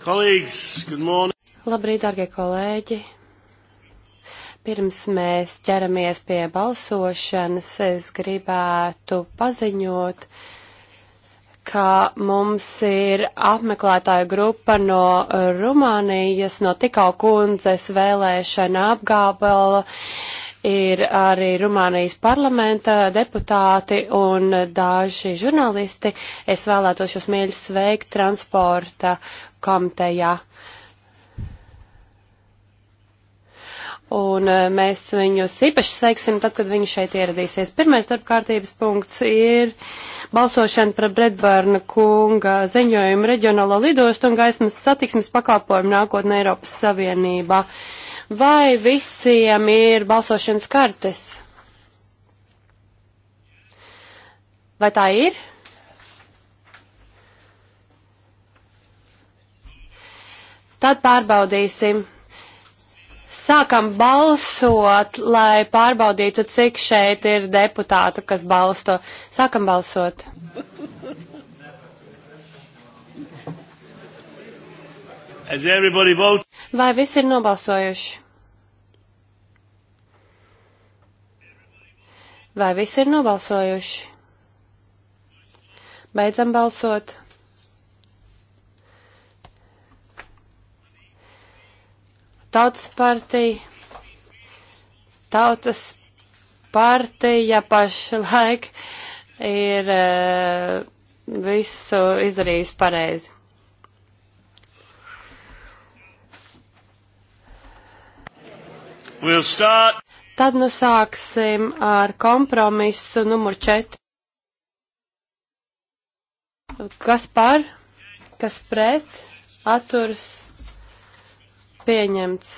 Kolēģis, good morning! Labrīt, dārgie kolēģi! Pirms mēs ķeramies pie balsošanas, es gribētu paziņot, ka mums ir apmeklētāju grupa no Rumānijas, no tikau kundzes vēlēšana apgābala ir arī Rumānijas parlamenta deputāti un daži žurnālisti. Es vēlētos jūs mīļi sveikt transporta komitejā. Un eh, mēs viņus īpaši sveiksim tad, kad viņi šeit ieradīsies. Pirmais darba kārtības punkts ir balsošana par Bredbārna kunga ziņojumu reģionālo lidostu un gaismas satiksmes pakalpojumu nākotnē Eiropas Savienībā. Vai visiem ir balsošanas kartes? Vai tā ir? Tad pārbaudīsim. Sākam balsot, lai pārbaudītu, cik šeit ir deputātu, kas balsto. Sākam balsot. Vai visi ir nobalsojuši? Vai visi ir nobalsojuši? Beidzam balsot. Tautas partija, Tautas partija pašlaik ir uh, visu izdarījusi pareizi. We'll start. Tad nu sāksim ar kompromisu numur 4. Kas par, kas pret, aturs pieņemts.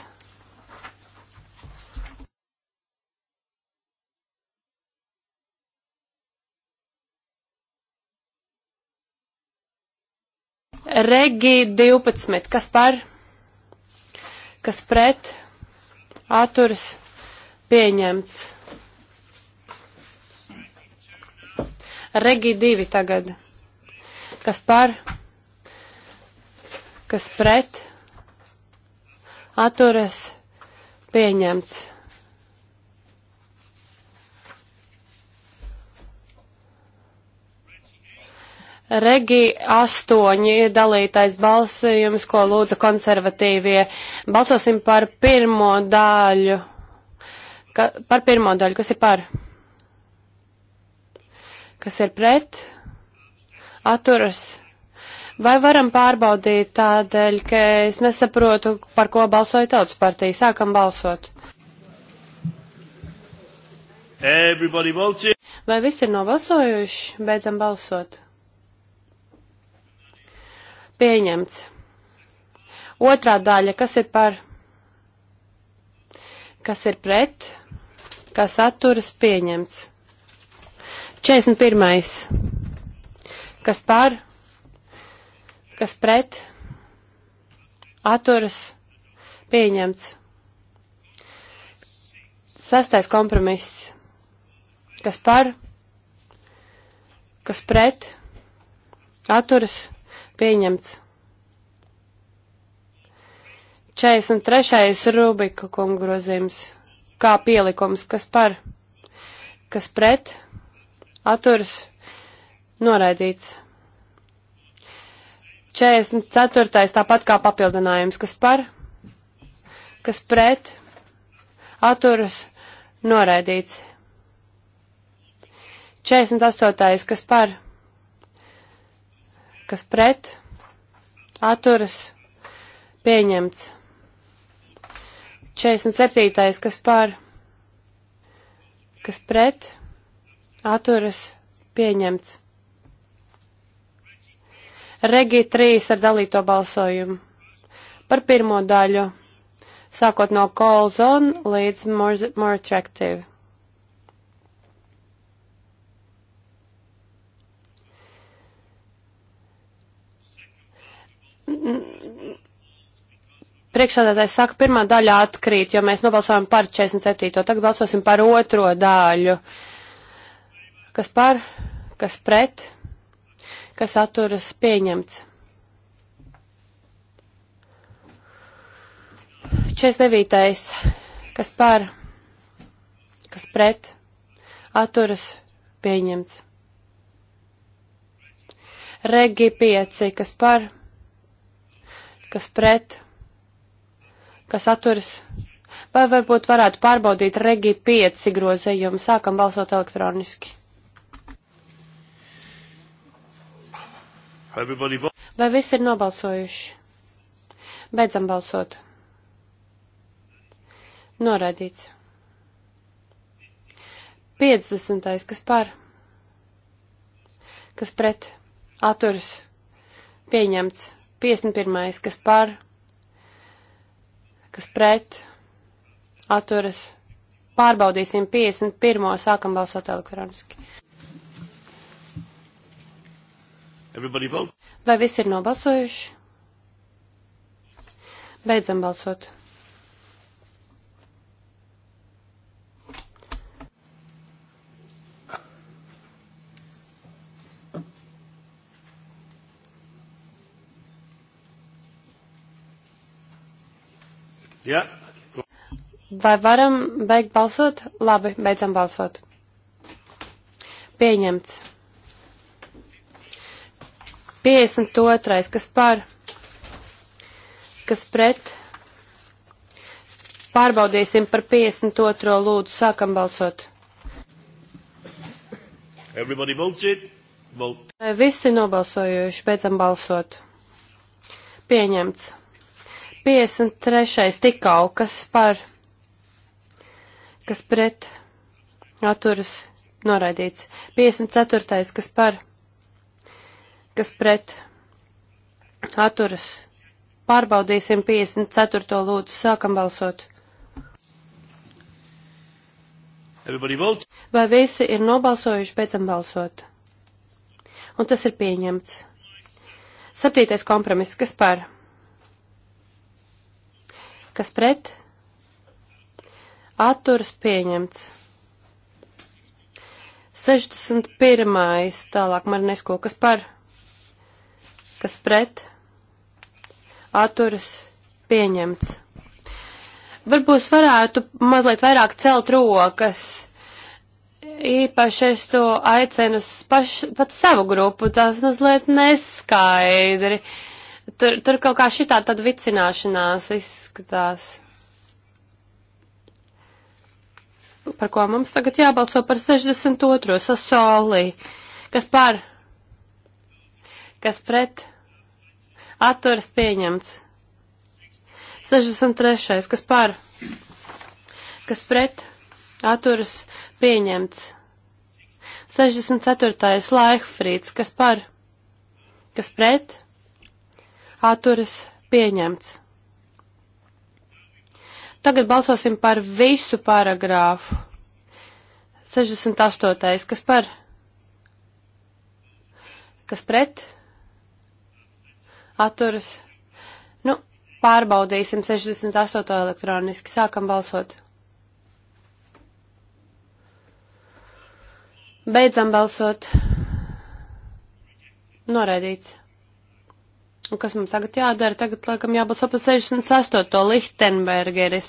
Regi 12. Kas par? Kas pret? Atturs pieņemts. Regi 2 tagad. Kas par? Kas pret? atturas pieņemts. Regi astoņi ir dalītais balsojums, ko lūdza konservatīvie. Balsosim par pirmo daļu. Ka, par pirmo daļu, kas ir par? Kas ir pret? Atturas Vai varam pārbaudīt tādēļ, ka es nesaprotu, par ko balsoja tautas partija? Sākam balsot. Vai visi ir nobalsojuši? Beidzam balsot. Pieņemts. Otrā daļa, kas ir par, kas ir pret, kas atturas pieņemts. 41. Kas par? kas pret atturas pieņemts. Sastais kompromiss, kas par, kas pret atturas pieņemts. 43. Rubika kungrozījums, kā pielikums, kas par, kas pret, atturas, noraidīts. 44. tāpat kā papildinājums, kas par, kas pret, atturas, noraidīts. 48. kas par, kas pret, atturas, pieņemts. 47. kas par, kas pret, atturas, pieņemts. Regi 3 ar dalīto balsojumu. Par pirmo daļu, sākot no call zone līdz more, more attractive. Priekšsādātājs saka, pirmā daļa atkrīt, jo mēs nobalsojam par 47. Tagad balsosim par otro daļu. Kas par? Kas pret? kas atturas pieņemts. 49. kas par, kas pret, atturas pieņemts. Regi 5, kas par, kas pret, kas atturas. Vai varbūt varētu pārbaudīt Regi 5 grozījumu. Sākam balsot elektroniski. Vai visi ir nobalsojuši? Beidzam balsot. Noraidīts. 50. kas par? Kas pret? Aturs. Pieņemts. 51. kas par? Kas pret? Aturs. Pārbaudīsim 51. sākam balsot elektroniski. Vai visi ir nobalsojuši? Beidzam balsot. Jā. Ja. Vai varam beigt balsot? Labi, beidzam balsot. Pieņemts. 52. kas par, kas pret. Pārbaudīsim par 52. lūdzu, sākam balsot. Everybody votes it. Vote. Visi nobalsojuši, beidzam balsot. Pieņemts. 53. tikau, kas par, kas pret, atturas, noraidīts. 54. kas par kas pret atturas. Pārbaudīsim 54. lūdzu, sākam balsot. Vai visi ir nobalsojuši, beidzam balsot? Un tas ir pieņemts. Septītais kompromiss, kas par? Kas pret? Atturas pieņemts. 61. tālāk Marinesko, kas par? kas pret atturas pieņemts. Varbūt varētu mazliet vairāk celt rokas. Īpaši es to aicinu paš, pat savu grupu, tās mazliet neskaidri. Tur, tur kaut kā šitā tad vicināšanās izskatās. Par ko mums tagad jābalso par 62. sasolī. Kas par? Kas pret? atturas pieņemts. 63. kas par, kas pret, atturas pieņemts. 64. Laihfrīds, kas par, kas pret, atturas pieņemts. Tagad balsosim par visu paragrāfu. 68. kas par, kas pret, atturas. Nu, pārbaudīsim 68. elektroniski. Sākam balsot. Beidzam balsot. Noraidīts. Un kas mums tagad jādara? Tagad, laikam, jābalso par 68. Lichtenbergeris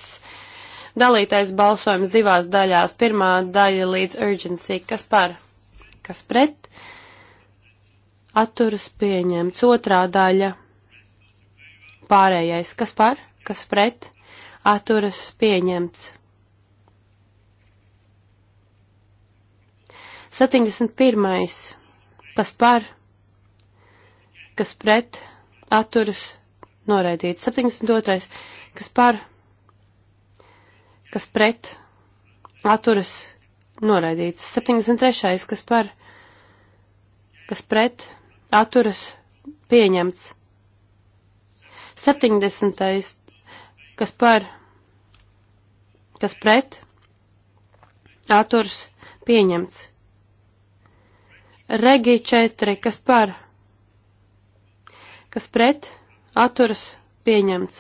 dalītais balsojums divās daļās. Pirmā daļa līdz urgency, kas par, kas pret, atturas pieņemts. Otrā daļa Pārējais, kas par, kas pret, atturas pieņemts. 71. kas par, kas pret, atturas noraidīts. 72. kas par, kas pret, atturas noraidīts. 73. kas par, kas pret, atturas pieņemts. 70. kas par, kas pret, atturs pieņemts. Regi 4, kas par, kas pret, atturs pieņemts.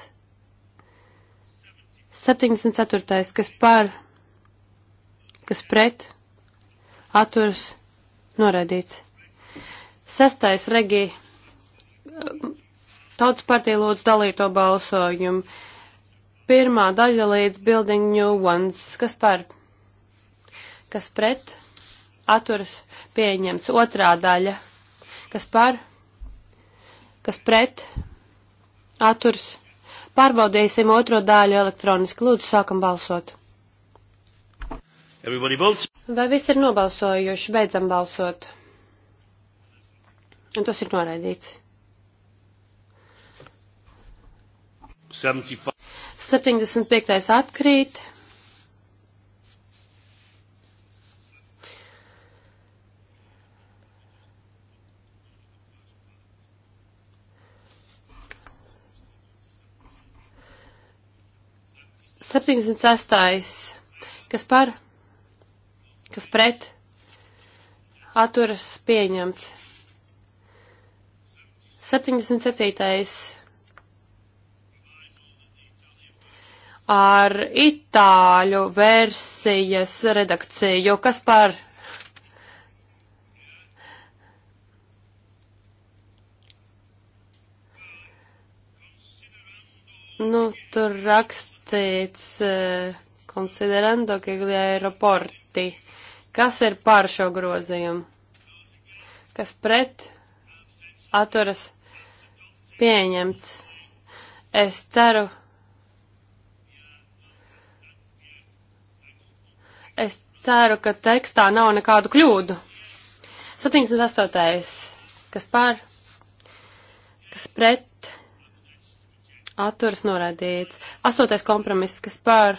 74. kas par, kas pret, atturs noraidīts. Sestais regija Tautas partija lūdz dalīto balsojumu. Pirmā daļa līdz Building New Ones. Kas par? Kas pret? Atturas pieņemts. Otrā daļa. Kas par? Kas pret? Atturas. Pārbaudīsim otro daļu elektroniski. Lūdzu, sākam balsot. Vai viss ir nobalsojuši? Beidzam balsot. Un tas ir noraidīts. 75. atkrīt. Septiņdesmit sestais, kas par, kas pret, atturas pieņemts. Septiņdesmit septītais. ar itāļu versijas redakciju, kas par. Nu, tur rakstīts, eh, konsiderando, ka ir aeroporti. Kas ir pār šo grozījumu? Kas pret? Atturas pieņemts. Es ceru, Es ceru, ka tekstā nav nekādu kļūdu. 78. kas pār, kas pret, atturas norādīts. 8. kompromiss, kas pār,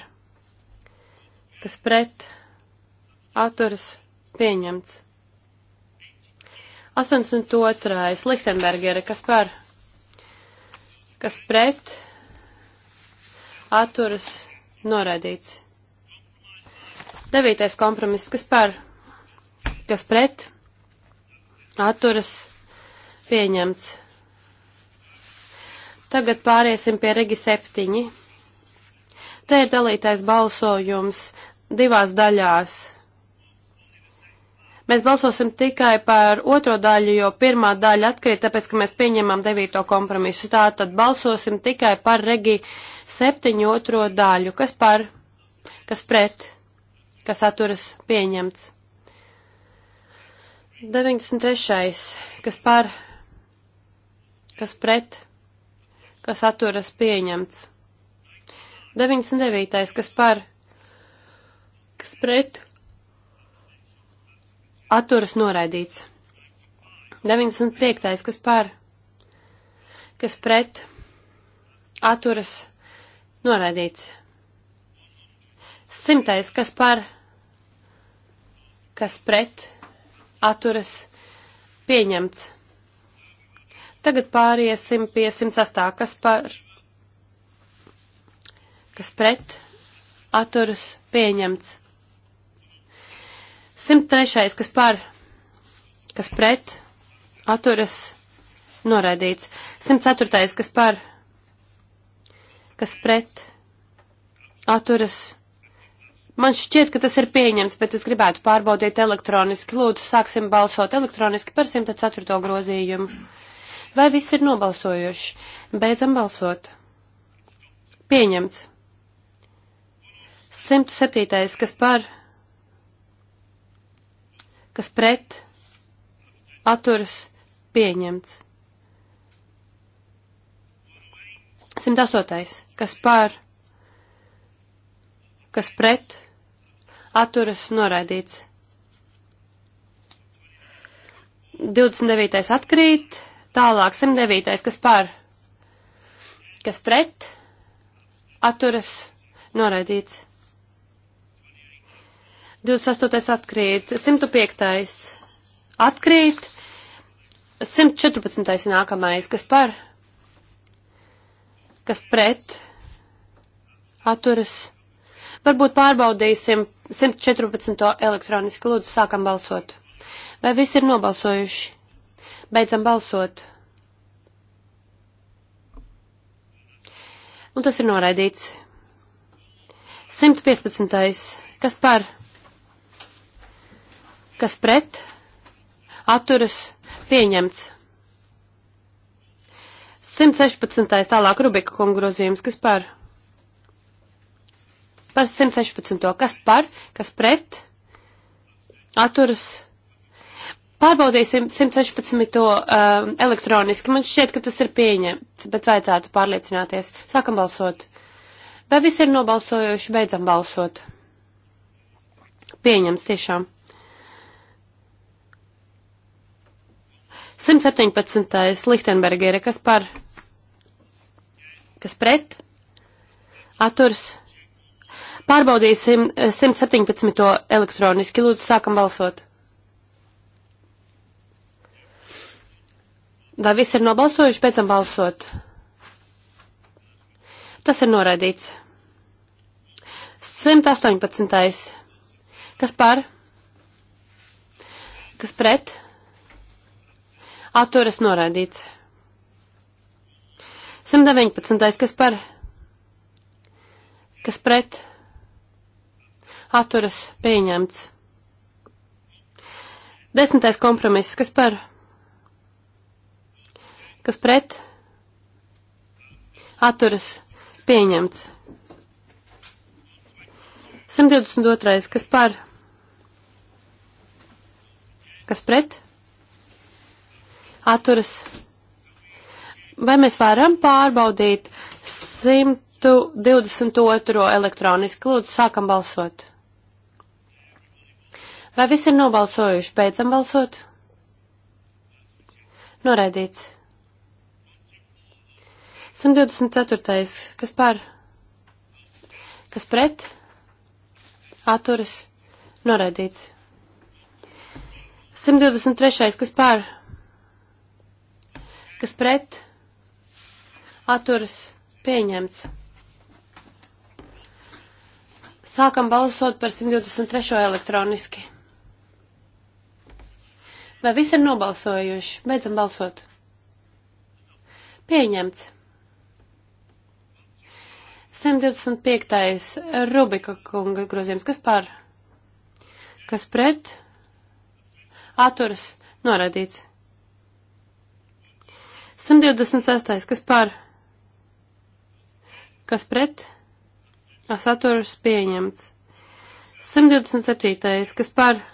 kas pret, atturas pieņemts. 82. Lichtenbergere, kas pār, kas pret, atturas norādīts. Devītais kompromiss, kas par, kas pret, atturas, pieņemts. Tagad pāriesim pie regi septiņi. Te ir dalītais balsojums divās daļās. Mēs balsosim tikai par otro daļu, jo pirmā daļa atkrīt, tāpēc, ka mēs pieņemam devīto kompromisu. Tā tad balsosim tikai par regi septiņu otro daļu. Kas par? Kas pret? kas atturas pieņemts. 93. kas par, kas pret, kas atturas pieņemts. 99. kas par, kas pret, atturas noraidīts. 95. kas par, kas pret, atturas noraidīts. Simtais, kas par, kas pret, atturas, pieņemts. Tagad pāriesim pie 108, kas par, kas pret, atturas, pieņemts. 103, kas par, kas pret, atturas, noraidīts. 104, kas par, kas pret, atturas, noraidīts Man šķiet, ka tas ir pieņems, bet es gribētu pārbaudīt elektroniski. Lūdzu, sāksim balsot elektroniski par 104. grozījumu. Vai viss ir nobalsojuši? Beidzam balsot. Pieņemts. 107. kas par, kas pret, atturas, pieņemts. 108. kas par, kas pret, atturas noraidīts. 29. atkrīt, tālāk 109. kas par, kas pret, atturas noraidīts. 28. atkrīt, 105. atkrīt, 114. nākamais, kas par, kas pret, atturas noraidīts Varbūt pārbaudīsim 114. elektroniski. Lūdzu, sākam balsot. Vai visi ir nobalsojuši? Beidzam balsot. Un tas ir noraidīts. 115. Kas par? Kas pret? Atturas pieņemts. 116. tālāk Rubika kungrozījums. Kas par? Par 116. Kas par, kas pret? Atturas. Pārbaudīsim 116. Uh, um, elektroniski. Man šķiet, ka tas ir pieņemts, bet vajadzētu pārliecināties. Sākam balsot. Vai visi ir nobalsojuši? Beidzam balsot. Pieņems tiešām. 117. Lichtenbergere, kas par, kas pret, aturs, Pārbaudīsim 117. Eh, elektroniski. Lūdzu, sākam balsot. Vai visi ir nobalsojuši, pēc tam balsot? Tas ir noraidīts. 118. Kas par? Kas pret? Atturas noraidīts. 119. Kas par? Kas pret? atturas pieņemts. Desmitais kompromiss, kas par, kas pret, atturas pieņemts. 122. kas par, kas pret, atturas. Vai mēs varam pārbaudīt 122. elektroniski? Lūdzu, sākam balsot. Vai visi ir nobalsojuši? Beidzam balsot. Noraidīts. 124. Kas par? Kas pret? Atturas. Noraidīts. 123. Kas par? Kas pret? Atturas. Pieņemts. Sākam balsot par 123. elektroniski. Vai visi ir nobalsojuši? Beidzam balsot. Pieņemts. 125. Rubika kunga grozījums. Kas par? Kas pret? Atturas. Noraidīts. 126. Kas par? Kas pret? Asaturas pieņemts. 127. Kas par?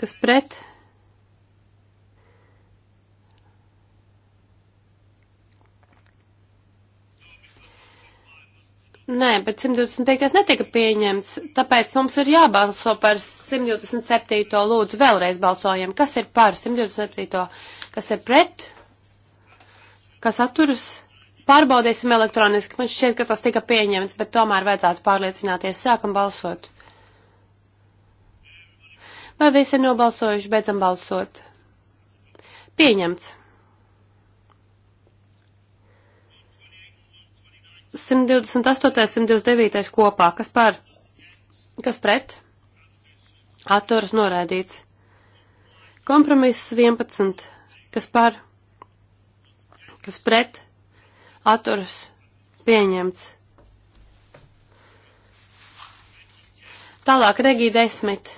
kas pret. Nē, bet 125. netika pieņemts, tāpēc mums ir jābalso par 127. lūdzu vēlreiz balsojam. Kas ir par 127. kas ir pret, kas atturas? Pārbaudīsim elektroniski. Man šķiet, ka tas tika pieņemts, bet tomēr vajadzētu pārliecināties. Sākam balsot. Vai visi ir nobalsojuši? Beidzam balsot. Pieņemts. 128, 129 kopā. Kas par? Kas pret? Atturs norēdīts. Kompromiss 11. Kas par? Kas pret? Atturs pieņemts. Tālāk regī 10.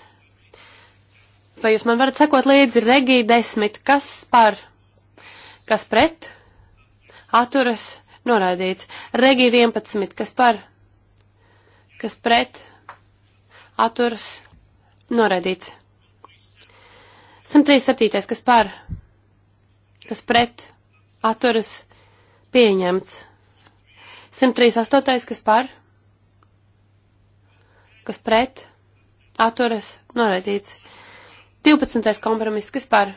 Vai jūs man varat sekot līdzi Regī 10, kas par, kas pret, atturas, noraidīts. Regī 11, kas par, kas pret, atturas, noraidīts. 137, kas par, kas pret, atturas, pieņemts. 138, kas par, kas pret, atturas, noraidīts. 12. kompromiss, kas par,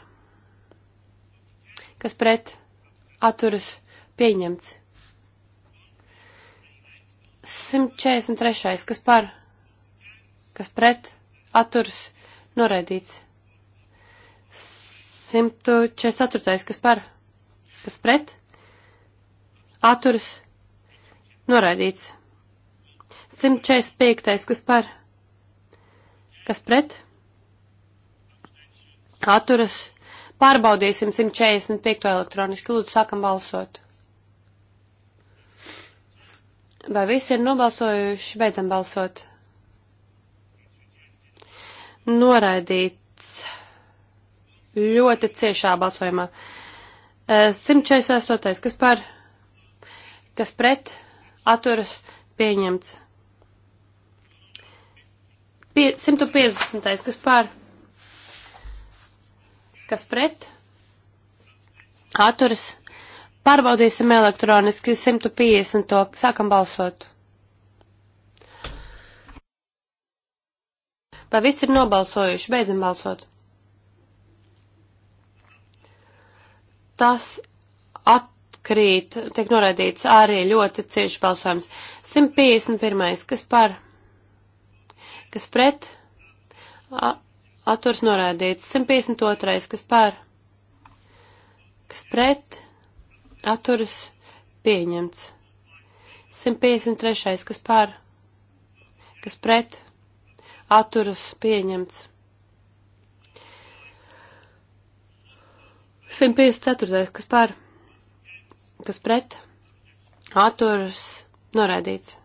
kas pret atturas pieņemts. 143. kas par, kas pret atturas noraidīts. 144. kas par, kas pret atturas noraidīts. 145. kas par, kas pret atturas noraidīts atturas. Pārbaudīsim 145. elektroniski. Lūdzu, sākam balsot. Vai visi ir nobalsojuši? Beidzam balsot. Noraidīts ļoti ciešā balsojumā. 148. Eh, kas par, kas pret, atturas pieņemts. Pie, 150. kas par, kas pret, atturas, pārbaudīsim elektroniski 150. To. Sākam balsot. Vai viss ir nobalsojuši? Beidzam balsot. Tas atkrīt, tiek noraidīts arī ļoti cieši balsojums. 151. Kas par? Kas pret? A atturs noraidīts. 152. kas pār, kas pret, atturs pieņemts. 153. kas pār, kas pret, atturs pieņemts. 154. kas pār, kas pret, atturs noraidīts.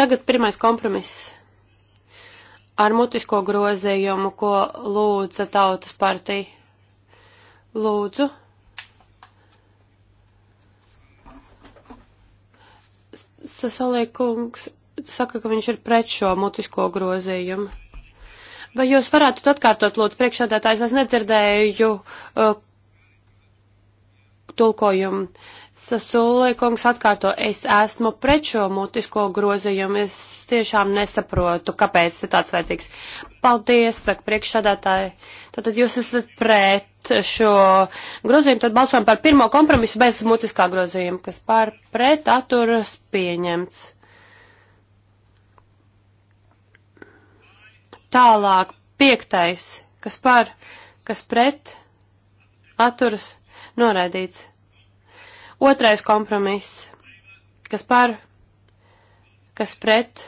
Tagad pirmais kompromiss ar mutisko grozījumu, ko lūdza tautas partija. Lūdzu. Sasolīkungs saka, ka viņš ir pret šo mutisko grozījumu. Vai jūs varētu atkārtot, lūdzu, priekšādātājs, es nedzirdēju, uh, tulkojumu. Sasulē kungs atkārto, es esmu pret šo mutisko grozījumu, es tiešām nesaprotu, kāpēc ir tāds vajadzīgs. Paldies, saka priekšsādātāji. Tātad jūs esat pret šo grozījumu, tad balsojam par pirmo kompromisu bez mutiskā grozījuma, kas pār pret atturas pieņemts. Tālāk, piektais, kas par, kas pret atturas pieņemts Noraidīts. Otrais kompromiss. Kas par? Kas pret?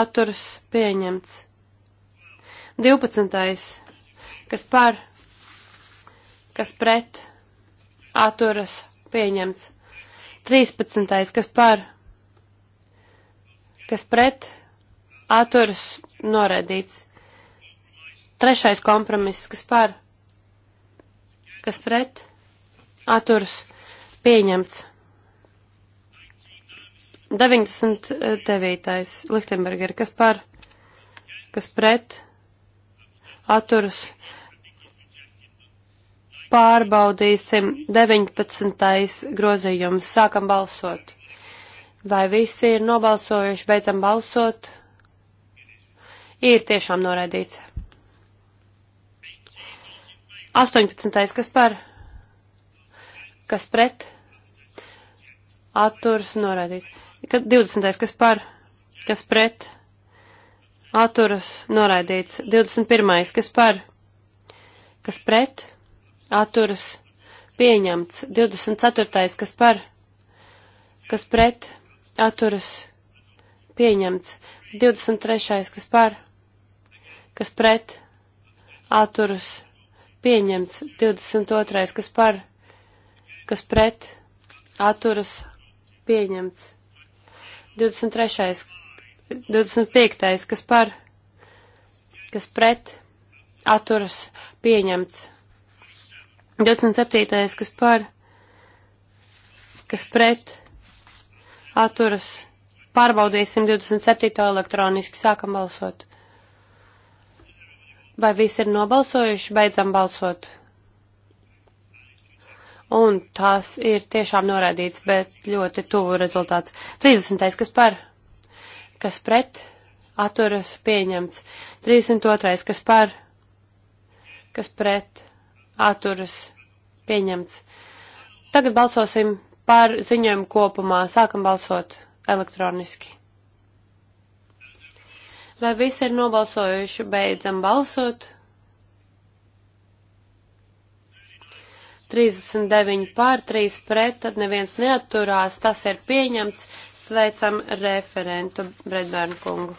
Atturs pieņemts. 12. Kas par? Kas pret? Atturas pieņemts. 13. Kas par? Kas pret? Atturas noraidīts. Trešais kompromiss. Kas par? kas pret atturs pieņemts. 99. Lichtenberger, kas par, kas pret atturs pārbaudīsim 19. grozījums. Sākam balsot. Vai visi ir nobalsojuši, beidzam balsot? Ir tiešām noraidīts. 18. kas par, kas pret, atturas norādīts. 20. kas par, kas pret, atturas norādīts. 21. kas par, kas pret, atturas pieņemts. 24. kas par, kas pret, atturas pieņemts. 23. kas par, kas pret, atturas pieņemts pieņemts 22. kas par, kas pret, atturas, pieņemts 23. 25. kas par, kas pret, atturas, pieņemts 27. kas par, kas pret, atturas, pārbaudīsim 27. elektroniski, sākam balsot. Vai visi ir nobalsojuši? Beidzam balsot. Un tas ir tiešām norādīts, bet ļoti tuvu rezultāts. 30. kas par? Kas pret? Atturas pieņemts. 32. kas par? Kas pret? Atturas pieņemts. Tagad balsosim par ziņojumu kopumā. Sākam balsot elektroniski. Vai visi ir nobalsojuši? Beidzam balsot. 39 pār, 3 pret, tad neviens neatturās. Tas ir pieņemts. Sveicam referentu Bredbērnu kungu.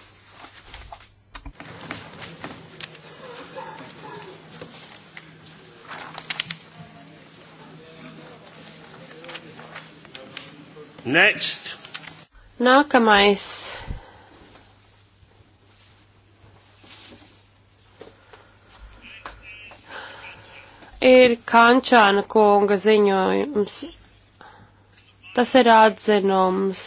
Next. Nākamais ir Kančāna kunga ziņojums. Tas ir atzinums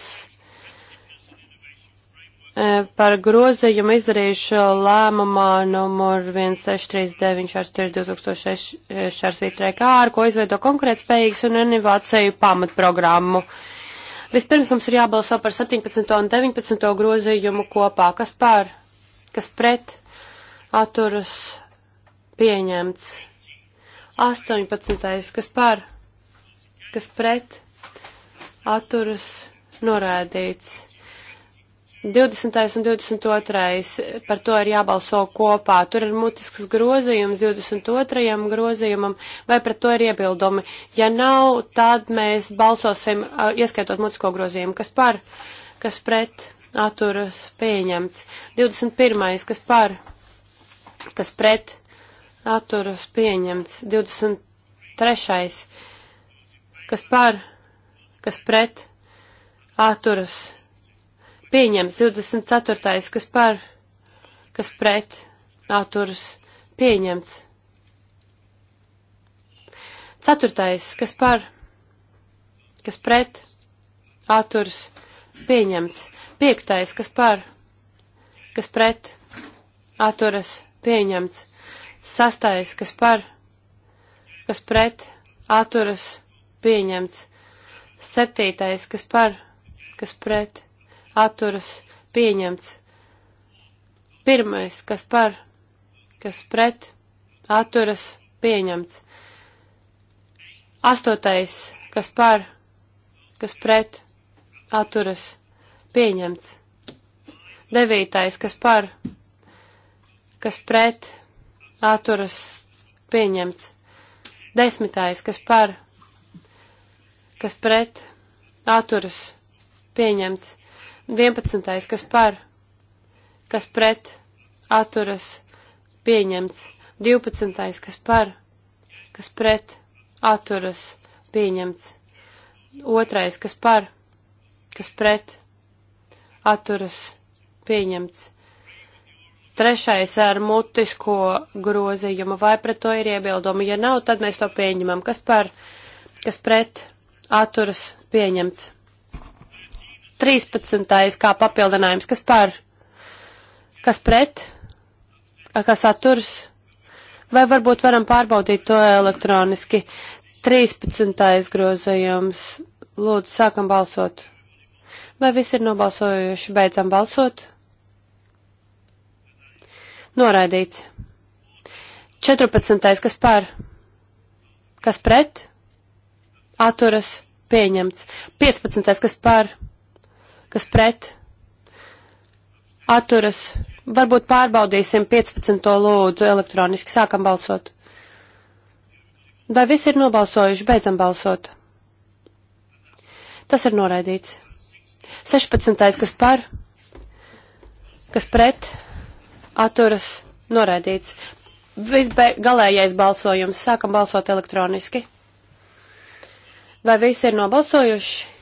e, par grozījumu izdarījušo lēmumā numur 1639.2006.4 e, ar ko izveido konkurētspējīgas un inovāciju pamatprogrammu. Vispirms mums ir jābalso par 17. un 19. grozījumu kopā. Kas par? Kas pret? Atturas pieņemts. 18. kas par, kas pret, atturas norādīts. 20. un 22. par to ir jābalso kopā. Tur ir mutisks grozījums 22. grozījumam, vai pret to ir iebildumi. Ja nav, tad mēs balsosim, ieskaitot mutisko grozījumu, kas par, kas pret atturas pieņemts. 21. kas par, kas pret atturas pieņemts. 23. kas par, kas pret, atturas pieņemts. 24. kas par, kas pret, atturas pieņemts. 4. kas par, kas pret, atturas pieņemts. 5. kas par, kas pret, atturas pieņemts. Sastais, kas par, kas pret, atturas, pieņemts. Septītais, kas par, kas pret, atturas, pieņemts. Pirmais, kas par, kas pret, atturas, pieņemts. Astotais, kas par, kas pret, atturas, pieņemts. Devītais, kas par, kas pret, atturas pieņemts. Desmitais, kas par, kas pret, atturas pieņemts. Vienpadsmitais, kas par, kas pret, atturas pieņemts. Divpadsmitais, kas par, kas pret, atturas pieņemts. Otrais, kas par, kas pret, atturas pieņemts. Trešais ar mutisko grozījumu. Vai pret to ir iebildumi? Ja nav, tad mēs to pieņemam. Kas par, kas pret atturas pieņemts? 13. kā papildinājums. Kas par, kas pret, kas atturas? Vai varbūt varam pārbaudīt to elektroniski? 13. grozījums. Lūdzu, sākam balsot. Vai visi ir nobalsojuši? Beidzam balsot. Noraidīts. 14. kas par? Kas pret? Atturas. Pieņemts. 15. kas par? Kas pret? Atturas. Varbūt pārbaudīsim 15. lūdzu elektroniski. Sākam balsot. Vai visi ir nobalsojuši? Beidzam balsot. Tas ir noraidīts. 16. kas par? Kas pret? atturas noraidīts. Visgalējais balsojums. Sākam balsot elektroniski. Vai visi ir nobalsojuši?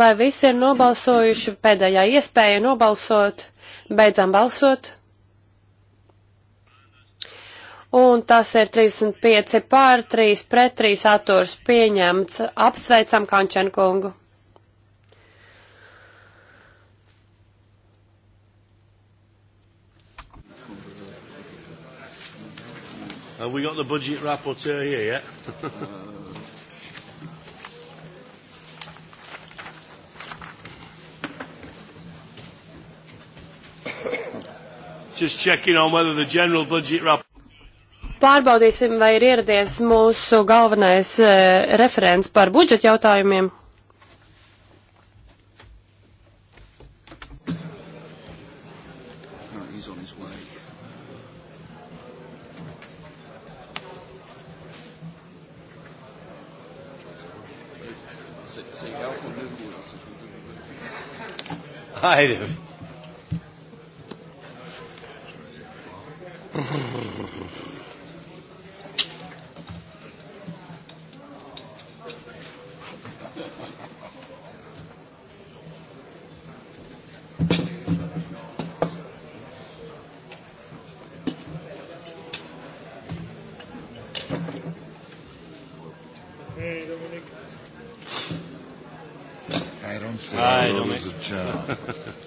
Vai visi ir nobalsojuši pēdējā iespēja nobalsot? Beidzām balsot. Un tas ir 35 pār 3 pret 3 atturs pieņemts. Apsveicam Kančenkungu. Have we got the budget rapporteur here yet? Yeah? Just checking on whether the general budget rapporteur. Pārbaudīsim, vai ir ieradies mūsu galvenais e, referents par budžeta jautājumiem. Haydi. Hi, Dominic.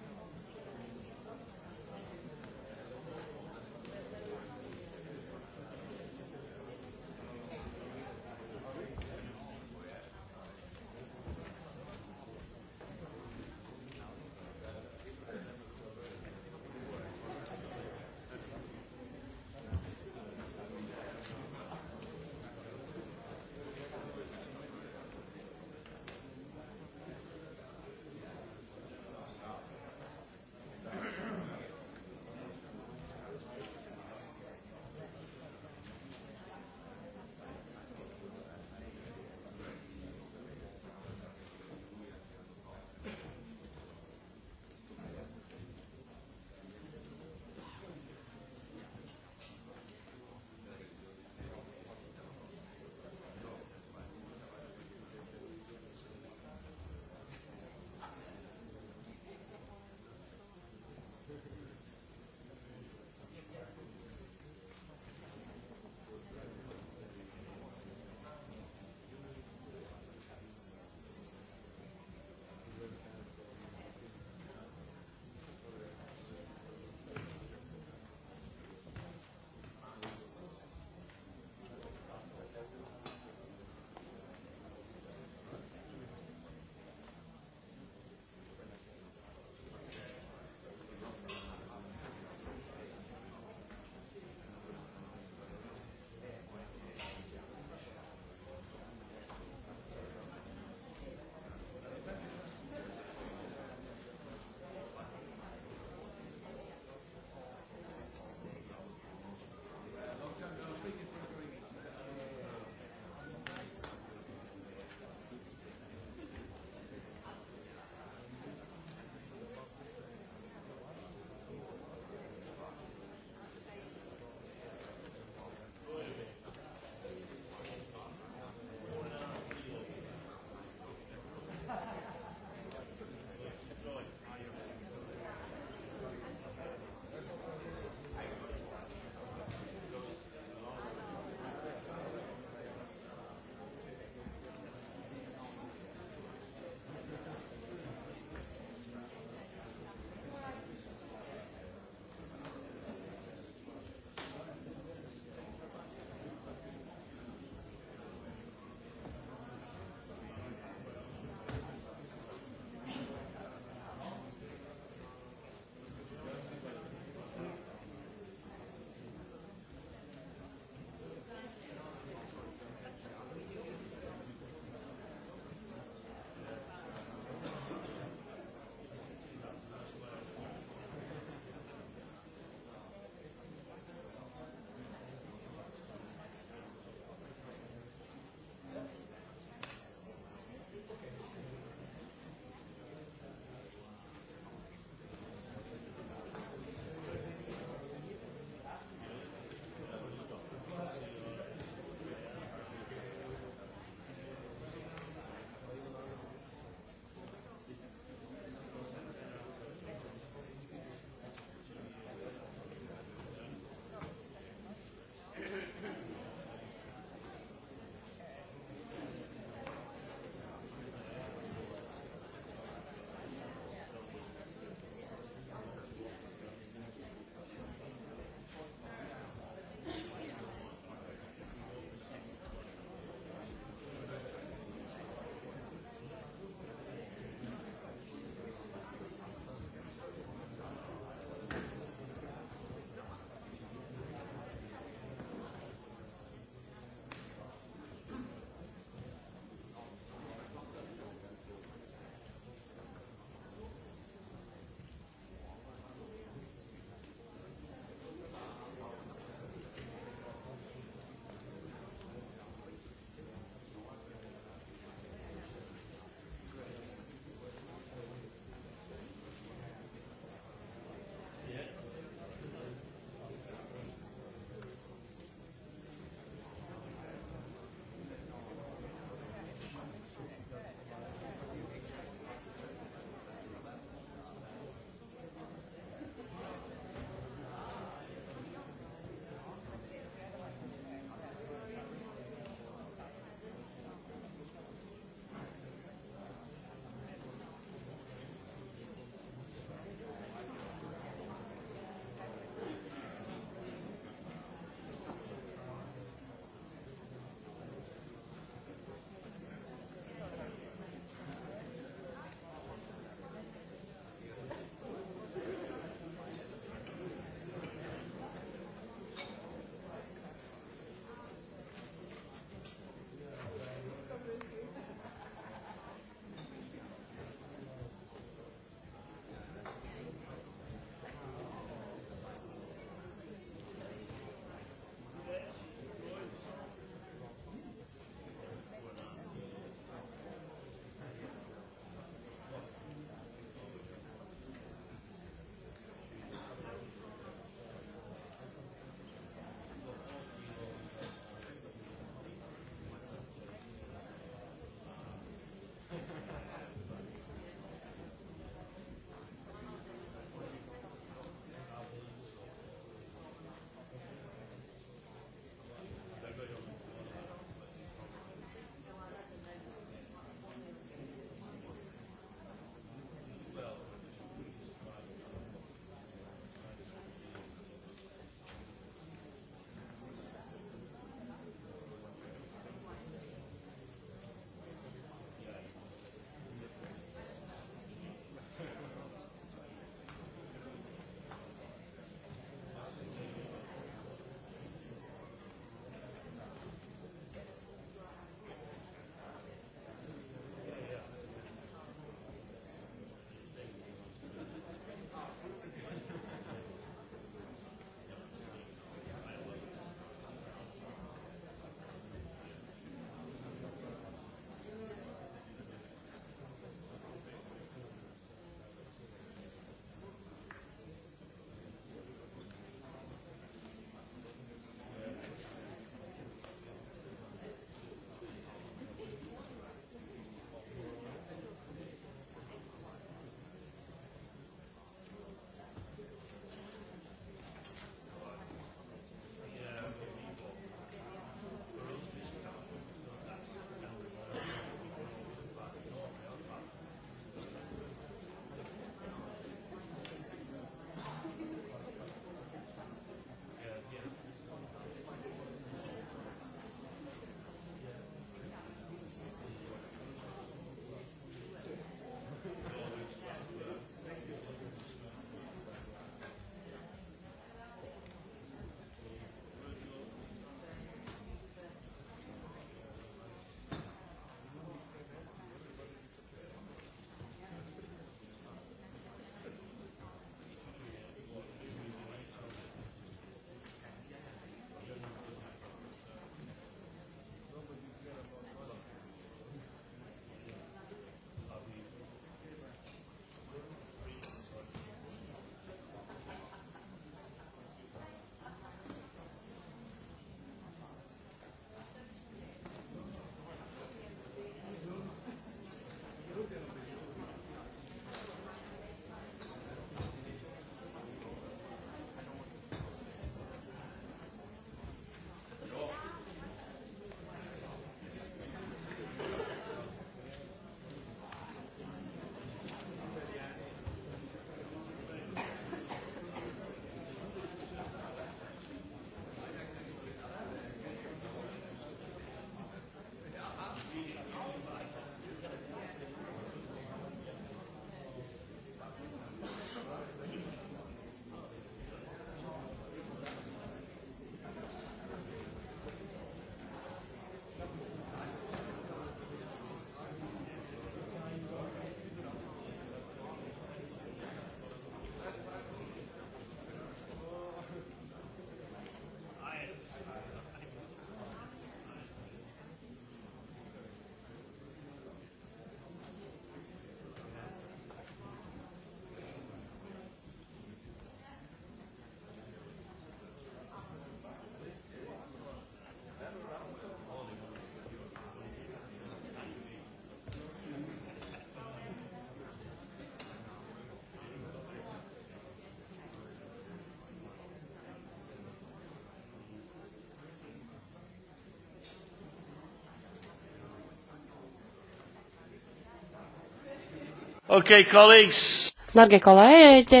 Okay, colleagues. Dargie kolēģi,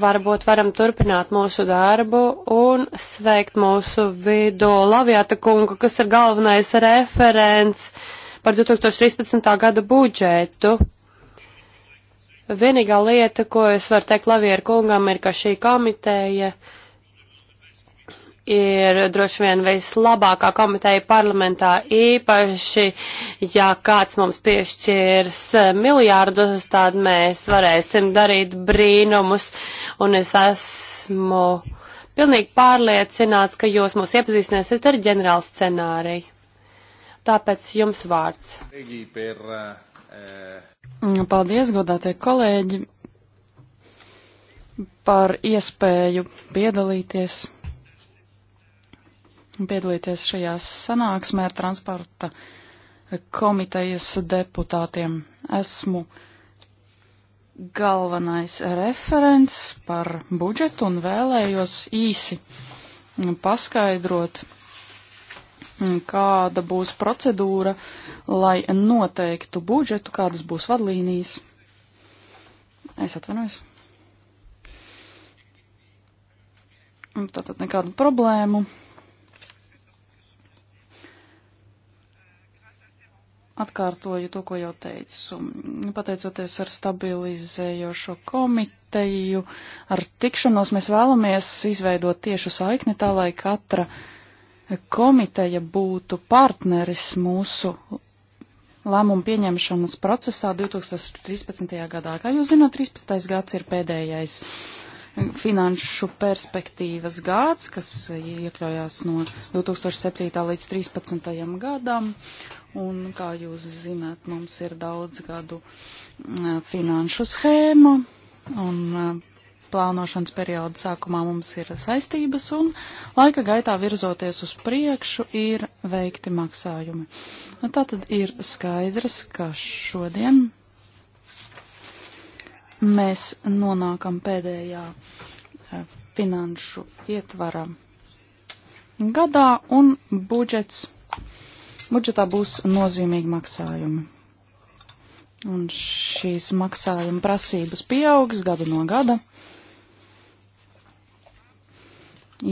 varbūt varam turpināt mūsu darbu un sveikt mūsu vidu Lavijāta kungu, kas ir galvenais referents par 2013. gada budžetu. Vienīgā lieta, ko es varu teikt Lavijāra kungam, ir, ka šī komiteja uh, ir droši vien vislabākā komiteja parlamentā, īpaši, ja kāds mums piešķirs miljārdus, tad mēs varēsim darīt brīnumus, un es esmu pilnīgi pārliecināts, ka jūs mūs iepazīstināsiet ar ģenerālu scenāriju. Tāpēc jums vārds. Eh, mm, paldies, godātie kolēģi, par iespēju piedalīties piedalīties šajā sanāksmē ar transporta komitejas deputātiem. Esmu galvenais referents par budžetu un vēlējos īsi paskaidrot, kāda būs procedūra, lai noteiktu budžetu, kādas būs vadlīnijas. Es atvainojos. Tātad nekādu problēmu atkārtoju to, ko jau teicu. Pateicoties ar stabilizējošo komiteju, ar tikšanos mēs vēlamies izveidot tiešu saikni tā, lai katra komiteja būtu partneris mūsu lēmumu pieņemšanas procesā 2013. gadā. Kā jūs zināt, 13. gads ir pēdējais finanšu perspektīvas gads, kas iekļaujās no 2007. līdz 2013. gadam, Un, kā jūs zināt, mums ir daudz gadu mm, finanšu schēma un mm, plānošanas perioda sākumā mums ir saistības un laika gaitā virzoties uz priekšu ir veikti maksājumi. Tā tad ir skaidrs, ka šodien mēs nonākam pēdējā e, finanšu ietvara gadā un budžets budžetā būs nozīmīgi maksājumi. Un šīs maksājuma prasības pieaugs gada no gada,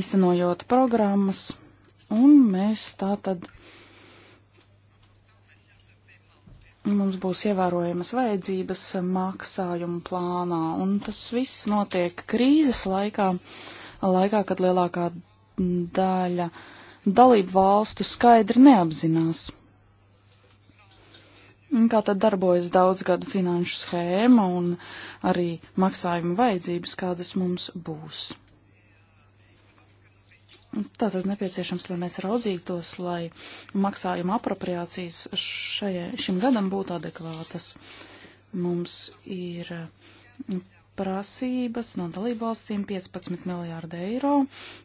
īstenojot programmas, un mēs tā tad mums būs ievērojamas vajadzības maksājumu plānā, un tas viss notiek krīzes laikā, laikā, kad lielākā daļa uh, dalību valstu skaidri neapzinās. Kā tad darbojas daudzgadu finanšu schēma un arī maksājuma vajadzības, kādas mums būs? Tātad nepieciešams, lai mēs raudzītos, lai maksājuma apropriācijas šajai, šim gadam būtu adekvātas. Mums ir prasības no dalībvalstīm 15 miljārdu eiro,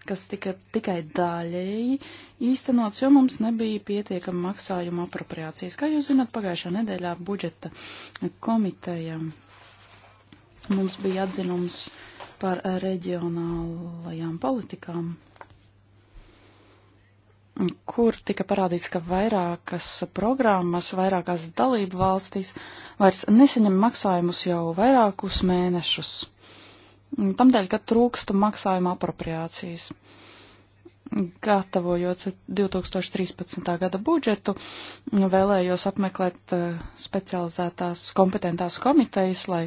kas tika tikai daļēji īstenots, jo mums nebija pietiekama maksājuma apropriācijas. Kā jūs zināt, pagājušā nedēļā budžeta komiteja mums bija atzinums par reģionālajām politikām, kur tika parādīts, ka vairākas programmas, vairākās dalību valstīs vairs nesaņem maksājumus jau vairākus mēnešus. Tamdēļ, ka trūksta maksājuma apropriācijas. Gatavojot 2013. gada budžetu, vēlējos apmeklēt eh, specializētās kompetentās komitejas, lai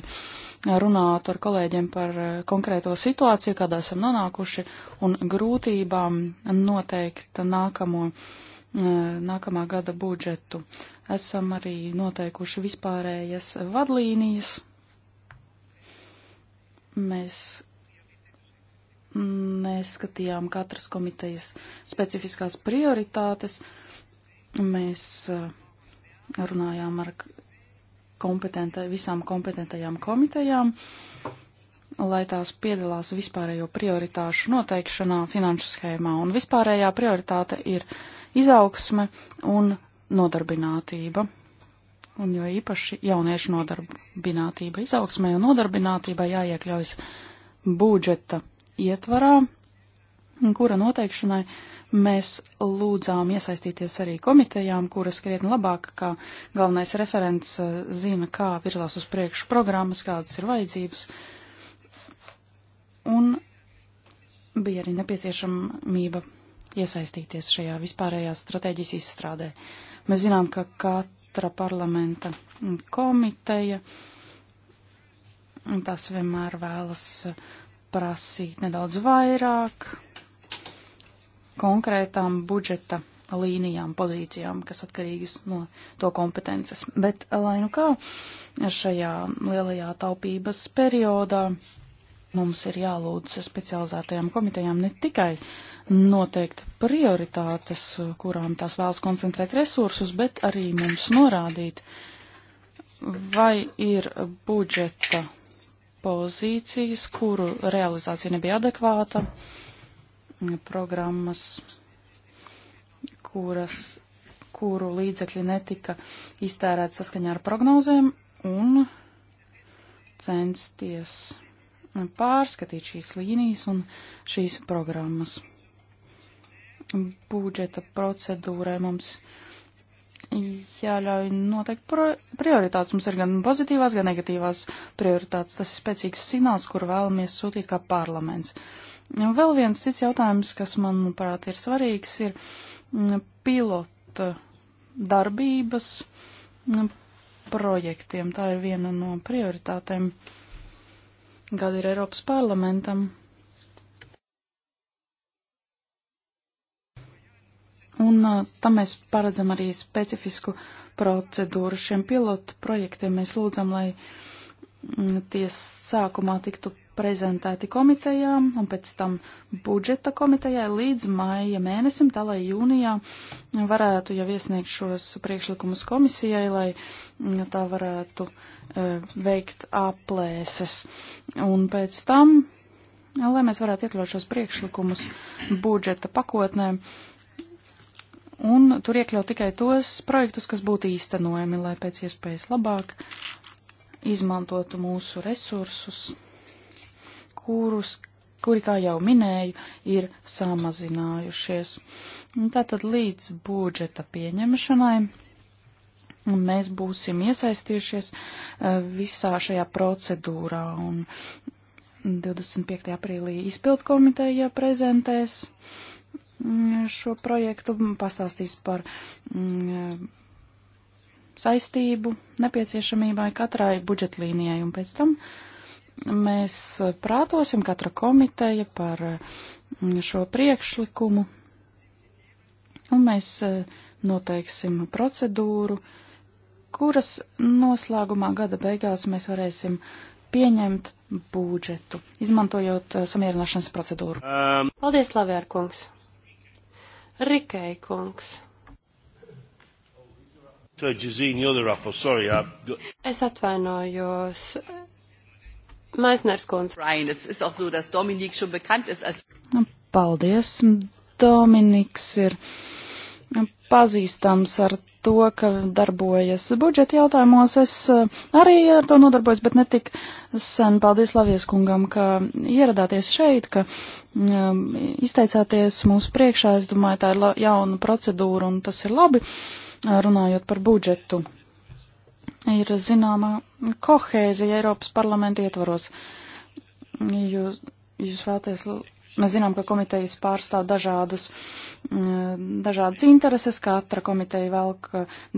runātu ar kolēģiem par eh, konkrēto situāciju, kādā esam nonākuši, un grūtībām noteikt nākamo uh, nākamā gada budžetu. Esam arī noteikuši vispārējas vadlīnijas. Mēs neskatījām katras komitejas specifiskās prioritātes. Mēs runājām ar kompetenta, visām kompetentajām komitejām, lai tās piedalās vispārējo prioritāšu noteikšanā finanšu schēmā. Un vispārējā prioritāte ir uh, izaugsme un nodarbinātība. Un jo īpaši jauniešu nodarbinātība izaugsmē un nodarbinātībai jāiekļaujas budžeta ietvarā, kura noteikšanai mēs lūdzām iesaistīties arī komitejām, kuras krietni labāk, kā galvenais referents eh, zina, kā virzās uz priekšu programmas, kādas ir vajadzības. Un bija arī nepieciešamība iesaistīties šajā vispārējās stratēģijas izstrādē. Mēs zinām, ka katra parlamenta komiteja tas vienmēr vēlas prasīt nedaudz vairāk konkrētām budžeta līnijām, pozīcijām, kas atkarīgas no to kompetences. Bet, lai nu kā, šajā lielajā taupības periodā mums ir jālūdz specializētajām komitejām ne tikai noteikt prioritātes, kurām tās vēlas koncentrēt resursus, bet arī mums norādīt, vai ir budžeta pozīcijas, kuru realizācija nebija adekvāta, programmas, kuras, kuru līdzekļi netika iztērēti saskaņā ar prognozēm un censties pārskatīt šīs līnijas un šīs programmas. Budžeta procedūrai mums jāļauj noteikti prioritātes. Mums ir gan pozitīvās, gan negatīvās prioritātes. Tas ir spēcīgs signāls, kur vēlamies sūtīt kā parlaments. Un vēl viens cits jautājums, kas, manuprāt, ir svarīgs, ir mm, pilota darbības mm, projektiem. Tā ir viena no prioritātēm. Uh, gadi ir Eiropas parlamentam. Un tam mēs paredzam arī specifisku procedūru šiem pilotu projektiem. Mēs lūdzam, lai mm, ties sākumā tiktu prezentēti komitejām un pēc tam budžeta komitejai līdz maija mēnesim, tā lai jūnijā varētu jau iesniegt šos priekšlikumus komisijai, lai mm, tā varētu e, veikt aplēses. Un pēc tam, lai mēs varētu iekļaut šos priekšlikumus budžeta pakotnē, un tur iekļaut tikai tos projektus, kas būtu īstenojami, lai pēc iespējas labāk izmantotu mūsu resursus kurus, kuri, kā jau minēju, ir samazinājušies. Tātad līdz budžeta pieņemšanai mēs būsim iesaistījušies eh, visā šajā procedūrā. Un 25. aprīlī izpildu komiteja prezentēs mm, šo projektu, pastāstīs par mm, saistību nepieciešamībai katrai budžetlīnijai un pēc tam uh, Mēs eh, prātosim katra komiteja par mm, šo priekšlikumu, un mēs eh, noteiksim procedūru, kuras noslēgumā gada beigās mēs varēsim pieņemt budžetu, izmantojot eh, samierināšanas procedūru. Um. Paldies, Lavēr kungs! Rikei kungs! Es atvainojos, Maisners kundze. Nu, paldies. Dominiks ir pazīstams ar to, ka darbojas budžeta jautājumos. Es eh, arī ar to nodarbojos, bet netik sen. Paldies Lavies kungam, ka ieradāties šeit, ka um, izteicāties mūsu priekšā. Es domāju, tā ir jauna procedūra un tas ir labi, eh, runājot par budžetu ir zināma kohēzija Eiropas parlamenta ietvaros. Jūs, jūs vēlaties, mēs zinām, ka komitejas pārstāv dažādas, mm, dažādas intereses, katra komiteja velk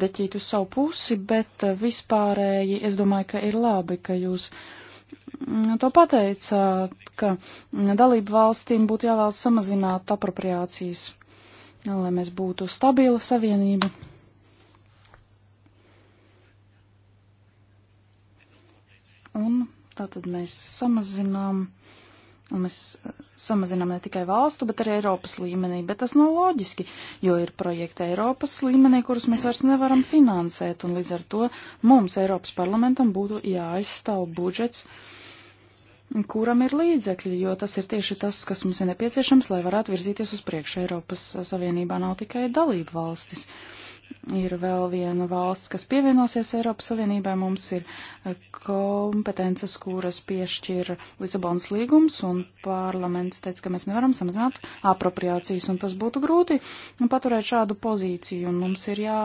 deķīt uz savu pusi, bet vispārēji es domāju, ka ir labi, ka jūs mm, to pateicāt, ka dalību valstīm būtu jāvēlas samazināt apropriācijas, lai mēs būtu stabila savienība. un tātad mēs samazinām, un mēs eh, samazinām ne tikai valstu, bet arī Eiropas līmenī, bet tas nav loģiski, jo ir projekti Eiropas līmenī, kurus mēs vairs nevaram finansēt, un līdz ar to mums Eiropas parlamentam būtu jāaizstāv budžets, kuram ir līdzekļi, jo tas ir tieši tas, kas mums ir nepieciešams, lai varētu virzīties uz priekšu. Eiropas Savienībā nav tikai dalību valstis. Uh, ir vēl viena valsts, kas pievienosies Eiropas Savienībai. Mums ir eh, kompetences, kuras piešķir Lisabonas līgums, un parlaments teica, ka mēs nevaram samazināt apropriācijas, un tas būtu grūti paturēt šādu pozīciju, un mums ir jā,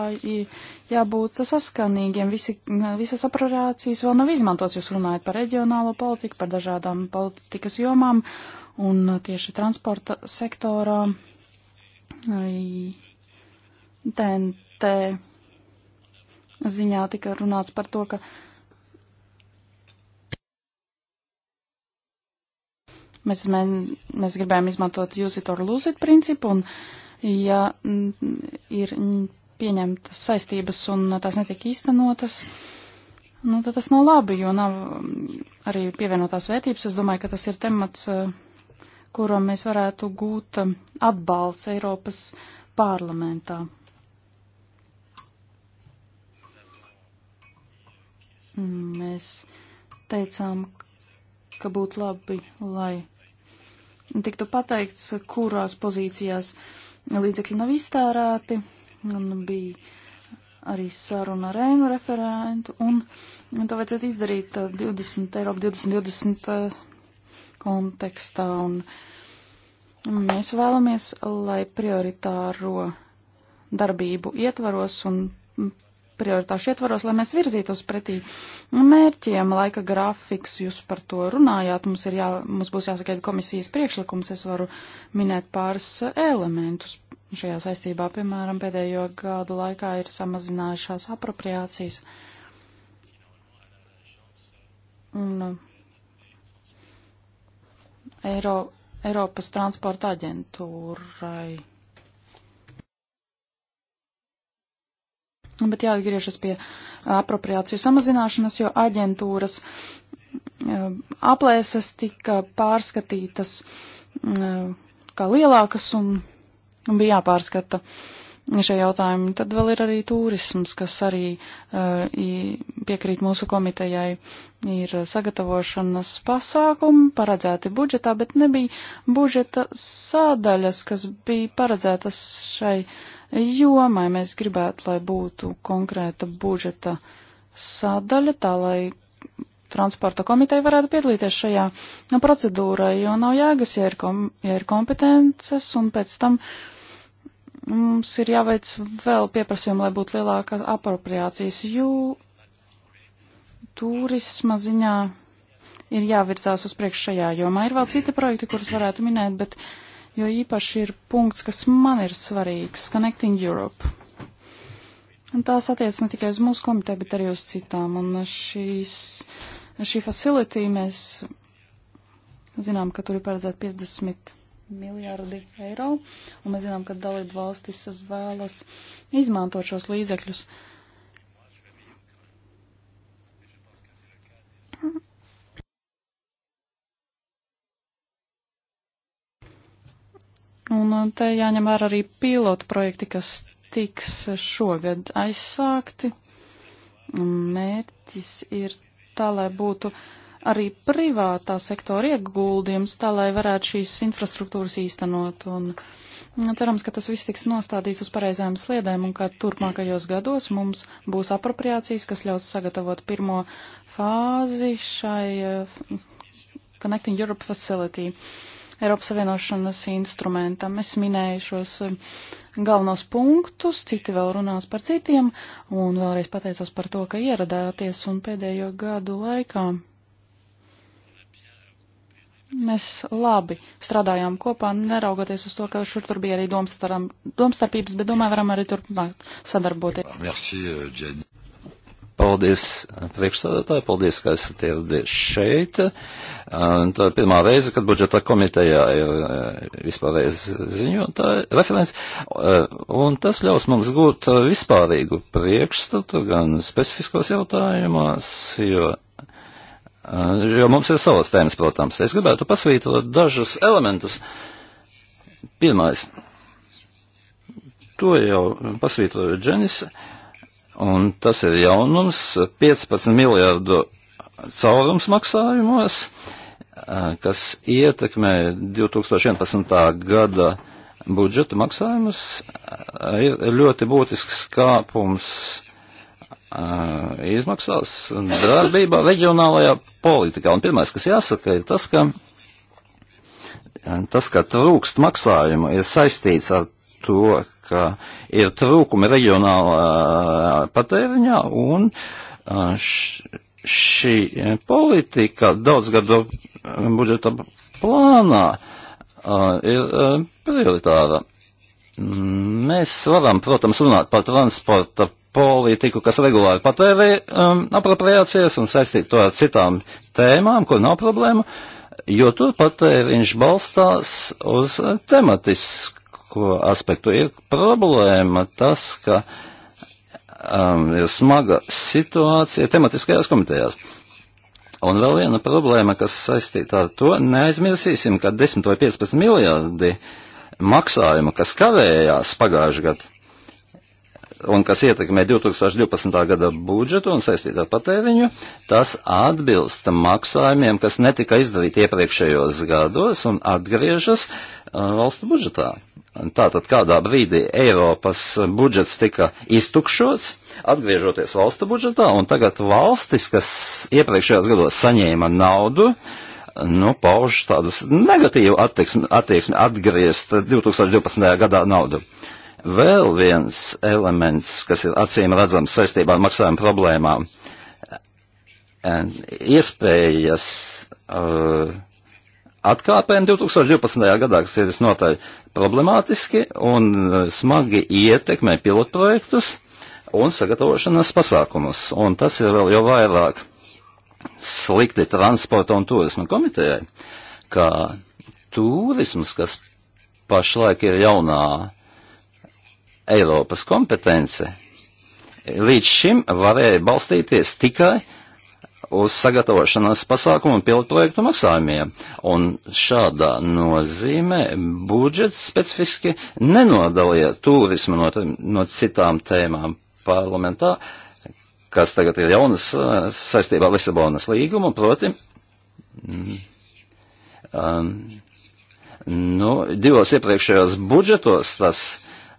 jābūt saskanīgiem. Visi, visas apropriācijas vēl nav izmantotas, jūs runājat par reģionālo politiku, par dažādām politikas jomām, un tieši transporta sektorā. Ai, ten debatē ziņā tika runāts par to, ka mēs, mē, mēs gribējām izmantot use it or lose it principu, un ja ir pieņemtas saistības un tās netiek īstenotas, nu, tad tas nav labi, jo nav arī pievienotās vērtības. Es domāju, ka tas ir temats, e, kuram mēs varētu gūt e, atbalsts Eiropas parlamentā. Mēs teicām, ka būtu labi, lai tiktu pateikts, kurās pozīcijās līdzekļi nav iztērēti, un bija arī saruna ar ēnu referentu, un to vajadzētu izdarīt 20 uh, Eiropa 2020 uh, kontekstā, un mēs vēlamies, lai prioritāro darbību ietvaros un prioritāšu ietvaros, lai mēs virzītos pretī mērķiem. Laika grafiks, jūs par to runājāt, mums, jā, mums būs jāsagaida komisijas priekšlikums, es varu minēt pāris elementus. Šajā saistībā, piemēram, pēdējo gadu laikā ir samazinājušās apropriācijas. Un, uh, Eiro, Eiropas transporta aģentūrai Bet jāatgriežas pie apropriāciju samazināšanas, jo aģentūras eh, aplēses tika pārskatītas eh, kā lielākas un bija jāpārskata šie jautājumi. Tad vēl ir arī turisms, kas arī uh, piekrīt mūsu komitejai. Ir sagatavošanas pasākumi paredzēti budžetā, bet nebija budžeta sādaļas, kas bija paredzētas šai jomai. Mēs gribētu, lai būtu konkrēta budžeta sadaļa, tā lai transporta komiteja varētu piedalīties šajā procedūrā, jo nav jēgas, ja ir, kom, ja ir kompetences, un pēc tam mums ir jāveic vēl pieprasījumi, lai būtu lielāka apropriācijas, jo turisma ziņā ir jāvirzās uz priekšu šajā jomā. Ir vēl citi projekti, kurus varētu minēt, bet jo īpaši ir punkts, kas man ir svarīgs - Connecting Europe. Un tās attiec ne tikai uz mūsu komiteju, bet arī uz citām. Un šīs, šī facility mēs zinām, ka tur ir paredzēta 50 miljārdi eiro, un mēs zinām, ka dalību valstis vēlas izmantot šos līdzekļus. Uh, Un uh, te jāņem vērā arī pilotu projekti, kas tiks uh, šogad aizsākti. Mērķis ir tā, lai būtu arī privātā sektora ieguldījums, tā, lai varētu šīs infrastruktūras īstenot. Un uh, cerams, ka tas viss tiks nostādīts uz pareizām sliedēm un ka turpmākajos gados mums būs apropriācijas, kas ļaus sagatavot pirmo fāzi šai Connecting Europe Facility. Uh, Eiropas Savienošanas instrumentam. Es minēju šos eh, galvenos punktus, citi vēl runās par citiem, un vēlreiz pateicos par to, ka ieradāties un pēdējo gadu laikā. Mēs labi strādājām kopā, neraugoties uz to, ka šur tur bija arī domstarpības, bet domāju, varam arī turpmāk sadarboties. Merci, Jenny. Paldies priekšstādātāji, paldies, ka esat ieradies šeit. Un tā ir pirmā reize, kad budžeta komitejā ir eh, vispārreiz ziņotāja referents. Eh, un tas ļaus mums gūt eh, vispārīgu priekšstatu gan specifiskos jautājumos, jo, jo mums ir savas tēmas, protams. Es gribētu pasvītrot dažus elementus. Pirmais. To jau pasvītroju Dženis. Uh, Un tas ir jaunums 15 miljārdu caurums maksājumos, kas ietekmē 2011. gada budžeta maksājumus. Ir ļoti būtisks kāpums izmaksās darbībā reģionālajā politikā. Un pirmais, kas jāsaka, ir tas, ka tas, ka trūkst maksājumu, ir saistīts ar to, ka ir trūkumi reģionālā patēriņā un š, šī politika daudzgadu budžeta plānā ir prioritāra. Mēs varam, protams, runāt par transporta politiku, kas regulāri patērē um, apropriācijas un saistīt to ar citām tēmām, kur nav problēma, jo tur patēriņš balstās uz tematisku ekonomisko aspektu. Ir problēma tas, ka um, ir smaga situācija tematiskajās komitejās. Un vēl viena problēma, kas saistīta ar to, neaizmirsīsim, ka 10 vai 15 miljardi maksājumu, kas kavējās pagājušajā gadā un kas ietekmē 2012. gada budžetu un saistīta ar patēriņu, tas atbilst maksājumiem, kas netika izdarīti iepriekšējos gados un atgriežas uh, valstu budžetā. Tātad kādā brīdī Eiropas budžets tika iztukšots, atgriežoties valstu budžetā, un tagad valstis, kas iepriekšējos gados saņēma naudu, nu, pauž tādus negatīvu attieksmi, attieksmi atgriezt 2012. gadā naudu. Vēl viens elements, kas ir acīm redzams saistībā ar maksājumu problēmām, e, iespējas uh, atkāpēm 2012. gadā, kas ir visnotaļ problemātiski un e, smagi ietekmē pilotprojektus un sagatavošanas pasākumus. Un tas ir vēl jau vairāk slikti transporta un turisma komitejai, ka turisms, kas pašlaik ir jaunā Eiropas kompetence, līdz šim varēja balstīties tikai uz sagatavošanās pasākumu un pilotprojektu maksājumiem. Un šādā nozīmē budžets specifiski nenodalīja turismu no, no citām tēmām parlamentā, kas tagad ir jaunas eh, saistībā ar Lisabonas līgumu, proti. Mm, um, nu, divos iepriekšējos budžetos tas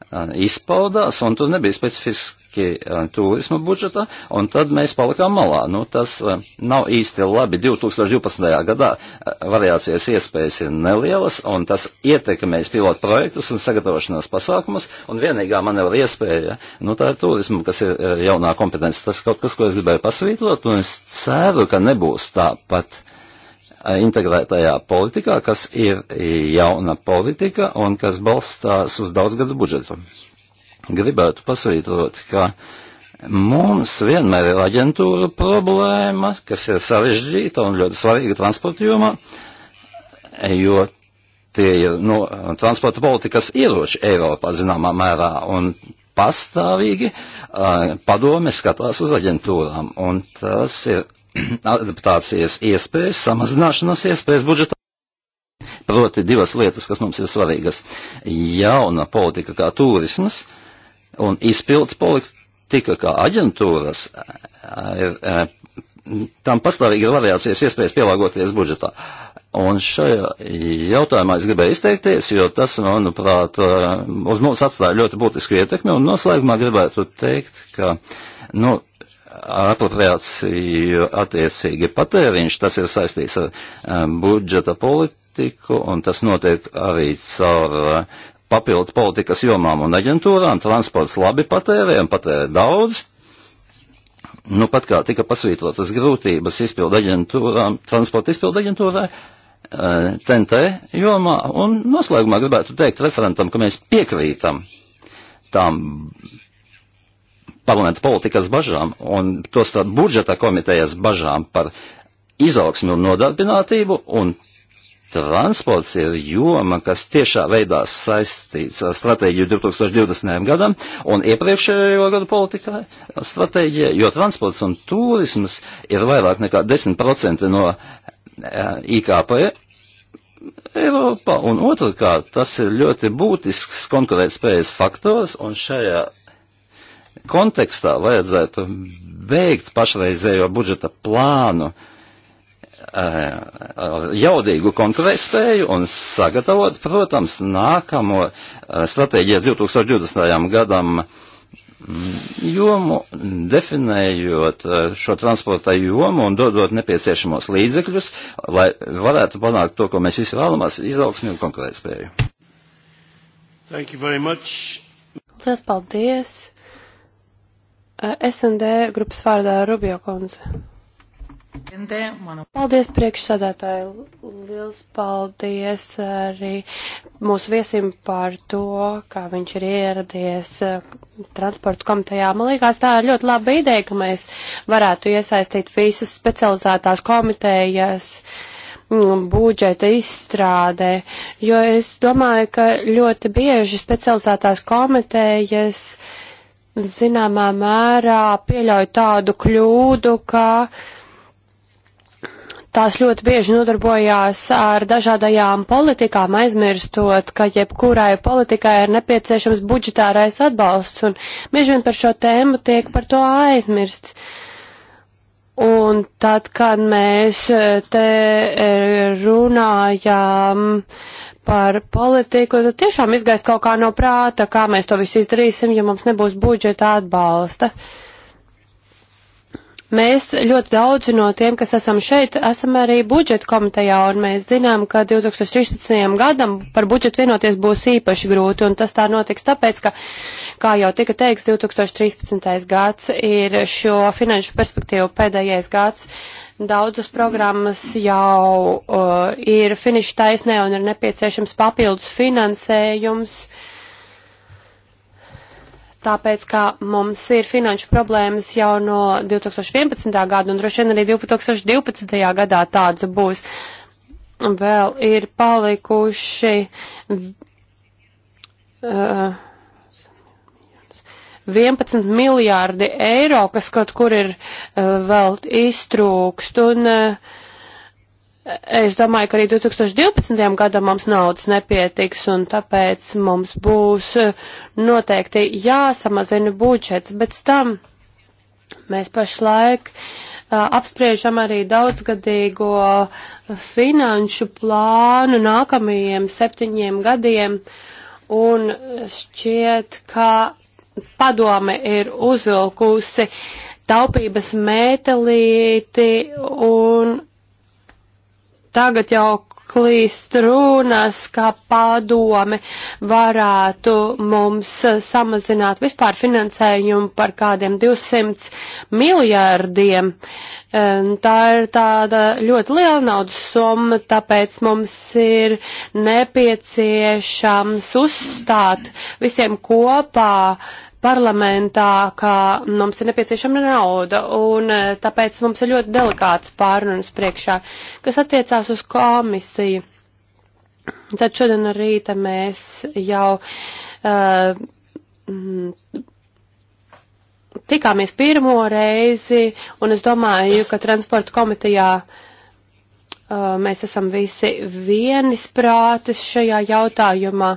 uh, izpaudās, un tur nebija specifiski lielāki eh, turisma budžeta, un tad mēs palikām malā. Nu, tas eh, nav īsti labi. 2012. gadā eh, variācijas iespējas ir nelielas, un tas ietekmēs pilotu projektus un sagatavošanās pasākumus, un vienīgā manevra iespēja, nu, tā ir turisma, kas ir jaunā kompetence. Tas kaut kas, ko es gribēju pasvītrot, un es ceru, ka nebūs tāpat integrētajā politikā, kas ir jauna politika un kas balstās uz daudzgadu budžetu gribētu pasvītrot, ka mums vienmēr ir aģentūra problēma, kas ir sarežģīta un ļoti svarīga transporta jomā, jo tie ir no, nu, transporta politikas ieroči Eiropā zināmā mērā. Un pastāvīgi uh, padome skatās uz aģentūrām, un tas ir adaptācijas iespējas, samazināšanas iespējas budžetā. Proti divas lietas, kas mums ir svarīgas. Jauna politika kā turismas, uh, Un izpildu politika kā aģentūras ir, e, tam pastāvīgi ir variācijas iespējas pielāgoties budžetā. Un šajā jautājumā es gribēju izteikties, jo tas, manuprāt, e, uz mums atstāja ļoti būtisku ietekmi, un noslēgumā gribētu teikt, ka, nu, apropriācija attiecīgi patēriņš, tas ir saistīts ar um, budžeta politiku, un tas notiek arī caur uh, papildu politikas jomām un aģentūrām. Transports labi patērē un patērē daudz. Nu, pat kā tika pasvītrotas grūtības izpildu aģentūrām, transporta izpildu aģentūrai, TNT eh, jomā, un noslēgumā gribētu teikt referentam, ka mēs piekrītam tām parlamenta politikas bažām un tos budžeta komitejas bažām par izaugsmi un nodarbinātību un Transports ir joma, kas tiešā veidā saistīts ar stratēģiju 2020. gadam un iepriekšējo gadu politikai stratēģijai, jo transports un turisms ir vairāk nekā 10% no eh, IKP Eiropā, un otrkārt, tas ir ļoti būtisks konkurētspējas faktors, un šajā kontekstā vajadzētu beigt pašreizējo budžeta plānu uh, Uh, jaudīgu konkurētspēju un sagatavot, protams, nākamo uh, stratēģijas 2020. gadam mm, jomu, definējot uh, šo transporta jomu un dodot nepieciešamos līdzekļus, lai varētu panākt to, ko mēs visi vēlamies - izaugsmi un konkurētspēju. Lielas paldies! SND grupas vārdā Rubio Konze. Paldies priekšsādātāji, liels paldies arī mūsu viesim par to, kā viņš ir ieradies uh, transportu komitejā. Man liekas, tā ir ļoti laba ideja, ka mēs varētu iesaistīt visas specializētās komitejas mm, budžeta izstrādē, jo es domāju, ka ļoti bieži specializētās komitejas zināmā mērā pieļauj tādu kļūdu, ka tās ļoti bieži nodarbojās ar dažādajām politikām, aizmirstot, ka jebkurai politikai ir nepieciešams budžetārais atbalsts, un bieži vien par šo tēmu tiek par to aizmirsts. Un tad, kad mēs e, te e, runājām par politiku, tad tiešām izgaist kaut kā no prāta, kā mēs to visu izdarīsim, ja mums nebūs budžeta atbalsta. Uh, Mēs ļoti daudzi no tiem, kas esam šeit, esam arī budžeta komitejā, un mēs zinām, ka 2016. gadam par budžetu vienoties būs īpaši grūti, un tas tā notiks tāpēc, ka, kā jau tika teiks, 2013. gads ir šo finanšu perspektīvu pēdējais gads daudzas programmas jau uh, ir finiša taisnē un ir nepieciešams papildus finansējums. Uh, tāpēc, ka mums ir finanšu problēmas jau no 2011. gada, un droši vien arī 2012. gadā tāds būs. Vēl ir palikuši uh, 11 miljārdi eiro, kas kaut kur ir uh, vēl iztrūkst, un uh, Es domāju, ka arī 2012. gadam mums naudas nepietiks, un tāpēc mums būs eh, noteikti jāsamazina budžets. Bez tam mēs pašlaik eh, apspriežam arī daudzgadīgo finanšu plānu nākamajiem septiņiem gadiem, un šķiet, ka padome ir uzvilkusi taupības mētelīti un tagad jau klīst runas, ka padome varētu mums samazināt vispār finansējumu par kādiem 200 miljārdiem. Ehm, tā ir tāda ļoti liela naudas summa, tāpēc mums ir nepieciešams uzstāt visiem kopā uh, parlamentā, ka mums ir nepieciešama nauda, un eh, tāpēc mums ir ļoti delikāts pārunas priekšā, kas attiecās uz komisiju. Tad šodien no rīta mēs jau uh, tikāmies pirmo reizi, un es domāju, ka transporta komitejā uh, mēs esam visi vienisprātis šajā jautājumā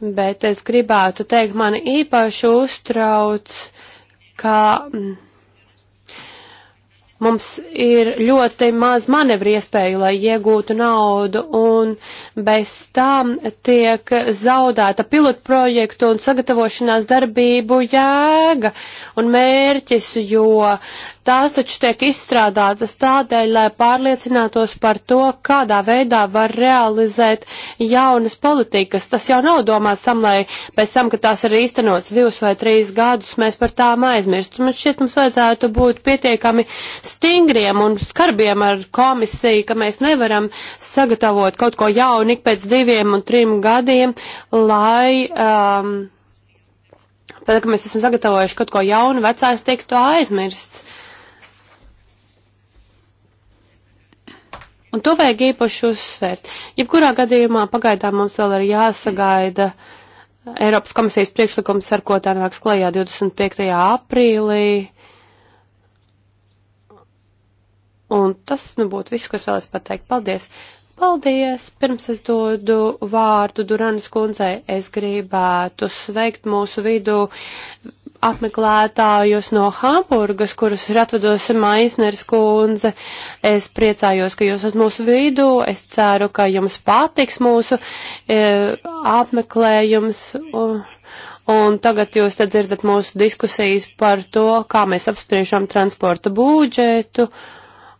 bet es gribētu teikt, mani īpaši uztrauc, ka mm, mums ir ļoti maz manevri iespēju, lai iegūtu naudu, un bez tam tiek zaudēta pilotprojektu un sagatavošanās darbību jēga un mērķis, jo Tās taču tiek izstrādātas tādēļ, lai pārliecinātos par to, kādā veidā var realizēt jaunas politikas. Tas jau nav domāts tam, lai pēc tam, kad tās ir īstenotas divus vai trīs gadus, mēs par tām aizmirstu. Man šķiet, mums vajadzētu būt pietiekami stingriem un skarbiem ar komisiju, ka mēs nevaram sagatavot kaut ko jaunu ik pēc diviem un trim gadiem, lai. Um, Tad, kad mēs esam sagatavojuši kaut ko jaunu, vecais tiek to aizmirsts. Un to vajag īpaši uzsvērt. Jebkurā gadījumā pagaidām mums vēl ir jāsagaida Eiropas komisijas priekšlikums, ar ko tā nāks klajā 25. aprīlī. Un tas, nu, būtu viss, kas vēlas pateikt. Paldies! Paldies! Pirms es dodu vārdu Duranas kundzei, es gribētu sveikt mūsu vidū apmeklētājus no Hamburgas, kurus ir atvedusi Maisners kundze. Es priecājos, ka jūs esat mūsu vidū. Es ceru, ka jums patiks mūsu e, apmeklējums. Un, un tagad jūs te dzirdat mūsu diskusijas par to, kā mēs apspriežam transporta budžetu.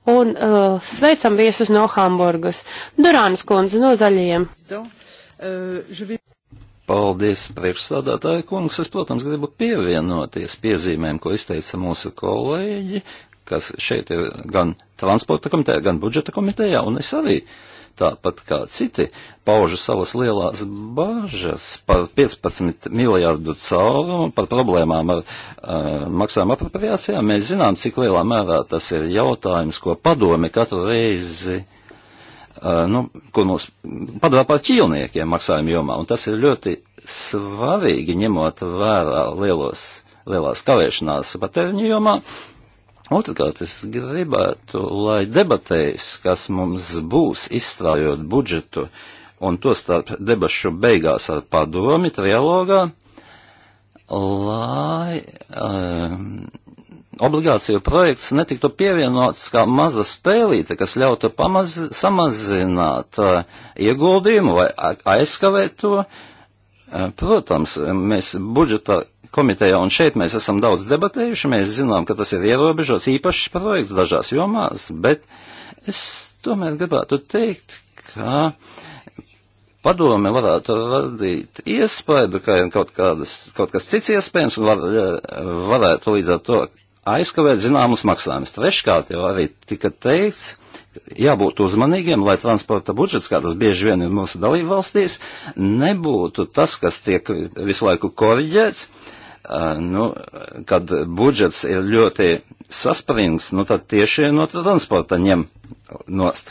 Un uh, sveicam viesus no Hamburgas. Durānas kundze no zaļiem. Uh, Paldies, priekšsādātāja kungs. Es, protams, gribu pievienoties piezīmēm, ko izteica mūsu kolēģi, kas šeit ir gan transporta komitejā, gan budžeta komitejā, un es arī, tāpat kā citi, paužu savas lielās bažas par 15 miljārdu caurumu, par problēmām ar uh, maksām apropriācijām. Mēs zinām, cik lielā mērā tas ir jautājums, ko padome katru reizi uh, nu, ko mums padara par ķīlniekiem maksājuma jomā, un tas ir ļoti svarīgi ņemot vērā lielos, lielās kavēšanās patēriņu jomā. Otrkārt, es gribētu, lai debatēs, kas mums būs izstrādājot budžetu, un to starp debašu beigās ar padomi trialogā, lai um, obligāciju projekts netiktu pievienots kā maza spēlīte, kas ļautu pamaz, samazināt uh, ieguldījumu vai aizskavēt to. Uh, protams, mēs budžeta komitejā un šeit mēs esam daudz debatējuši, mēs zinām, ka tas ir ierobežots īpašs projekts dažās jomās, bet es tomēr gribētu teikt, ka padome varētu radīt iespēju, ka ir kaut, kādas, kaut kas cits iespējams un var, eh, varētu līdz ar to aizkavēt zināmas maksājumus. Treškārt jau arī tika teikts, jābūt uzmanīgiem, lai transporta budžets, kā tas bieži vien ir mūsu dalību valstīs, nebūtu tas, kas tiek visu laiku koriģēts. Uh, nu, kad budžets ir ļoti saspringts, nu tad tieši no transporta ņem nost.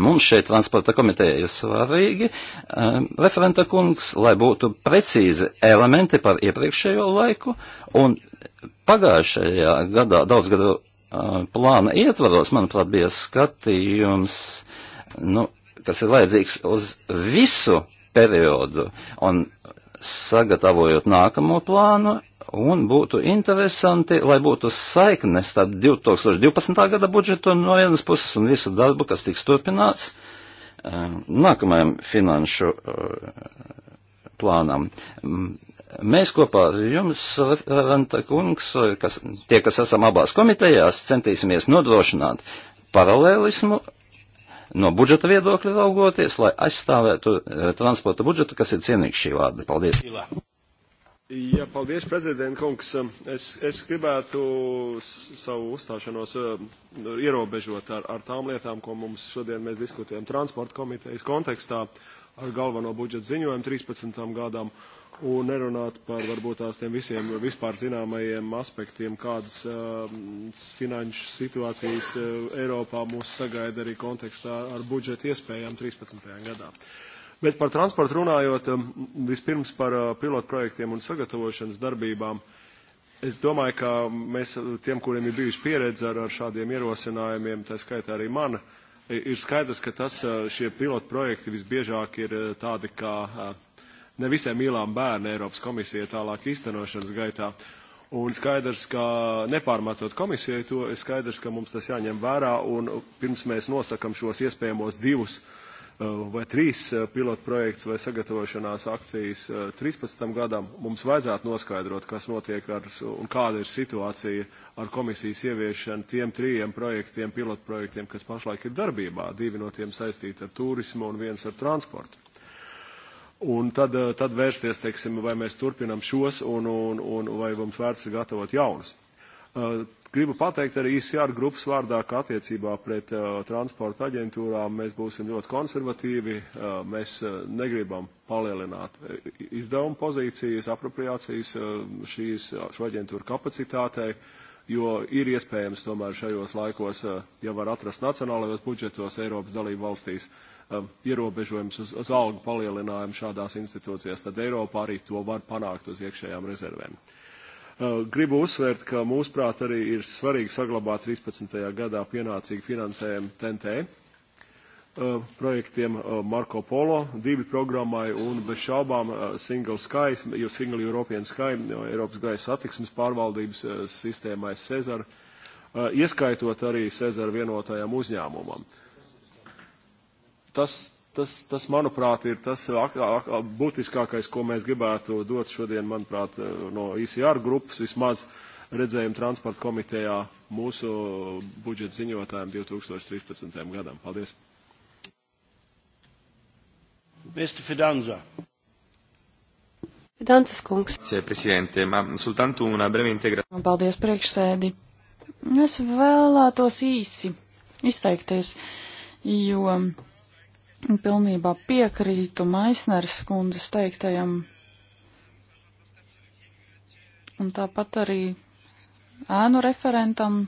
Mums šeit transporta komiteja ir svarīgi, um, referenta kungs, lai būtu precīzi elementi par iepriekšējo laiku un Pagājušajā gadā, daudz gadu plāna ietvaros, manuprāt, bija skatījums, nu, kas ir vajadzīgs uz visu periodu un sagatavojot nākamo plānu, un būtu interesanti, lai būtu saikne starp 2012. gada budžetu no vienas puses un visu darbu, kas tiks turpināts nākamajam finanšu plānam. Mēs kopā ar jums, Ranta kungs, kas, tie, kas esam abās komitejās, centīsimies nodrošināt paralēlismu no budžeta viedokļa raugoties, lai aizstāvētu e, transporta budžetu, kas ir cienīgs šī vārda. Paldies! Jā, paldies, prezident kungs. Es, es gribētu savu uzstāšanos uh, ierobežot ar, ar tām lietām, ko mums šodien mēs diskutējam transporta komitejas kontekstā. Uh, ar galveno budžeta ziņojumu 13. gadam un nerunāt par varbūt tās tiem visiem vispār zināmajiem aspektiem, kādas uh, finanšu situācijas uh, Eiropā mūs sagaida arī kontekstā ar budžeta iespējām 13. gadā. Bet par transportu runājot, um, vispirms par uh, pilotprojektiem un sagatavošanas darbībām. Es domāju, ka mēs tiem, kuriem ir bijusi pieredze ar, ar šādiem ierosinājumiem, tā skaitā arī mana, uh, ir skaidrs, ka tas, šie pilotu projekti visbiežāk ir tādi, kā nevisai mīlām bērni Eiropas komisija tālāk īstenošanas gaitā. Un skaidrs, ka nepārmetot komisijai to, ir skaidrs, ka mums tas jāņem vērā un pirms mēs nosakam šos iespējamos divus uh, Eh, vai trīs eh, pilotprojekts vai sagatavošanās akcijas 13. Eh, gadam, mums vajadzētu noskaidrot, kas notiek ar, un kāda ir situācija ar komisijas ieviešanu tiem trījiem projektiem, pilotprojektiem, kas pašlaik ir darbībā. Divi no tiem saistīti ar turismu un viens ar transportu. Un tad, tad vērsties, teiksim, vai mēs turpinam šos un, un, un vai mums vērts gatavot jaunus. Gribu pateikt arī ICR grupas vārdā, ka attiecībā pret uh, transporta aģentūrām mēs būsim ļoti konservatīvi. Uh, mēs uh, negribam palielināt uh, izdevumu pozīcijas, apropriācijas uh, šīs, uh, šo aģentūru kapacitātei, jo ir iespējams tomēr šajos laikos, uh, ja var atrast nacionālajos budžetos Eiropas dalību valstīs, uh, ierobežojums uz, uz algu palielinājumu šādās institūcijās, tad Eiropā arī to var panākt uz iekšējām rezervēm. Uh, Eh, gribu uzsvērt, ka mūsuprāt arī ir svarīgi saglabāt 13. gadā pienācīgu finansējumu TNT eh, projektiem eh, Marko Polo divi programmai un bez šaubām Single Sky, jo Single European Sky, Eiropas gaisa satiksmes pārvaldības sistēmai Cezar, ieskaitot arī Cezar vienotajam uzņēmumam. Tas Tas, tas, manuprāt, ir tas būtiskākais, ko mēs gribētu dot šodien, manuprāt, no ICR grupas vismaz redzējumu transporta komitejā mūsu budžeta ziņotājiem 2013. gadam. Paldies. Mr. Fidanza. Fidanzas kungs. Paldies, priekšsēdi. Es vēlētos īsi izteikties, jo pilnībā piekrītu Maisners kundzes teiktajam. Un tāpat arī ēnu referentam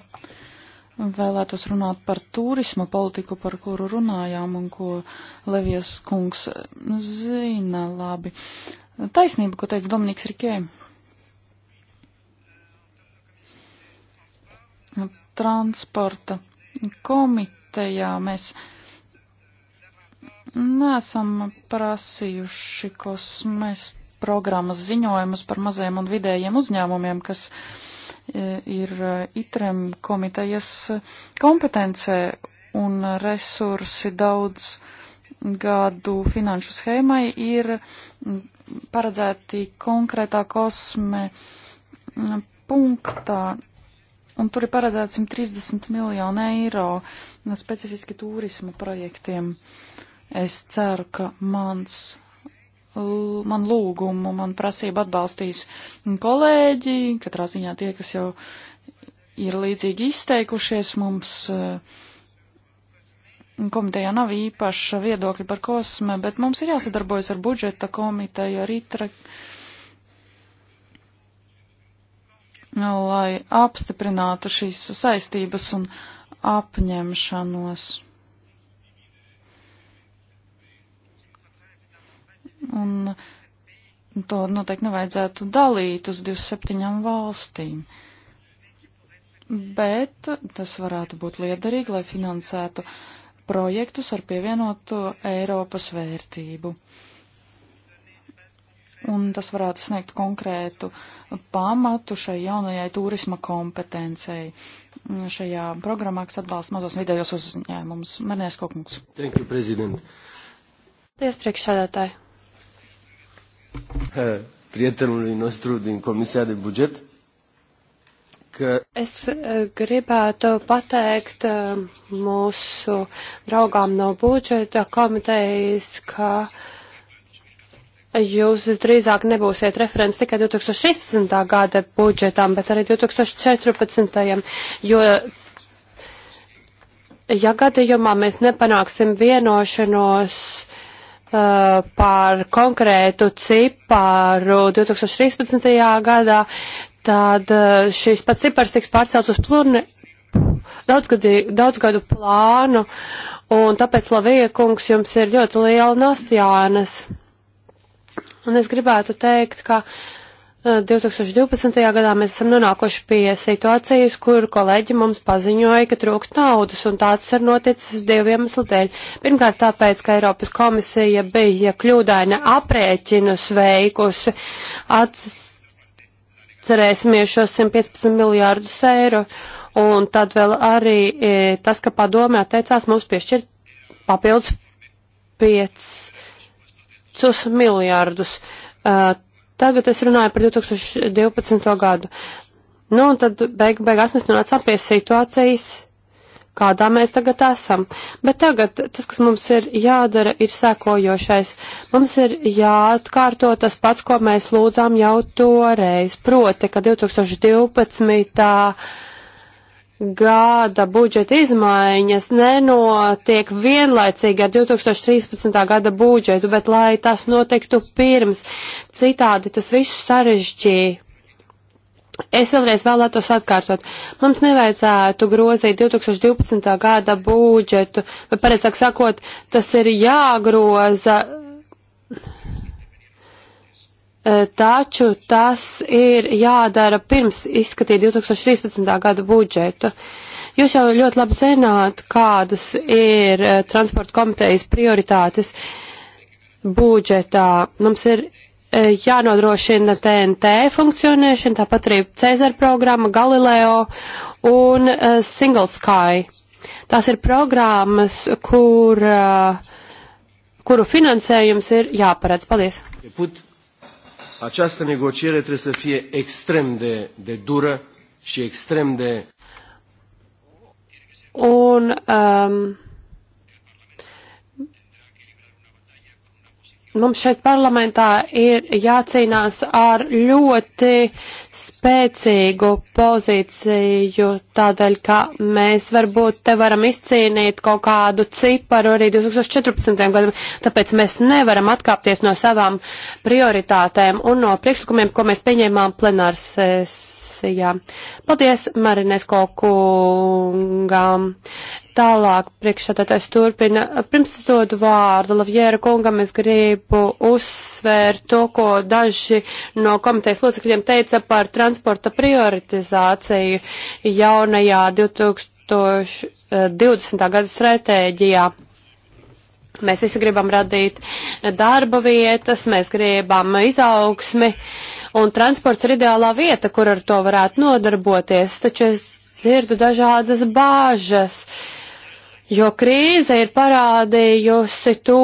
vēlētos runāt par turisma politiku, par kuru runājām un ko Levies kungs zina labi. Taisnība, ko teica Dominiks Rikē. Transporta komitejā mēs Nesam prasījuši kosmēs programmas ziņojumus par maziem un vidējiem uzņēmumiem, kas e, ir e, ITREM komitejas kompetencē un resursi daudz gadu finanšu schēmai ir paredzēti konkrētā kosme punktā, un tur ir paredzēts 130 miljonu eiro specifiski turismu projektiem. Uh, Es ceru, ka mans, man lūgumu, man prasību atbalstīs kolēģi, katrā ziņā tie, kas jau ir līdzīgi izteikušies mums. E, komitejā nav īpaša viedokļa par kosme, bet mums ir jāsadarbojas ar budžeta komiteju, ar itra, lai apstiprinātu šīs saistības un apņemšanos. Un to noteikti nevajadzētu dalīt uz 27 valstīm. Bet tas varētu būt liederīgi, lai finansētu projektus ar pievienotu Eiropas vērtību. Un tas varētu sniegt konkrētu pamatu šai jaunajai turisma kompetencei šajā programmā, kas atbalsta mazos vidējos uzņēmumus. Mērnēs Kokmuks. Thank you, prezident. Paldies, priekšsēdētāji prietenului nostru din Komisijā de budžet, ka. Es eh, gribētu pateikt eh, mūsu draugām no budžeta komitejas, ka jūs visdrīzāk nebūsiet referents tikai 2016. gada budžetam, bet arī 2014. jo ja gadījumā mēs nepanāksim vienošanos Uh, par konkrētu ciparu 2013. gadā, tad uh, šis pats cipars tiks pārcelt uz plurni daudzgadu, daudzgadu plānu, un tāpēc, Lavija kungs, jums ir ļoti liela nastjānas. Un es gribētu teikt, ka 2012. gadā mēs esam nonākuši pie situācijas, kur kolēģi mums paziņoja, ka trūkst naudas, un tāds ir noticis divu iemeslu dēļ. Pirmkārt, tāpēc, ka Eiropas komisija bija kļūdaina aprēķinus veikusi, atcerēsimies šos 115 miljārdus eiro, un tad vēl arī e, tas, ka padomē teicās mums piešķirt papildus 5 miljārdus. Uh, Tagad es runāju par 2012. gadu. Nu, un tad beigu beigās mēs nonācām pie situācijas, kādā mēs tagad esam. Bet tagad tas, kas mums ir jādara, ir sekojošais. Mums ir jāatkārto tas pats, ko mēs lūdzām jau toreiz, proti, ka 2012 gada budžeta izmaiņas nenotiek vienlaicīgi ar 2013. gada budžetu, bet lai tas notiktu pirms, citādi tas visu sarežģīja. Es vēlreiz vēlētos atkārtot. Mums nevajadzētu grozīt 2012. gada budžetu, vai pareizāk sakot, tas ir jāgroza Eh, taču tas ir jādara pirms izskatīt 2013. gada budžetu. Jūs jau ļoti labi zināt, kādas ir eh, transporta komitejas prioritātes budžetā. Mums ir eh, jānodrošina TNT funkcionēšana, tāpat arī Cezara programma, Galileo un uh, Single Sky. Tās ir programmas, kur, uh, kuru finansējums ir jāparedz. Paldies! Put această negociere trebuie să fie extrem de, de dură și extrem de. Un um, mums šeit parlamentā ir jācīnās ar ļoti spēcīgu pozīciju, tādēļ, ka mēs varbūt te varam izcīnīt kaut kādu ciparu arī 2014. gadam, tāpēc mēs nevaram atkāpties no savām prioritātēm un no priekšlikumiem, ko mēs pieņēmām plenārsēs komisijā. Paldies Marinesko kungam. Tālāk priekšsēdētājs turpina. Pirms es dodu vārdu Lavjēra kungam, es gribu uzsvērt to, ko daži no komitejas locekļiem teica par transporta prioritizāciju jaunajā 2020. Eh, gada stratēģijā. Mēs visi gribam radīt darba vietas, mēs gribam izaugsmi, un transports ir ideālā vieta, kur ar to varētu nodarboties, taču es dzirdu dažādas bāžas, jo krīze ir parādījusi to,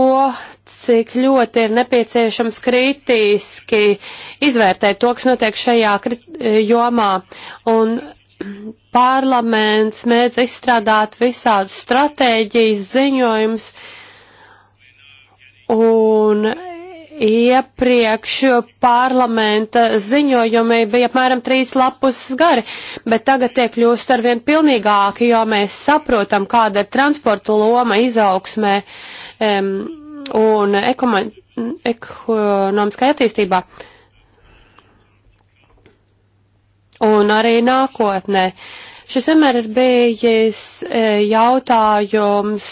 cik ļoti ir nepieciešams kritiski izvērtēt to, kas notiek šajā jomā. Un parlaments mēdz izstrādāt visādus stratēģijas ziņojumus, un Iepriekš parlamenta ziņojumi bija apmēram trīs lapus gari, bet tagad tie kļūst arvien pilnīgāki, jo mēs saprotam, kāda ir transporta loma izaugsmē um, un ekonomiskajā attīstībā. Un arī nākotnē. Šis vienmēr ir bijis eh, jautājums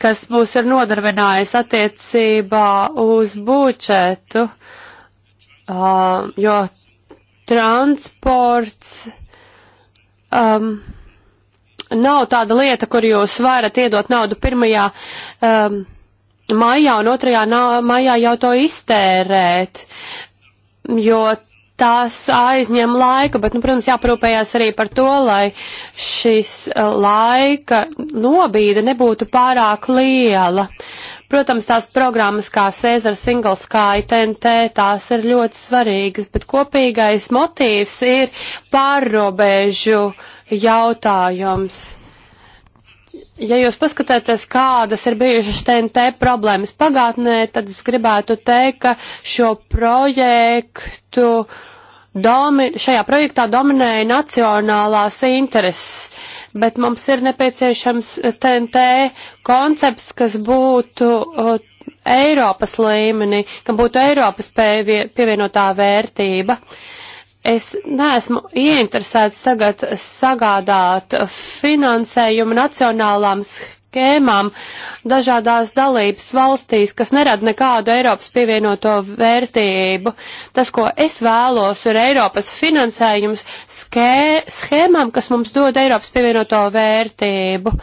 kas mūs ir nodarbinājis attiecībā uz budžetu, um, jo transports um, nav tāda lieta, kur jūs varat iedot naudu pirmajā um, maijā un otrajā nā, maijā jau to iztērēt, jo tās aizņem laika, bet, nu, protams, jāparūpējās arī par to, lai šis uh, laika nobīde nebūtu pārāk liela. Protams, tās programmas kā Cēzara Singles, kā ITNT, tās ir ļoti svarīgas, bet kopīgais motīvs ir pārrobežu jautājums ja jūs paskatāties, kādas ir bijušas TNT problēmas pagātnē, tad es gribētu teikt, ka šo projektu domi, šajā projektā dominēja nacionālās intereses, bet mums ir nepieciešams TNT koncepts, kas būtu uh, Eiropas līmenī, ka būtu Eiropas pievienotā vērtība. Uh, Es neesmu ieinteresēts tagad sagādāt finansējumu nacionālām skēmām dažādās dalības valstīs, kas nerada nekādu Eiropas pievienoto vērtību. Tas, ko es vēlos, ir Eiropas finansējums skē, skēmām, kas mums dod Eiropas pievienoto vērtību.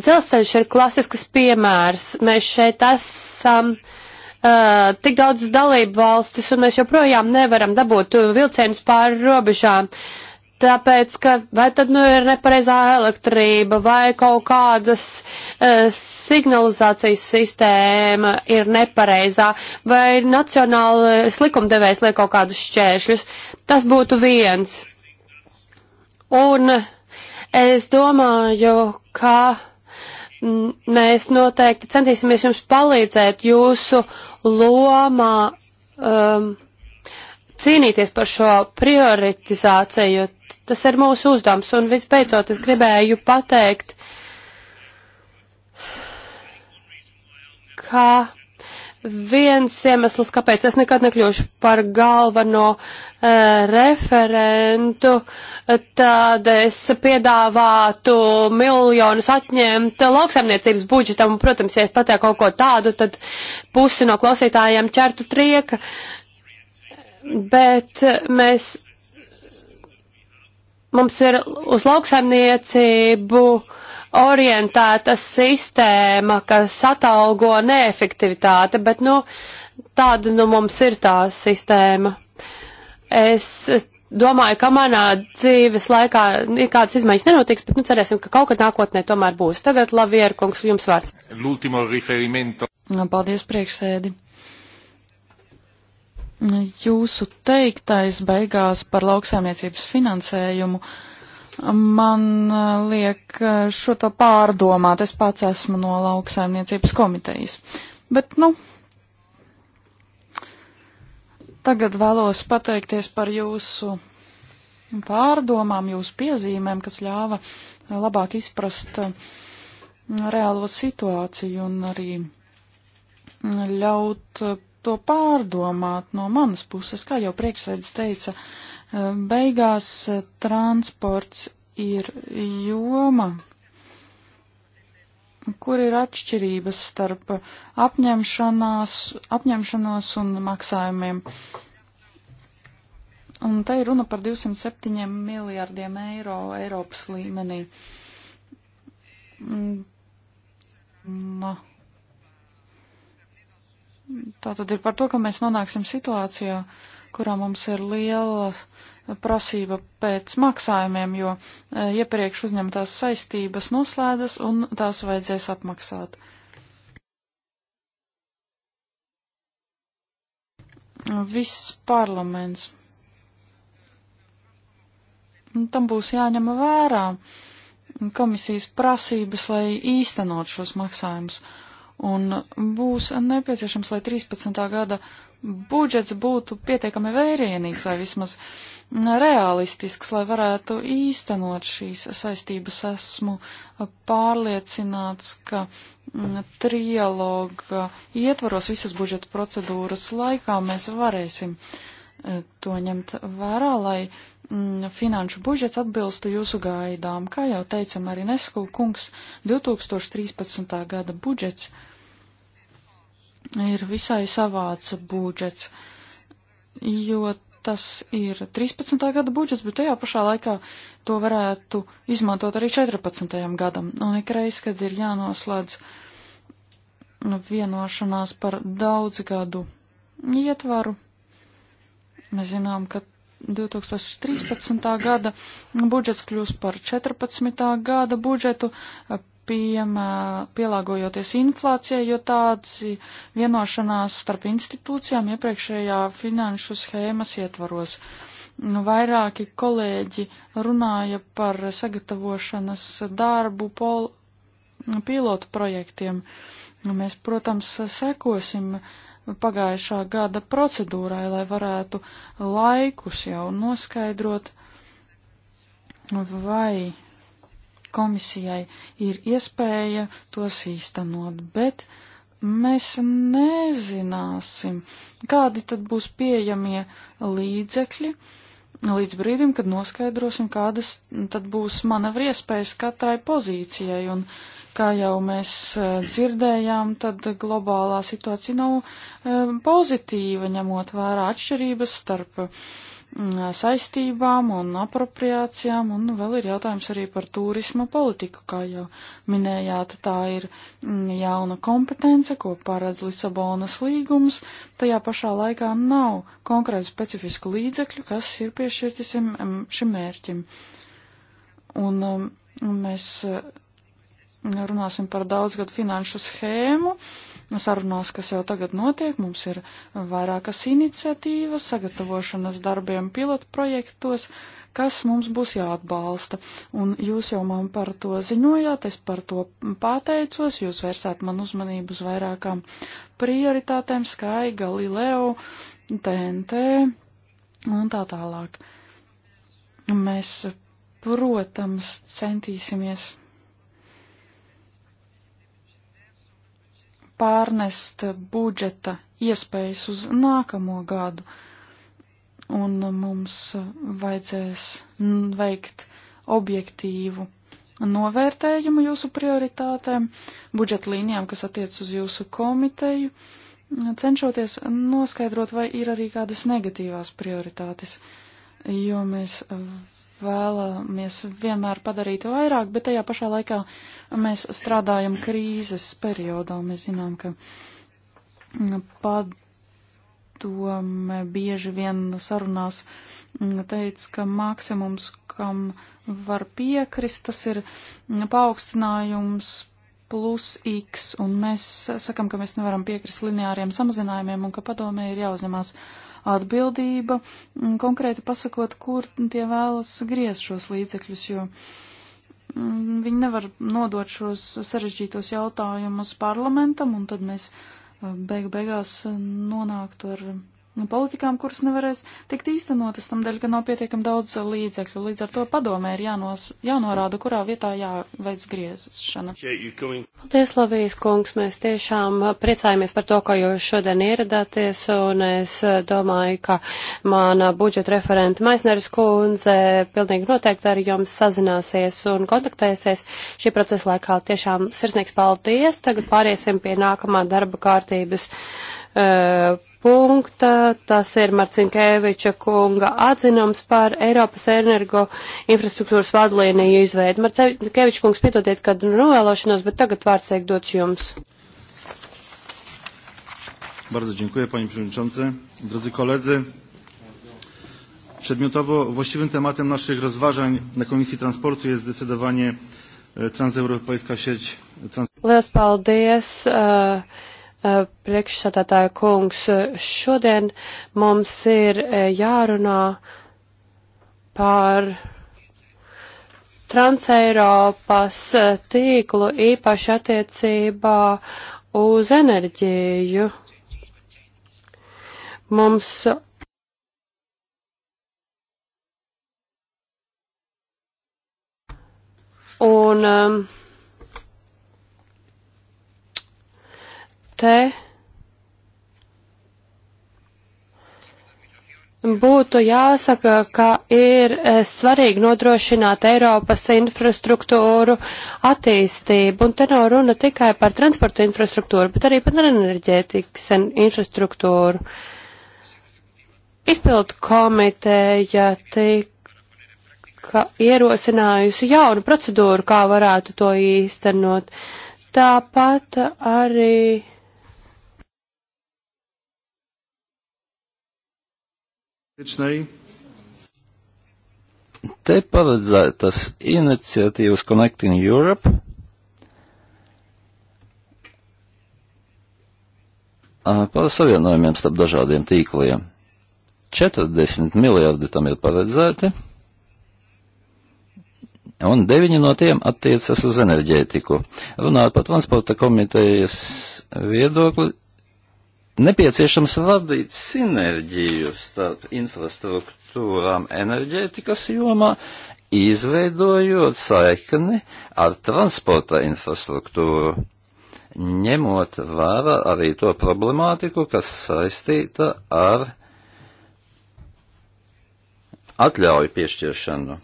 Dzelzceļš ir klasisks piemērs. Mēs šeit esam. Um, uh, tik daudz dalību valstis, un mēs joprojām nevaram dabūt vilcienus pāri robežām. Tāpēc, ka vai tad nu ir nepareizā elektrība, vai kaut kādas uh, signalizācijas sistēma ir nepareizā, vai nacionāli likumdevējs liek kaut kādus šķēršļus. Tas būtu viens. Un es domāju, ka mēs noteikti centīsimies jums palīdzēt jūsu lomā um, cīnīties par šo prioritizāciju. Tas ir mūsu uzdevums. Un visbeidzot, es gribēju pateikt, ka viens iemesls, kāpēc es nekad nekļūšu par galveno uh, Eh, referentu, tad es piedāvātu miljonus atņemt lauksaimniecības budžetam. Un, protams, ja es patēju kaut ko tādu, tad pusi no klausītājiem ķertu trieka. Bet eh, mēs, mums ir uz lauksaimniecību orientēta sistēma, kas atalgo neefektivitāte, bet, nu, tāda, nu, mums ir tā sistēma. Es domāju, ka manā dzīves laikā nekādas izmaiņas nenotiks, bet nu cerēsim, ka kaut kad nākotnē tomēr būs. Tagad, Lavieru kungs, jums vārds. Nu, paldies, priekšsēdi. Nu, jūsu teiktais beigās par lauksaimniecības finansējumu man uh, liek uh, šo to pārdomāt. Es pats esmu no lauksaimniecības komitejas. Bet, nu, Tagad vēlos pateikties par jūsu pārdomām, jūsu piezīmēm, kas ļāva labāk izprast mm, reālo situāciju un arī mm, ļaut eh, to pārdomāt no manas puses. Kā jau priekšsēdis teica, eh, beigās eh, transports ir joma, kur ir atšķirības starp apņemšanās, apņemšanos un maksājumiem. Un te ir runa par 207 miljārdiem eiro Eiropas līmenī. Na. Tā tad ir par to, ka mēs nonāksim situācijā, kurā mums ir lielas prasība pēc maksājumiem, jo e, iepriekš uzņemtās saistības noslēdzas un tās vajadzēs apmaksāt. Viss parlaments. Tam būs jāņem vērā komisijas prasības, lai īstenot šos maksājumus. Un būs nepieciešams, lai 13. gada budžets būtu pietiekami vērienīgs vai vismaz uh, realistisks, lai varētu īstenot šīs saistības. Esmu pārliecināts, ka mm, trialoga ietvaros visas budžeta procedūras laikā mēs varēsim e, to ņemt vērā, lai mm, finanšu budžets atbilstu jūsu gaidām. Kā jau teicam arī Nesku kungs, 2013. gada budžets ir visai savāds budžets, jo tas ir 13. gada budžets, bet tajā pašā laikā to varētu izmantot arī 14. gadam. Un ikreiz, kad ir jānoslēdz nu, vienošanās par daudz gadu ietvaru, mēs zinām, ka 2013. gada budžets kļūs par 14. gada budžetu, piemē, pielāgojoties inflācijai, jo tāds vienošanās starp institūcijām iepriekšējā finanšu schēmas ietvaros. Nu, vairāki kolēģi runāja par sagatavošanas darbu pol, pilotu projektiem. Nu, mēs, protams, sekosim pagājušā gada procedūrai, lai varētu laikus jau noskaidrot, vai komisijai ir iespēja tos īstenot, bet mēs nezināsim, kādi tad būs pieejamie līdzekļi līdz brīdim, kad noskaidrosim, kādas tad būs manevri iespējas katrai pozīcijai. Un, kā jau mēs eh, dzirdējām, tad globālā situācija nav eh, pozitīva, ņemot vērā atšķirības starp uh, Mm, saistībām un apropriācijām, un vēl ir jautājums arī par turisma politiku, kā jau minējāt, tā ir mm, jauna kompetence, ko paredz Lisabonas līgums, tajā pašā laikā nav konkrēti specifisku līdzekļu, kas ir piešķirti šim mm, mērķim. Un mēs runāsim par daudzgadu finanšu schēmu. Uh, Nu, sarunās, kas jau tagad notiek. Mums ir vairākas iniciatīvas, sagatavošanas darbiem pilotprojektos, kas mums būs jāatbalsta. Un jūs jau man par to ziņojāt, es par to pateicos, jūs vērsāt man uzmanību uz vairākām prioritātēm, Sky, Galileo, TNT un tā tālāk. Mēs, protams, centīsimies pārnest budžeta iespējas uz nākamo gadu, un mums vajadzēs veikt objektīvu novērtējumu jūsu prioritātēm, budžeta līnijām, kas attiec uz jūsu komiteju, cenšoties noskaidrot, vai ir arī kādas negatīvās prioritātes, jo mēs vēlamies vienmēr padarīt vairāk, bet tajā pašā laikā mēs strādājam krīzes periodā. Mēs zinām, ka mm, padome bieži vien sarunās mm, teica, ka maksimums, kam var piekrist, tas ir mm, paaugstinājums plus x, un mēs sakam, ka mēs nevaram piekrist lineāriem samazinājumiem un ka padomē ir jāuzņemās atbildība, mm, konkrēti pasakot, kur tie vēlas griezt šos līdzekļus, jo mm, viņi nevar nodot šos sarežģītos jautājumus parlamentam, un tad mēs eh, beigu beigās nonāktu ar Nu, politikām, kuras nevarēs tikt īstenotas tam dēļ, ka nav pietiekami daudz līdzekļu. Līdz ar to padomē ir jānos, jānorāda, kurā vietā jāveic griezšana. Paldies, Lavijas kungs, mēs tiešām priecājamies par to, ka jūs šodien ieradāties, un es domāju, ka mana budžeta referenta Maisneris kundze pilnīgi noteikti ar jums sazināsies un kontaktēsies šī procesa laikā. Tiešām sirsnīgs paldies. Tagad pāriesim pie nākamā darba kārtības. Uh, punkta. Tas ir Marcinkēviča kunga atzinums par Eiropas energo infrastruktūras vadlīniju izveidu. Marcinkēviča kungs, piedodiet, kad novēlošanos, bet tagad vārds tiek dots jums. Bardzo dziękuję panie przewodniczący. Drodzy koledzy, przedmiotowo właściwym tematem naszych rozważań na Komisji Transportu jest zdecydowanie e, transeuropejska sieć transportu. Liels paldies! Uh, priekšsatātāja kungs. Šodien mums ir jārunā par Transeiropas tīklu īpaši attiecībā uz enerģiju. Mums un um, te būtu jāsaka, ka ir eh, svarīgi nodrošināt Eiropas infrastruktūru attīstību, un te nav runa tikai par transporta infrastruktūru, bet arī par enerģētikas infrastruktūru. Izpildu komiteja tika ierosinājusi jaunu procedūru, kā varētu to īstenot. Tāpat arī Te paredzētas iniciatīvas Connecting Europe, par savienojumiem starp dažādiem tīkliem. 40 miljardi tam ir paredzēti, un 9 no tiem attiecas uz enerģētiku. Runājot par transporta komitejas viedokli, nepieciešams radīt sinerģiju starp infrastruktūrām enerģētikas jomā, izveidojot saikni ar transporta infrastruktūru, ņemot vērā arī to problemātiku, kas saistīta ar atļauju piešķiršanu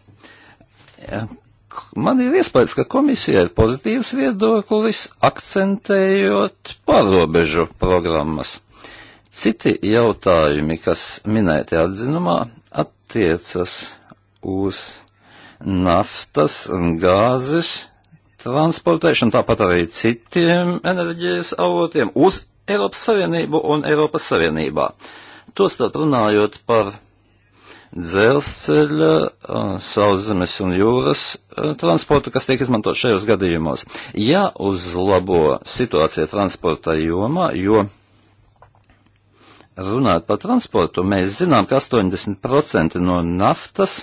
man ir iespējas, ka komisija ir pozitīvs viedoklis, akcentējot pārobežu programmas. Citi jautājumi, kas minēti atzinumā, attiecas uz naftas un gāzes transportēšanu, tāpat arī citiem enerģijas avotiem uz Eiropas Savienību un Eiropas Savienībā. Tostarp runājot par dzelzceļa, sauszemes un jūras transportu, kas tiek izmantot šajos gadījumos. Ja uzlabo situācija transporta jomā, jo runāt par transportu, mēs zinām, ka 80% no naftas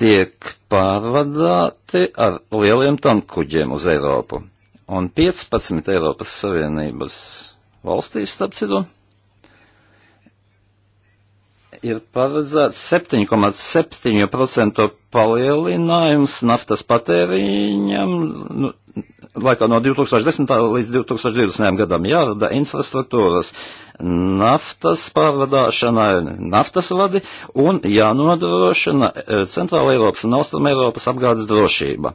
tiek pārvadāti ar lieliem tankuģiem uz Eiropu. Un 15 Eiropas Savienības valstīs, starp citu, ir paredzēts 7,7% palielinājums naftas patēriņam nu, laikā no 2010. līdz 2020. gadam jārada infrastruktūras naftas pārvadāšanai, naftas vadi un jānodrošina e, Centrāla Eiropas un Austruma Eiropas apgādes drošība.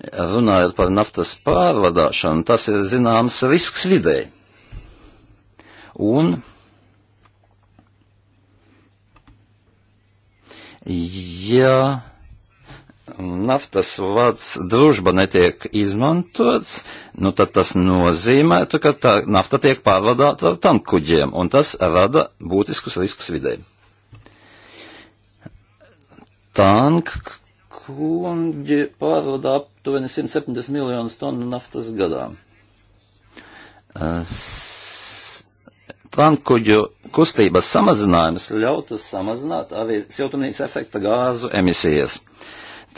Runājot par naftas pārvadāšanu, tas ir zināms risks videi. Un ja naftas vārds družba netiek izmantots, nu tad tas nozīmētu, ka tā nafta tiek pārvadāta ar tankkuģiem, un tas rada būtiskus riskus vidē. Tankkuģi pārvadā aptuveni 170 miljonus tonu naftas gadā. Es plankuģu kustības samazinājums ļautu samazināt arī siltumnīca efekta gāzu emisijas.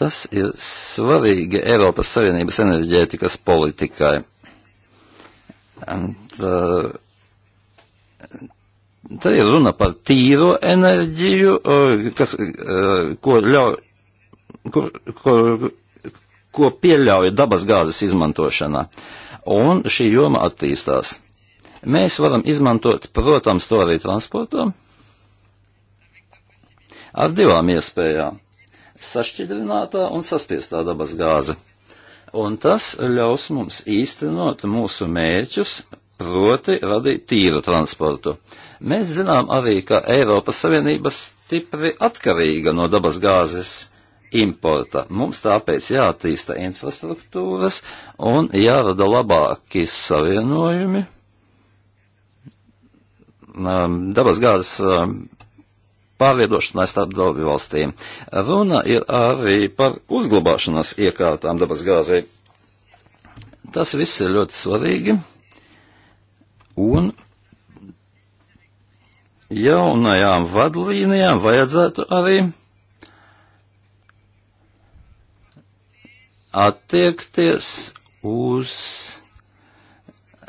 Tas ir svarīgi Eiropas Savienības enerģētikas politikai. And, uh, Te ir runa par tīro enerģiju, uh, kas, uh, ko, ļauj, kur, kur, ko pieļauj dabas gāzes izmantošanā. Un šī joma attīstās. Mēs varam izmantot, protams, to arī transportam ar divām iespējām - sašķidrinātā un saspiestā dabas gāze. Un tas ļaus mums īstenot mūsu mērķus, proti radīt tīru transportu. Mēs zinām arī, ka Eiropas Savienība stipri atkarīga no dabas gāzes importa. Mums tāpēc jātīsta infrastruktūras un jārada labāki savienojumi Um, dabasgāzes um, pārvietošanai starp dalību valstīm. Runa ir arī par uzglabāšanas iekārtām dabasgāzei. Tas viss ir ļoti svarīgi. Un jaunajām vadlīnijām vajadzētu arī attiekties uz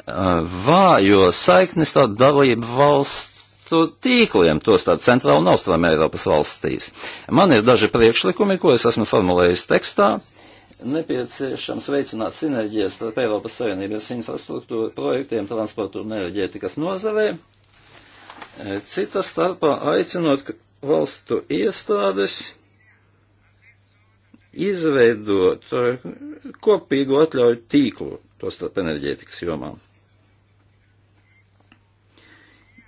vājo saikni starp dalību valstu tīkliem, tos tādā centrāla un austrāma Eiropas valstīs. Man ir daži priekšlikumi, ko es esmu formulējis tekstā. Nepieciešams veicināt sinerģijas starp Eiropas Savienības infrastruktūru projektiem, transportu un enerģētikas nozarē. Cita starpā aicinot valstu iestādes izveidot eh, kopīgu atļauju tīklu, to starp enerģētikas jomām.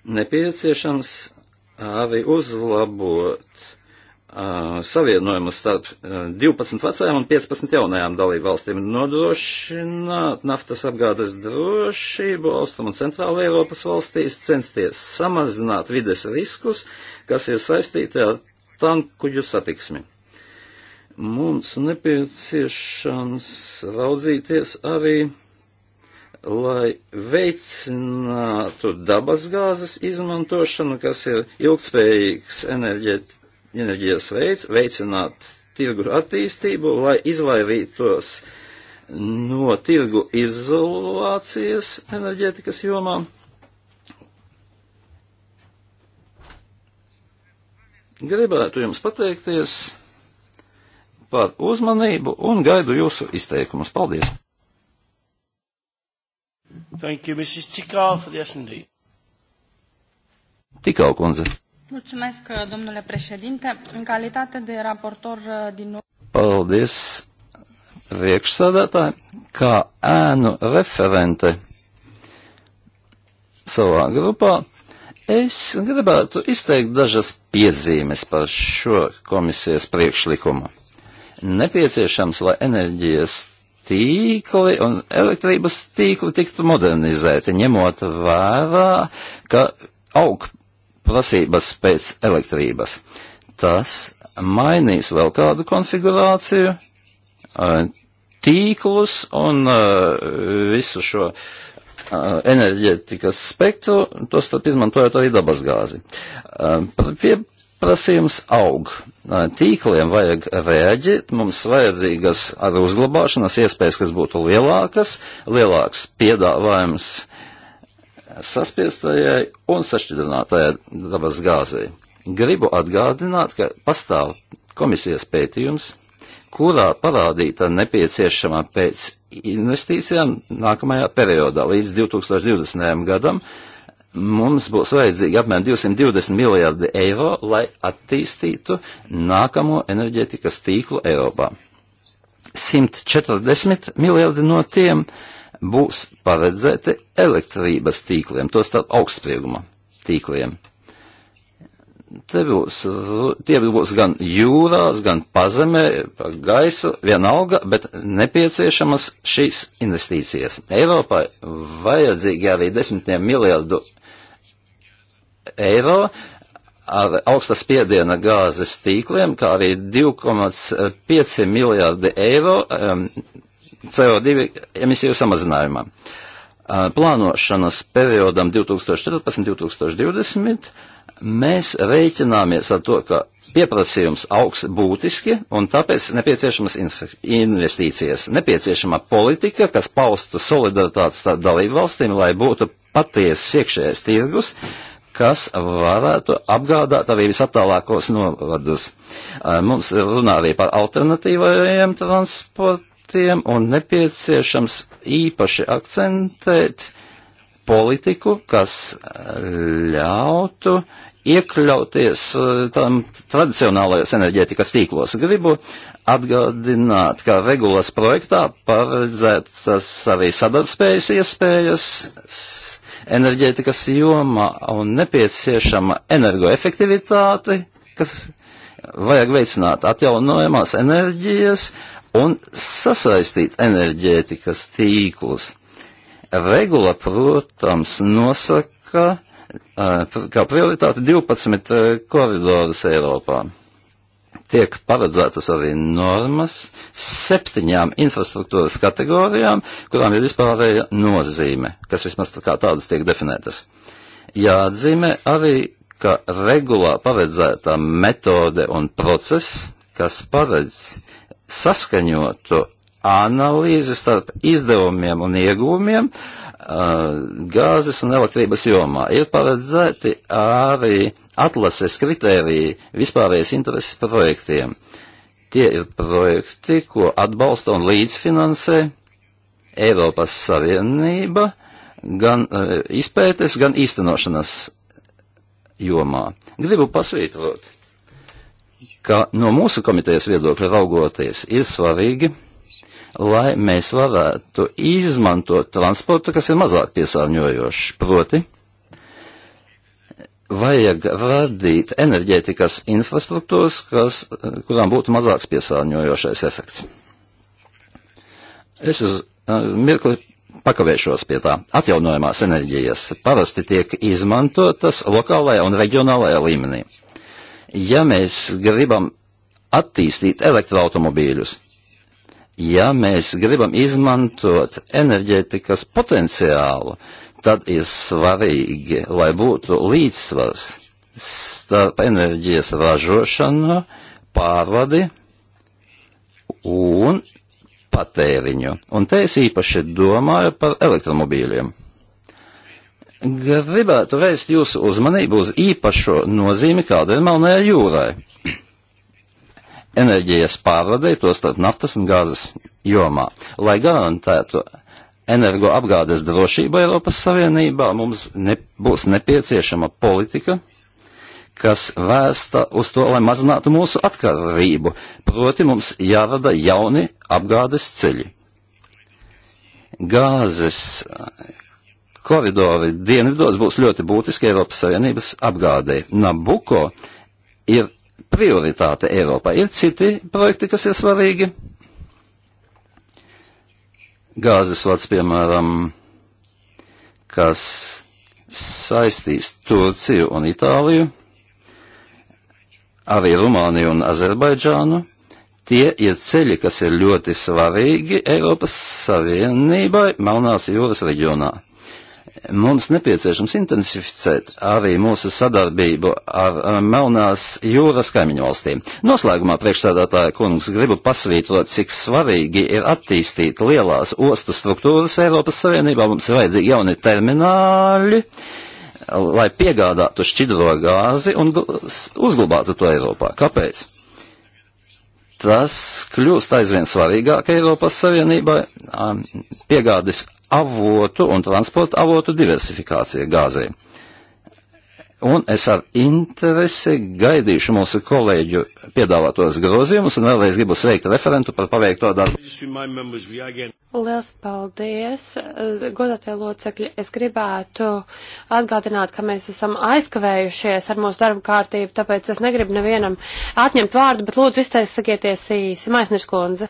Nepieciešams arī uzlabot uh, savienojumu starp 12 vecajām un 15 jaunajām dalību valstīm, nodrošināt naftas apgādes drošību Austrum un Centrāla Eiropas valstīs, censties samazināt vides riskus, kas ir saistīti ar tankuģu satiksmi. Mums nepieciešams raudzīties arī lai veicinātu dabasgāzes izmantošanu, kas ir ilgspējīgs enerģēt, enerģijas veids, veicināt tirgu attīstību, lai izvairītos no tirgu izolācijas enerģētikas jomā. Gribētu jums pateikties par uzmanību un gaidu jūsu izteikumus. Paldies! Thank you, Mrs. Tikal, for the S&D. Tikal, kundze. Mulțumesc, domnule președinte. În calitate de raportor uh, din... Paldies, priekšsādātāji, kā ēnu referente savā grupā. Es gribētu izteikt dažas piezīmes par šo komisijas priekšlikumu. Nepieciešams, lai enerģijas tīkli un elektrības tīkli tiktu modernizēti, ņemot vērā, ka aug prasības pēc elektrības. Tas mainīs vēl kādu konfigurāciju, eh, tīklus un eh, visu šo eh, enerģētikas spektru, to starp izmantojot arī dabasgāzi. Pie pieprasījums aug. Tīkliem vajag rēģēt, mums vajadzīgas ar uzglabāšanas iespējas, kas būtu lielākas, lielāks piedāvājums saspiestajai un sašķidrinātajai dabas gāzei. Gribu atgādināt, ka pastāv komisijas pētījums, kurā parādīta nepieciešamā pēc investīcijām nākamajā periodā līdz 2020. gadam mums būs vajadzīgi apmēram 220 miljārdi eiro, lai attīstītu nākamo enerģētikas tīklu Eiropā. 140 miljardi no tiem būs paredzēti elektrības tīkliem, to starp augstsprieguma tīkliem. Te būs, tie būs gan jūrās, gan pazemē, pa gaisu, vienalga, bet nepieciešamas šīs investīcijas. Eiropai vajadzīgi arī desmitiem miljardu eiro ar augsta spiediena gāzes tīkliem, kā arī 2,5 miljārdi eiro um, CO2 emisiju samazinājumam. Uh, plānošanas periodam 2014-2020 mēs rēķināmies ar to, ka pieprasījums augs būtiski un tāpēc nepieciešamas investīcijas, nepieciešama politika, kas paustu solidaritātes starp dalību valstīm, lai būtu patiesas iekšējais tirgus, uh, kas varētu apgādāt arī visattālākos novadus. Mums runā arī par alternatīvajiem transportiem un nepieciešams īpaši akcentēt politiku, kas ļautu iekļauties tam tradicionālajos enerģētikas tīklos. Gribu atgādināt, ka regulas projektā paredzētas arī sadarbspējas iespējas enerģētikas jomā un nepieciešama energoefektivitāte, kas vajag veicināt atjaunojamās enerģijas un sasaistīt enerģētikas tīklus. Regula, protams, nosaka kā prioritāti 12 koridorus Eiropā tiek paredzētas arī normas septiņām infrastruktūras kategorijām, kurām ir vispārēja nozīme, kas vismaz tā kā tādas tiek definētas. Jāatzīmē arī, ka regulā paredzētā metode un process, kas paredz saskaņotu analīzi starp izdevumiem un iegūmiem uh, gāzes un elektrības jomā, ir paredzēti arī atlases kritēriji vispārējais intereses projektiem. Tie ir projekti, ko atbalsta un līdzfinansē Eiropas Savienība gan uh, izpētes, gan īstenošanas jomā. Gribu pasvītrot, ka no mūsu komitejas viedokļa raugoties ir svarīgi, lai mēs varētu izmantot transportu, kas ir mazāk piesārņojošs, proti vajag radīt enerģētikas infrastruktūras, kas, kurām būtu mazāks piesārņojošais efekts. Es uz uh, mirkli pakavēšos pie tā. Atjaunojamās enerģijas parasti tiek izmantotas lokālajā un reģionālajā līmenī. Ja mēs gribam attīstīt elektroautomobīļus, ja mēs gribam izmantot enerģētikas potenciālu, uh, tad ir svarīgi, lai būtu līdzsvars starp enerģijas ražošanu, pārvadi un patēriņu. Un te es īpaši domāju par elektromobīļiem. Gribētu vērst jūsu uzmanību uz īpašo nozīmi, kāda ir Melnējā jūrai. Enerģijas pārvadē, to starp naftas un gāzes jomā, lai garantētu energoapgādes drošība Eiropas Savienībā, mums ne, būs nepieciešama politika, kas vērsta uz to, lai mazinātu mūsu atkarību. Proti mums jārada jauni apgādes ceļi. Gāzes koridori dienvidos būs ļoti būtiski Eiropas Savienības apgādē. Nabuko ir prioritāte Eiropā. Ir citi projekti, kas ir svarīgi gāzes vads, piemēram, kas saistīs Turciju un Itāliju, arī Rumāniju un Azerbaidžānu. Tie ir ceļi, kas ir ļoti svarīgi Eiropas Savienībai Melnās jūras reģionā. Mums nepieciešams intensificēt arī mūsu sadarbību ar, ar Melnās jūras kaimiņu valstīm. Noslēgumā priekšsēdētāja kungs gribu pasvītrot, cik svarīgi ir attīstīt lielās ostu struktūras Eiropas Savienībā. Mums ir vajadzīgi jauni termināļi, lai piegādātu šķidro gāzi un uzglabātu to Eiropā. Kāpēc? tas kļūst aizvien svarīgāk Eiropas Savienībai. Piegādes avotu un transporta avotu diversifikācija gāzē un es ar interesi gaidīšu mūsu kolēģu piedāvātos grozījumus, un vēlreiz gribu sveikt referentu par paveikto darbu. Liels paldies, godātie locekļi. Es gribētu atgādināt, ka mēs esam aizkavējušies ar mūsu darbu kārtību, tāpēc es negribu nevienam atņemt vārdu, bet lūdzu izteikties īsi. Maisnieks kundze.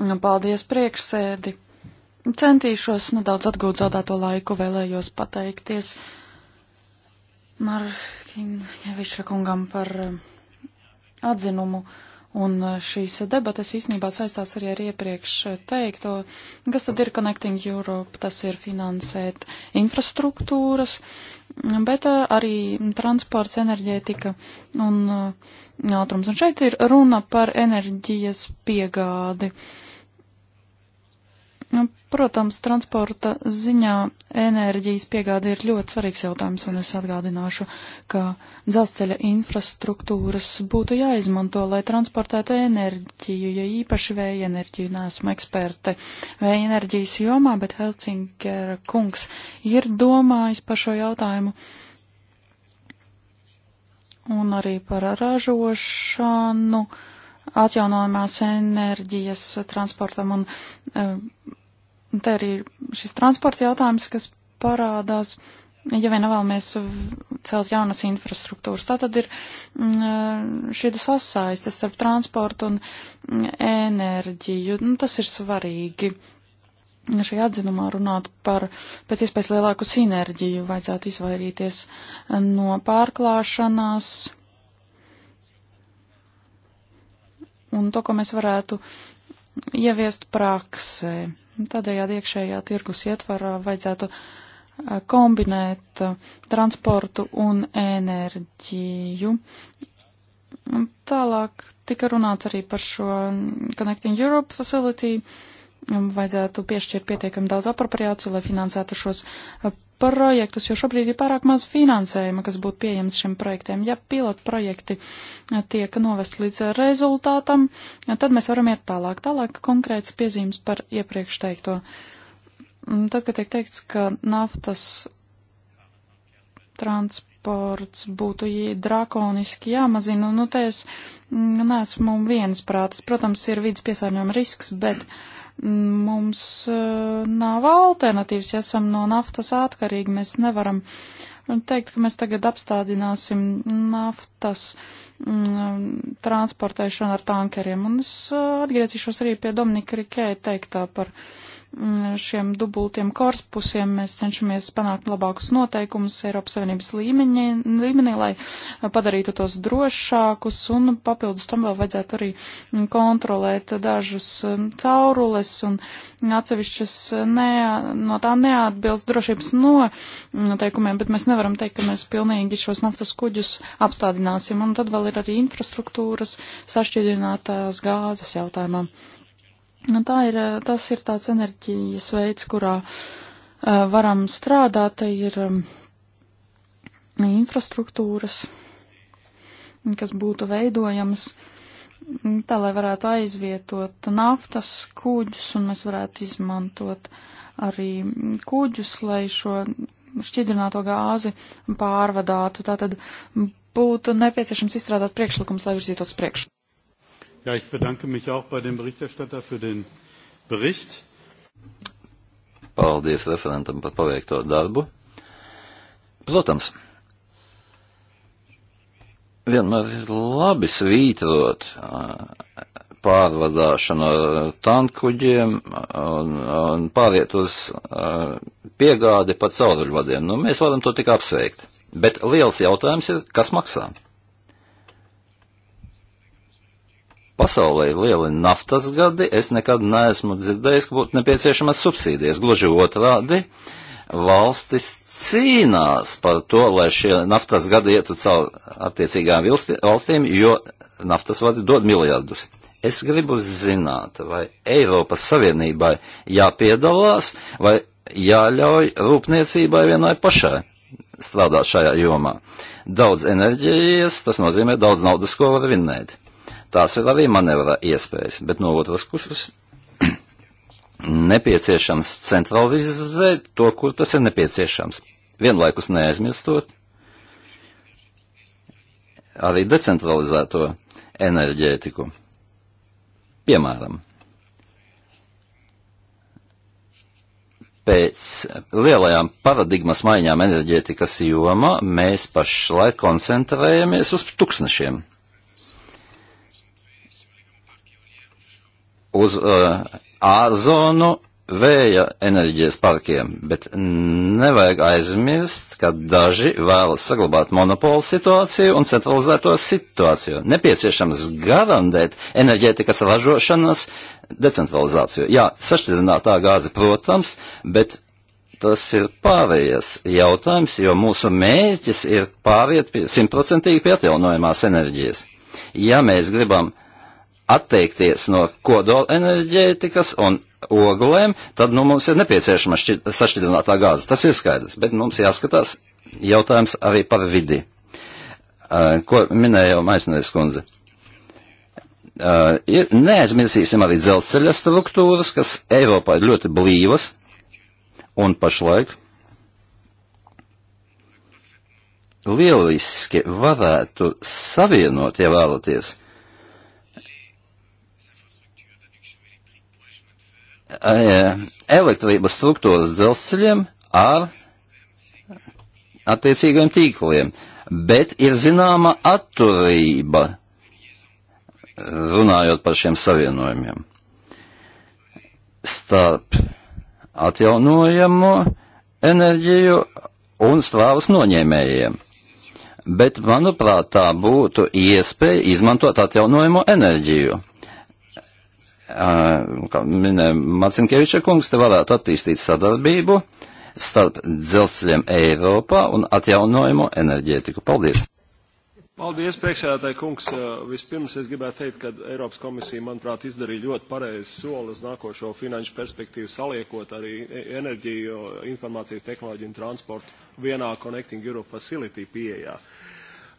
Nu, paldies, priekšsēdi. Centīšos nedaudz atgūt zaudēto laiku, vēlējos pateikties Markinkeviča kungam par eh, atzinumu. Un eh, šīs debates īstenībā saistās arī ar iepriekš eh, teikto, kas tad ir Connecting Europe, tas ir finansēt infrastruktūras, mm, bet arī transports, enerģētika un ātrums. Un šeit ir runa par enerģijas piegādi. Uh, Nu, protams, transporta ziņā enerģijas piegāde ir ļoti svarīgs jautājums, un es atgādināšu, ka dzelzceļa infrastruktūras būtu jāizmanto, lai transportētu enerģiju, ja īpaši vēja enerģiju neesmu eksperte vēja enerģijas jomā, bet Helsinkera kungs ir domājis par šo jautājumu. Un arī par ražošanu, atjaunojumās enerģijas transportam un uh, Un te arī ir šis transporta jautājums, kas parādās, ja vien vēlamies celt jaunas infrastruktūras. Tā tad ir mm, šī sasaistes starp transportu un mm, enerģiju. Nu, tas ir svarīgi. Šajā atzinumā runāt par pēc iespējas lielāku sinerģiju vajadzētu izvairīties no pārklāšanās. Un to, ko mēs varētu ieviest praksē. Tādējādi iekšējā tirgus ietvarā vajadzētu eh, kombinēt eh, transportu un enerģiju. Tālāk tika runāts arī par šo Connecting Europe Facility. Vajadzētu piešķirt pietiekami daudz apropriāciju, lai finansētu šos eh, projektus, jo šobrīd ir pārāk maz finansējuma, kas būtu pieejams šim projektiem. Ja pilotu projekti eh, tiek novest līdz rezultātam, eh, tad mēs varam iet tālāk. Tālāk konkrēts piezīmes par iepriekš teikto. Mm, tad, kad tiek teikts, ka naftas transports būtu drakoniski jāmazina, nu, te es mm, neesmu viens prātis. Protams, ir vidas piesārņojuma risks, bet. Uh, mums eh, nav alternatīvas, ja esam no naftas atkarīgi, mēs nevaram teikt, ka mēs tagad apstādināsim naftas mm, transportēšanu ar tankeriem. Un es eh, atgriezīšos arī pie Dominika Rikēja teiktā par uh, Mm, šiem dubultiem korpusiem mēs cenšamies panākt labākus noteikumus Eiropas Savienības līmeņi, līmenī, lai padarītu tos drošākus, un papildus tam vēl vajadzētu arī kontrolēt dažus mm, caurules un atsevišķas ne, no tā neatbilst drošības noteikumiem, bet mēs nevaram teikt, ka mēs pilnīgi šos naftas kuģus apstādināsim, un tad vēl ir arī infrastruktūras sašķidrinātās gāzes jautājumā. Nu, tā ir, eh, tas ir tāds enerģijas veids, kurā uh, varam strādāt, te ir um, infrastruktūras, kas būtu veidojamas, mm, tā lai varētu aizvietot naftas kūģus, un mēs varētu izmantot arī mm, kūģus, lai šo šķidrināto gāzi pārvadātu. Tātad būtu nepieciešams izstrādāt priekšlikums, lai virzītos priekšu. Ja, ich bedanke mich auch bei dem Berichterstatter für den Bericht. Paldies referentam par paveikto darbu. Protams, vienmēr ir labi svītrot pārvadāšanu ar tankuģiem un, un pāriet uz piegādi pa cauruļvadiem. Nu, mēs varam to tik apsveikt. Bet liels jautājums ir, kas maksā? Pasaulē ir lieli naftas gadi, es nekad neesmu dzirdējis, ka būtu nepieciešamas subsīdijas. Gluži otrādi, valstis cīnās par to, lai šie naftas gadi ietu caur attiecīgām valstīm, jo naftas vadi dod miljardus. Es gribu zināt, vai Eiropas Savienībai jāpiedalās, vai jāļauj rūpniecībai vienai pašai strādāt šajā jomā. Daudz enerģijas, tas nozīmē daudz naudas, ko var vinnēt. Tās ir arī manevra iespējas, bet no otras puses nepieciešams centralizēt to, kur tas ir nepieciešams. Vienlaikus neaizmirstot arī decentralizēto enerģētiku. Piemēram, pēc lielajām paradigmas maiņām enerģētikas jomā mēs pašlaik koncentrējamies uz tūkstnešiem. uz uh, āzonu vēja enerģijas parkiem, bet nevajag aizmirst, ka daži vēlas saglabāt monopolu situāciju un centralizēto situāciju. Nepieciešams garantēt enerģētikas ražošanas decentralizāciju. Jā, sašķidrinātā gāze, protams, bet tas ir pārējais jautājums, jo mūsu mērķis ir pāriet simtprocentīgi pie atjaunojumās enerģijas. Ja mēs gribam uh, atteikties no kodola enerģētikas un oglēm, tad nu, mums ir nepieciešama sašķidrinātā gāze. Tas ir skaidrs, bet mums jāskatās jautājums arī par vidi, uh, ko minēja jau Maisnēs kundze. Uh, ir, neaizmirsīsim arī dzelzceļa struktūras, kas Eiropā ir ļoti blīvas un pašlaik lieliski varētu savienot, ja vēlaties, uh, Eh, elektrības struktūras dzelzceļiem ar attiecīgiem tīkliem, bet ir zināma atturība runājot par šiem savienojumiem starp atjaunojamo enerģiju un strāvas noņēmējiem. Bet, manuprāt, tā būtu iespēja izmantot atjaunojamo enerģiju kā minēja Macinkeviča kungs, te varētu attīstīt sadarbību starp dzelzceļiem Eiropā un atjaunojumu enerģētiku. Paldies! Paldies, priekšsēdētāji kungs. Vispirms es gribētu teikt, ka Eiropas komisija, manuprāt, izdarīja ļoti pareizi soli uz nākošo finanšu perspektīvu, saliekot arī e, enerģiju, informācijas tehnoloģiju un transportu vienā Connecting Europe Facility pieejā. Uh,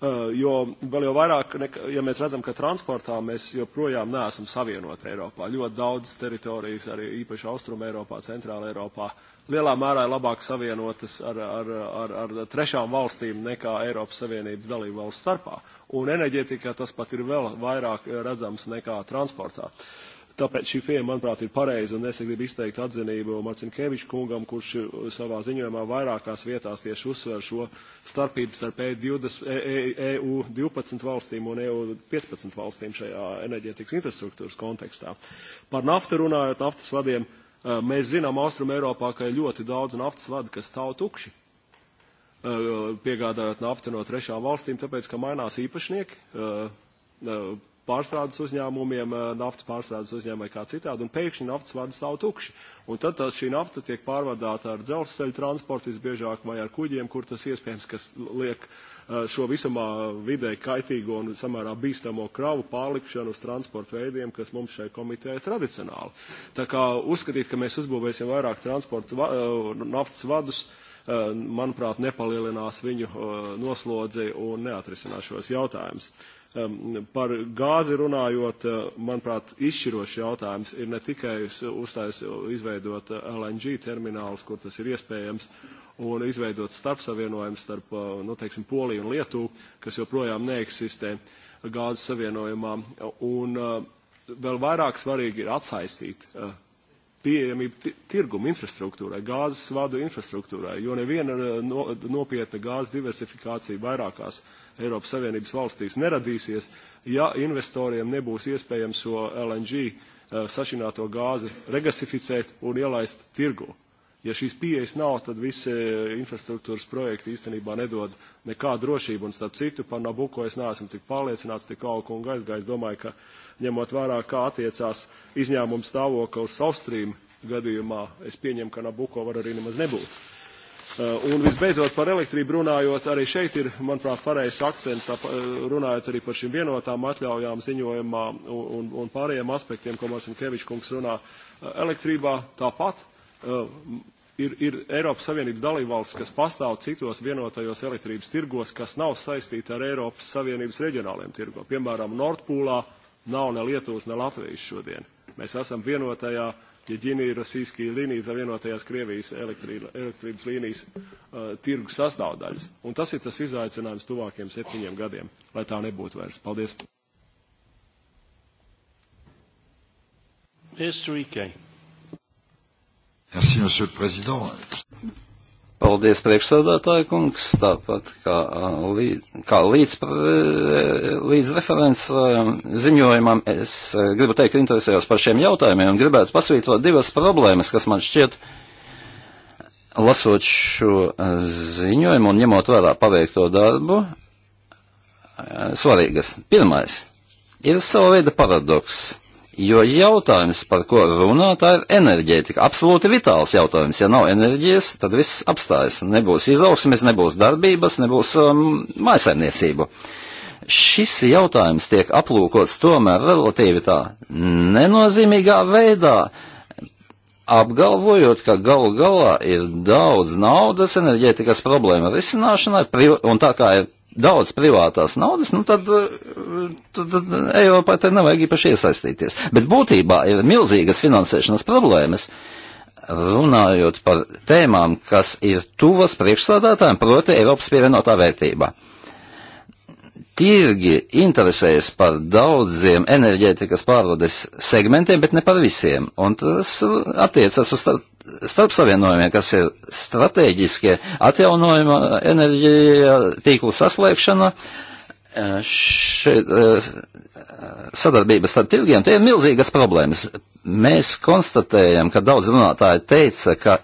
Eh, jo vēl jau vairāk, nekā, ja mēs redzam, ka transportā mēs joprojām neesam savienoti Eiropā. Ļoti daudz teritorijas, arī īpaši Austrum Eiropā, Centrāla Eiropā, lielā mērā ir labāk savienotas ar, ar, ar, ar trešām valstīm nekā Eiropas Savienības dalību valsts starpā. Un enerģētikā tas pat ir vēl vairāk eh, redzams nekā transportā. Uh, Tāpēc šī pieeja, manuprāt, ir pareiza, un es gribu izteikt atzinību Marcim Keviču kungam, kurš uh, savā ziņojumā vairākās vietās tieši uzsver šo starpību starp EU e, e, e, 12 valstīm un EU 15 valstīm šajā enerģētikas infrastruktūras kontekstā. Par naftu runājot, naftas vadiem, uh, mēs zinām Austrum Eiropā, ka ir ļoti daudz naftas vadi, kas stāv tukši uh, piegādājot naftu no trešām valstīm, tāpēc, ka mainās īpašnieki, pārstrādes uzņēmumiem, eh, naftas pārstrādes uzņēmumiem vai kā citādi, un pēkšņi naftas vada stāv tukši. Un tad tā, šī nafta tiek pārvadāta ar dzelzceļu transportu visbiežāk vai ar kuģiem, kur tas iespējams, kas liek eh, šo visumā vidē kaitīgo un samērā bīstamo kravu pārlikšanu uz transporta veidiem, kas mums šai komitē ir tradicionāli. Tā kā uzskatīt, ka mēs uzbūvēsim vairāk transporta va eh, naftas vadus, manuprāt, nepalielinās viņu noslodzi un neatrisinās šos jautājumus. Um, par gāzi runājot, uh, manuprāt, izšķirošs jautājums ir ne tikai uzstājas izveidot uh, LNG terminālus, kur tas ir iespējams, un izveidot starpsavienojumu starp, uh, nu, teiksim, Poliju un Lietuvu, kas joprojām neeksistē gāzes savienojumā. Un vēl vairāk svarīgi ir atsaistīt pieejamību tirgumu infrastruktūrai, gāzes vadu infrastruktūrai, jo neviena no, nopietna gāzes diversifikācija vairākās uh, Eiropas Savienības valstīs neradīsies, ja investoriem nebūs iespējams šo LNG eh, sašināto gāzi regasificēt un ielaist tirgu. Ja šīs pieejas nav, tad visi eh, infrastruktūras projekti īstenībā nedod nekādu drošību. Un starp citu, par Nabuko es neesmu tik pārliecināts, tik augu un gaisgā. Es domāju, ka ņemot vērā, kā attiecās izņēmuma stāvoklis South Stream gadījumā, es pieņemu, ka Nabuko var arī nemaz nebūt. Uh, un visbeidzot par elektrību runājot, arī šeit ir, manuprāt, pareizs akcents, tā, uh, runājot arī par šīm vienotām atļaujām ziņojumā un, un, un pārējiem aspektiem, ko Marcin Kevičs kungs runā. Uh, elektrībā tāpat ir, ir Eiropas Savienības dalībvalsts, kas pastāv citos vienotajos elektrības tirgos, kas nav saistīti ar Eiropas Savienības reģionāliem tirgo. Piemēram, Nordpūlā nav ne Lietuvas, ne Latvijas šodien. Mēs esam vienotajā uh, ja ģenīrasīskī līnijas ar vienotajās Krievijas elektrības līnijas uh, tirgu sastāvdaļas. Un tas ir tas izaicinājums tuvākiem septiņiem gadiem, lai tā nebūtu vairs. Paldies. Merci, Monsieur le Président. Paldies, priekšsēdētāja kungs, tāpat kā, kā līdz, līdz referents ziņojumam, es gribu teikt, ka interesējos par šiem jautājumiem un gribētu pasvītrot divas problēmas, kas man šķiet, lasot šo ziņojumu un ņemot vērā paveikto darbu, svarīgas. Pirmais ir sava veida paradoks Jo jautājums, par ko runā, tā ir enerģētika. Absolūti vitāls jautājums. Ja nav enerģijas, tad viss apstājas. Nebūs izaugsmes, nebūs darbības, nebūs um, mājasaimniecību. Šis jautājums tiek aplūkots tomēr relatīvi tā nenozīmīgā veidā, apgalvojot, ka galu galā ir daudz naudas enerģētikas problēma risināšanai, un tā kā ir daudz privātās naudas, nu tad, tad, tad Eiropai te nevajag īpaši iesaistīties. Bet būtībā ir milzīgas finansēšanas problēmas, runājot par tēmām, kas ir tuvas priekšstādātājiem, proti Eiropas pievienotā vērtība. Tirgi interesējas par daudziem enerģētikas pārvades segmentiem, bet ne par visiem, un tas attiecas uz starp savienojumiem, kas ir strateģiskie, atjaunojuma enerģija, tīklu saslēgšana, e, ši, e, sadarbība starp tirgiem, tie ir milzīgas problēmas. Mēs konstatējam, ka daudz runātāji teica, ka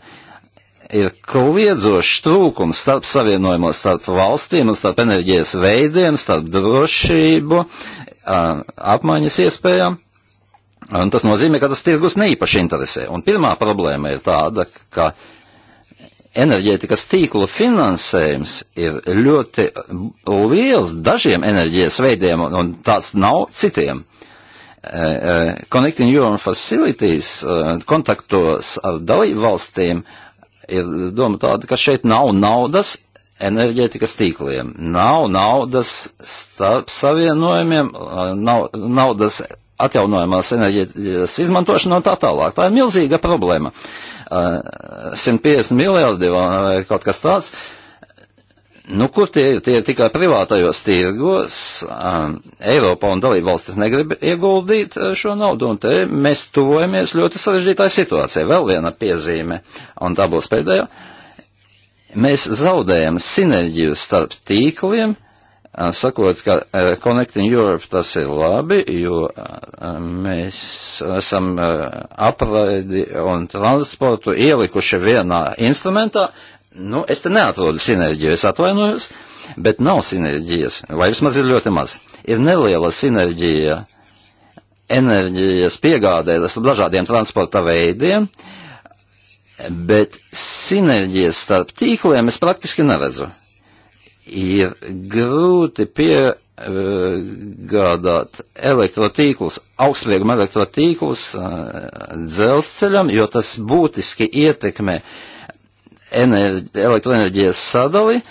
ir kliedzošs trūkums starp savienojumos, starp valstīm un starp enerģijas veidiem, starp drošību, apmaiņas iespējām. Un tas nozīmē, ka tas tirgus neīpaši interesē. Un pirmā problēma ir tāda, ka enerģētikas tīklu finansējums ir ļoti liels dažiem enerģijas veidiem, un tāds nav citiem. E, e, Connecting Europe Facilities e, kontaktos ar dalību valstīm ir doma tāda, ka šeit nav naudas enerģētikas tīkliem, nav naudas starp savienojumiem, nav naudas atjaunojamās enerģijas izmantošana un tā tālāk. Tā ir milzīga problēma. 150 eh, miljardi vai kaut kas tāds. Nu, kur tie ir? Tie ir tikai privātajos tirgos. Um, Eiropa un dalībvalstis negrib ieguldīt eh, šo naudu, un te mēs tuvojamies ļoti sarežģītāj situācijai. Vēl viena piezīme, un tā būs pēdējā. Mēs zaudējam sinerģiju starp tīkliem, sakot, ka uh, Connecting Europe tas ir labi, jo uh, mēs esam uh, apraidi un transportu ielikuši vienā instrumentā. Nu, es te neatrodu sinerģiju, es atvainojos, bet nav sinerģijas, vai vismaz ir ļoti maz. Ir neliela sinerģija enerģijas piegādē ar dažādiem transporta veidiem, bet sinerģijas starp tīkliem es praktiski neredzu ir grūti piegādāt elektrotīklus, augstsprieguma elektrotīklus eh, dzelzceļam, jo tas būtiski ietekmē enerģi, elektroenerģijas sadali, uh,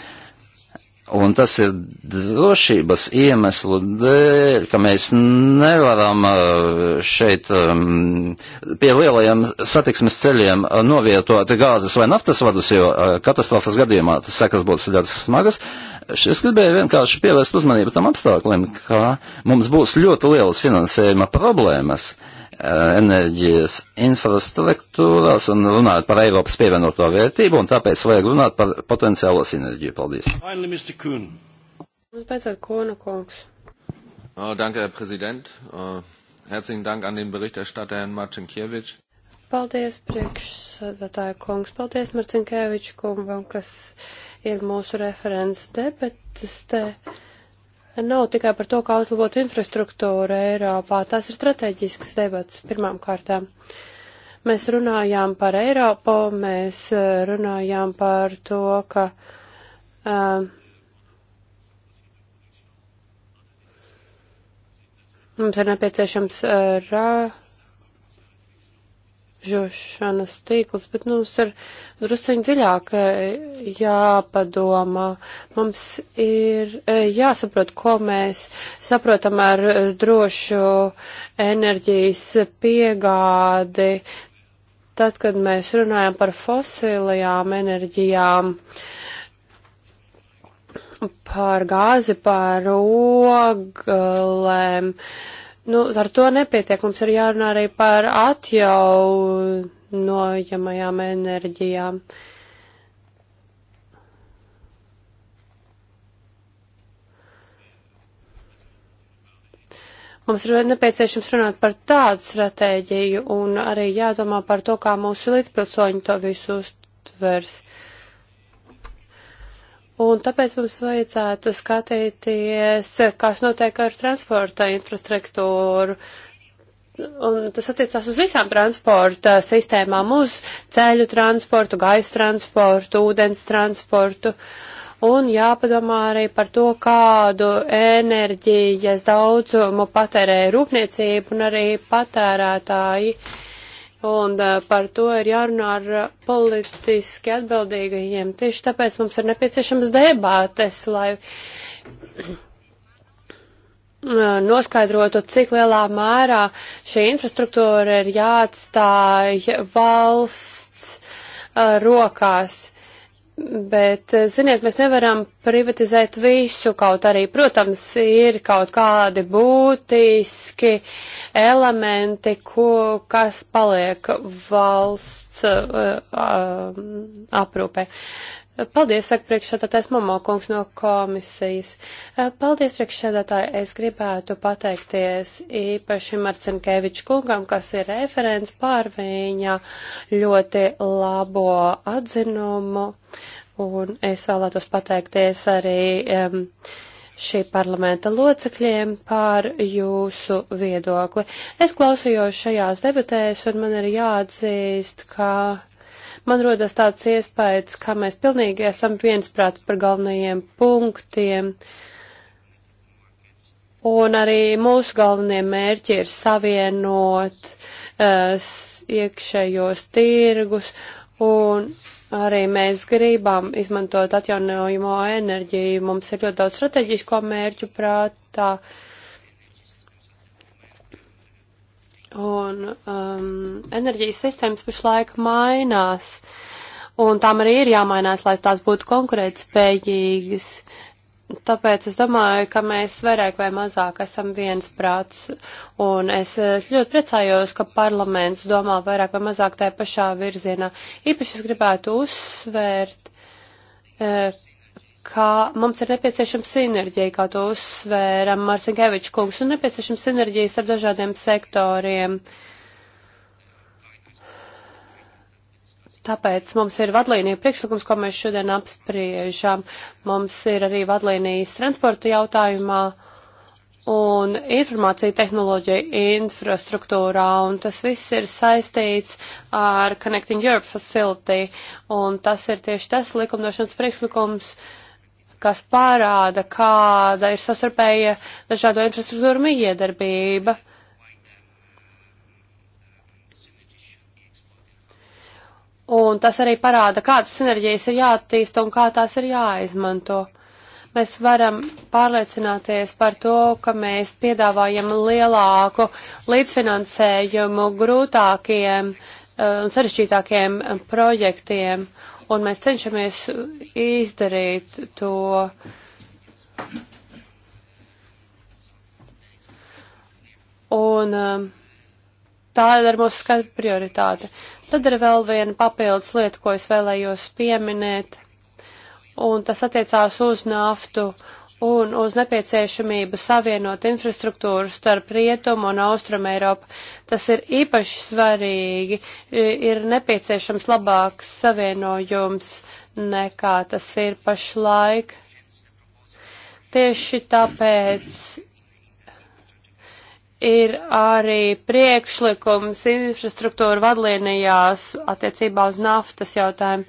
Un tas ir drošības iemeslu dēļ, ka mēs nevaram uh, šeit um, pie lielajiem satiksmes ceļiem uh, novietot gāzes vai naftas vadus, jo uh, katastrofas gadījumā sekas būtu ļoti smagas. Es gribēju vienkārši pievērst uzmanību tam apstākļiem, ka mums būs ļoti lielas finansējuma problēmas. Uh, enerģijas infrastruktūrās un runājot par Eiropas pievienoto vērtību, un tāpēc vajag runāt par potenciālo sinerģiju. Paldies. Pēcāk, Kona kungs. Uh, danke, Herr Präsident. Uh, herzlichen Dank an den Berichterstatter Herrn Marcinkiewicz. Paldies, priekšsādātāja kungs. Paldies, Marcinkiewicz kungam, kas ir mūsu referents debetes te. Uh, nav tikai par to, kā uzlabot infrastruktūru Eiropā. Tās ir strateģiskas debats pirmām kārtām. Mēs runājām par Eiropu, mēs eh, runājām par to, ka uh, mums ir nepieciešams uh, ierobežošanas tīkls, bet mums ir drusciņ dziļāk eh, jāpadomā. Mums ir eh, jāsaprot, ko mēs saprotam ar eh, drošu enerģijas piegādi. Tad, kad mēs runājam par fosilajām enerģijām, par gāzi, par oglēm, uh, Nu, ar to nepietiek. Mums ir jārunā arī par atjaunojamajām enerģijām. Mums ir nepieciešams runāt par tādu stratēģiju un arī jādomā par to, kā mūsu līdzpilsoņi to visu uztvers. Uh, Un tāpēc mums vajadzētu skatīties, kas notiek ar transporta infrastruktūru. Un tas attiecās uz visām transporta sistēmām, uz ceļu transportu, gaisa transportu, ūdens transportu. Un jāpadomā arī par to, kādu enerģijas daudzumu patērē rūpniecība un arī patērētāji. Uh, un eh, par to ir jārunā ar eh, politiski atbildīgajiem. Tieši tāpēc mums ir nepieciešams debātes, lai eh, noskaidrotu, cik lielā mērā šī infrastruktūra ir jāatstāj valsts rokās. Bet, eh, ziniet, mēs nevaram privatizēt visu, kaut arī, protams, ir kaut kādi būtiski elementi, ko, kas paliek valsts uh, uh, aprūpē. Paldies, saka priekšsēdētājs Mamokungs no komisijas. Eh, paldies, priekšsēdētāji, es gribētu pateikties īpaši Marcinkeviču kungam, kas ir referents pār viņa ļoti labo atzinumu, un es vēlētos pateikties arī um, šī parlamenta locekļiem pār jūsu viedokli. Es klausījos šajās debatēs, un man ir jāatzīst, ka man rodas tāds iespējas, ka mēs pilnīgi esam viensprāti par galvenajiem punktiem. Un arī mūsu galvenie mērķi ir savienot uh, iekšējos tirgus, un arī mēs gribam izmantot atjaunojumo enerģiju. Mums ir ļoti daudz strateģisko mērķu prātā. Uh, un um, enerģijas sistēmas pašlaik mainās, un tām arī ir jāmainās, lai tās būtu konkurētspējīgas. Tāpēc es domāju, ka mēs vairāk vai mazāk esam viens prāts, un es eh, ļoti priecājos, ka parlaments domā vairāk vai mazāk tajā pašā virzienā. Īpaši es gribētu uzsvērt, eh, ka mums ir nepieciešama sinerģija, kā to uzsvēra Marcinkevičs kungs, un nepieciešama sinerģijas ar dažādiem sektoriem. Tāpēc mums ir vadlīnija priekšlikums, ko mēs šodien apspriežam. Mums ir arī vadlīnijas transporta jautājumā un informācija tehnoloģija infrastruktūrā, un tas viss ir saistīts ar Connecting Europe Facility, un tas ir tieši tas likumdošanas priekšlikums, uh, kas pārāda, kāda ir sastarpēja dažādo infrastruktūru mijiedarbība. Un tas arī parāda, kādas sinerģijas ir jāattīsta un kā tās ir jāizmanto. Mēs varam pārliecināties par to, ka mēs piedāvājam lielāku līdzfinansējumu grūtākiem un uh, sarežģītākiem projektiem un mēs cenšamies izdarīt to. Un um, tā ir mūsu skatu prioritāte. Tad ir vēl viena papildus lieta, ko es vēlējos pieminēt, un tas attiecās uz naftu un uz nepieciešamību savienot infrastruktūru starp Rietumu un Austrumu Eiropu. Tas ir īpaši svarīgi, ir nepieciešams labāks savienojums nekā tas ir pašlaik. Tieši tāpēc ir arī priekšlikums infrastruktūra vadlīnijās attiecībā uz naftas jautājumu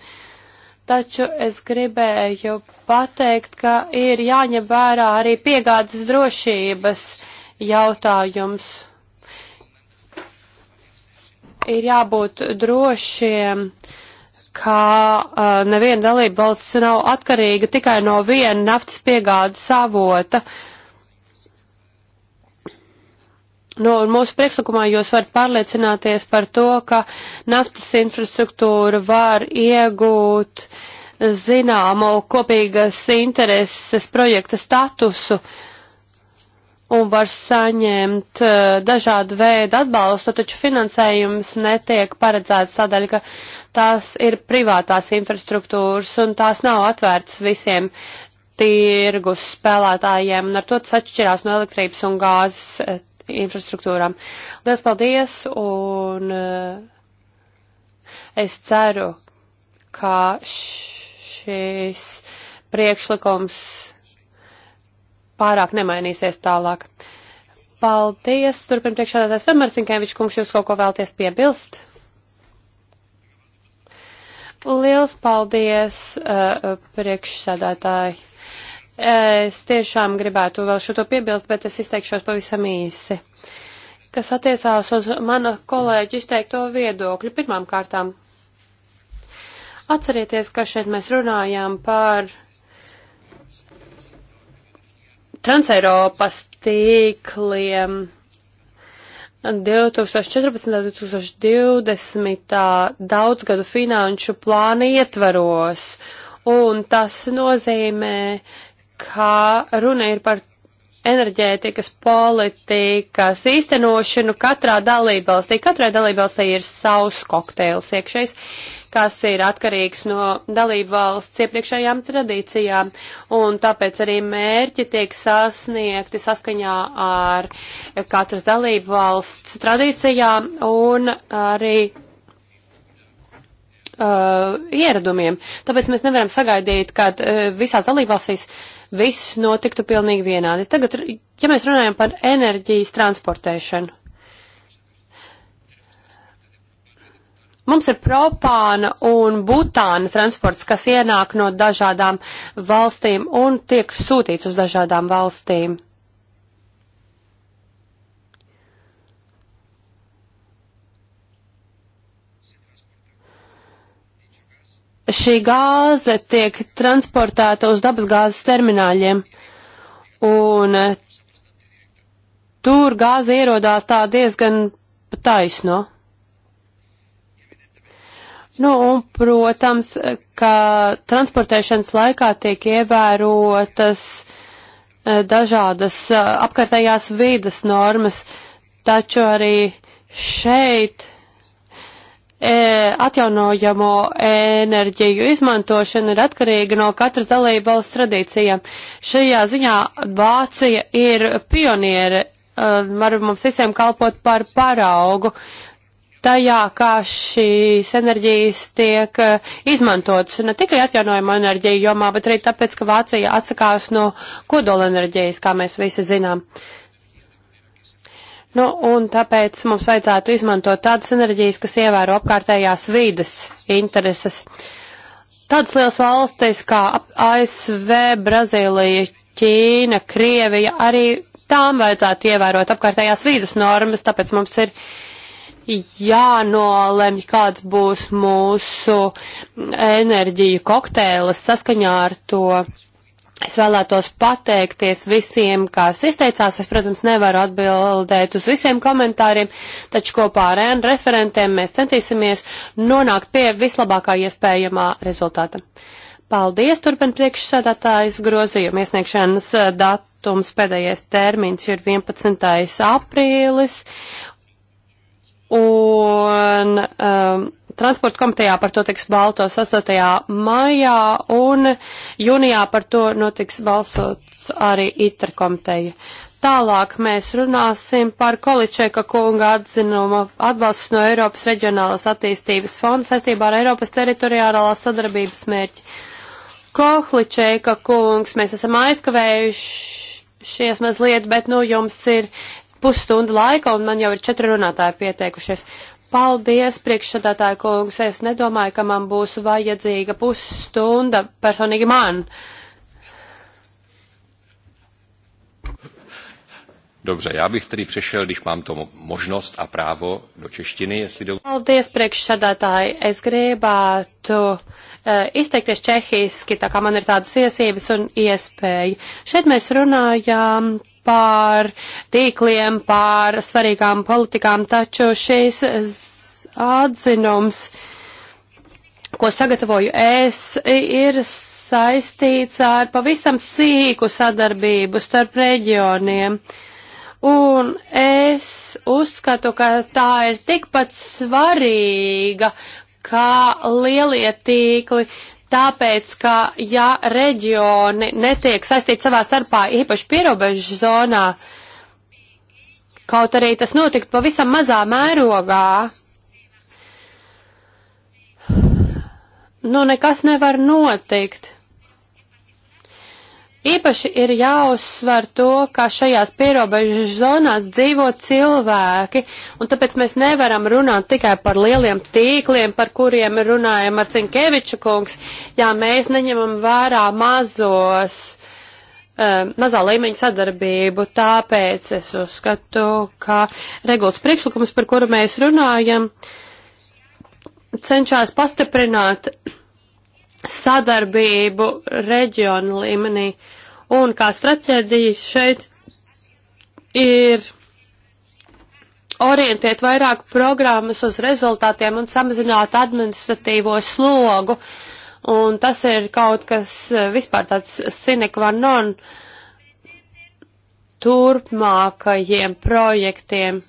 taču es gribēju pateikt, ka ir jāņem vērā arī piegādes drošības jautājums. Ir jābūt drošiem, ka uh, neviena dalība valsts nav atkarīga tikai no viena naftas piegādes avota. Uh, No, nu, mūsu priekšlikumā jūs varat pārliecināties par to, ka naftas infrastruktūra var iegūt zināmu kopīgas intereses projekta statusu un var saņemt uh, dažādu veidu atbalstu, taču finansējums netiek paredzēts tādēļ, ka tās ir privātās infrastruktūras un tās nav atvērtas visiem tirgus spēlētājiem, un ar to tas atšķirās no elektrības un gāzes eh, infrastruktūrām. Lielas paldies, un eh, es ceru, ka šis priekšlikums pārāk nemainīsies tālāk. Paldies, turpin priekšādātājs Samarcinkēvičs, kungs, jūs kaut ko vēlties piebilst? Liels paldies, uh, priekšsēdētāji. Es tiešām gribētu vēl šo to piebilst, bet es izteikšos pavisam īsi. Kas attiecās uz mana kolēģi izteikto viedokļu pirmām kārtām. Atcerieties, ka šeit mēs runājām par Transeiropas tīkliem 2014. 2020. daudzgadu finanšu plāna ietvaros, un tas nozīmē, uh, kā runa ir par enerģētikas politikas īstenošanu katrā dalībvalstī. Katrai dalībvalstī ir savs kokteils iekšējs, kas ir atkarīgs no dalībvalsts iepriekšējām tradīcijām, un tāpēc arī mērķi tiek sasniegti saskaņā ar katras dalībvalsts tradīcijām un arī uh, ieradumiem. Tāpēc mēs nevaram sagaidīt, ka uh, visās dalībvalstīs uh, viss notiktu pilnīgi vienādi. Tagad, ja mēs runājam par enerģijas transportēšanu, mums ir propāna un butāna transports, kas ienāk no dažādām valstīm un tiek sūtīts uz dažādām valstīm. šī gāze tiek transportēta uz dabasgāzes termināļiem, un eh, tur gāze ierodās tā diezgan taisno. Nu, un, protams, ka transportēšanas laikā tiek ievērotas eh, dažādas eh, apkārtējās vīdas normas, taču arī šeit E, atjaunojamo enerģiju izmantošana ir atkarīga no katras dalība valsts tradīcijām. Šajā ziņā Vācija ir pioniere, e, var mums visiem kalpot par paraugu tajā, kā šīs enerģijas tiek e, izmantotas, ne tikai atjaunojama enerģija jomā, bet arī tāpēc, ka Vācija atsakās no kodolenerģijas, kā mēs visi zinām. Uh, Nu, un tāpēc mums vajadzētu izmantot tādas enerģijas, kas ievēro apkārtējās vīdes intereses. Tādas liels valstis kā ASV, Brazīlija, Ķīna, Krievija, arī tām vajadzētu ievērot apkārtējās vīdes normas, tāpēc mums ir jānolemj, kāds būs mūsu enerģiju kokteilis saskaņā ar to Es vēlētos pateikties visiem, kas izteicās. Es, protams, nevaru atbildēt uz visiem komentāriem, taču kopā ar ēnu referentiem mēs centīsimies nonākt pie vislabākā iespējamā rezultāta. Paldies, turpin priekšsēdātājs grozījuma iesniegšanas datums pēdējais termins ir 11. aprīlis, Un um, transporta komitejā par to tiks baltos 8. maijā, un jūnijā par to notiks balsots arī ITRA komiteja. Tālāk mēs runāsim par Količeka kunga atzinumu atbalsts no Eiropas reģionālās attīstības fonda saistībā ar Eiropas teritoriālās sadarbības mērķi. Kohličeka kungs, mēs esam aizkavējušies mazliet, bet nu jums ir pusstundu laika, un man jau ir četri runātāji pieteikušies. Paldies, priekšsādātāja kungs, es nedomāju, ka man būs vajadzīga pusstunda personīgi man. Dobře, já bych tedy přešel, když mám to možnost a právo do češtiny, jestli do... Paldies, priekšsādātāji, es gribētu e, izteikties čehiski, tā kā man ir tādas iesības un iespēja. Šeit mēs runājām pār tīkliem, pār svarīgām politikām, taču šīs atzinums, ko sagatavoju es, ir saistīts ar pavisam sīku sadarbību starp reģioniem. Un es uzskatu, ka tā ir tikpat svarīga kā lielie tīkli, tāpēc, ka ja reģioni netiek saistīti savā starpā, īpaši pierobežu zonā, kaut arī tas notika pavisam mazā mērogā, nu nekas nevar notikt. Īpaši ir jāuzsver to, ka šajās pierobežas zonās dzīvo cilvēki, un tāpēc mēs nevaram runāt tikai par lieliem tīkliem, par kuriem runājam ar Cinkeviču kungs, ja mēs neņemam vērā mazos, um, mazā līmeņa sadarbību. Tāpēc es uzskatu, ka regulas priekšlikums, par kuru mēs runājam, cenšas pastiprināt sadarbību reģionu līmenī. Un kā strateģijas šeit ir orientēt vairāk programmas uz rezultātiem un samazināt administratīvo slogu. Un tas ir kaut kas eh, vispār tāds sinekva non turpmākajiem projektiem.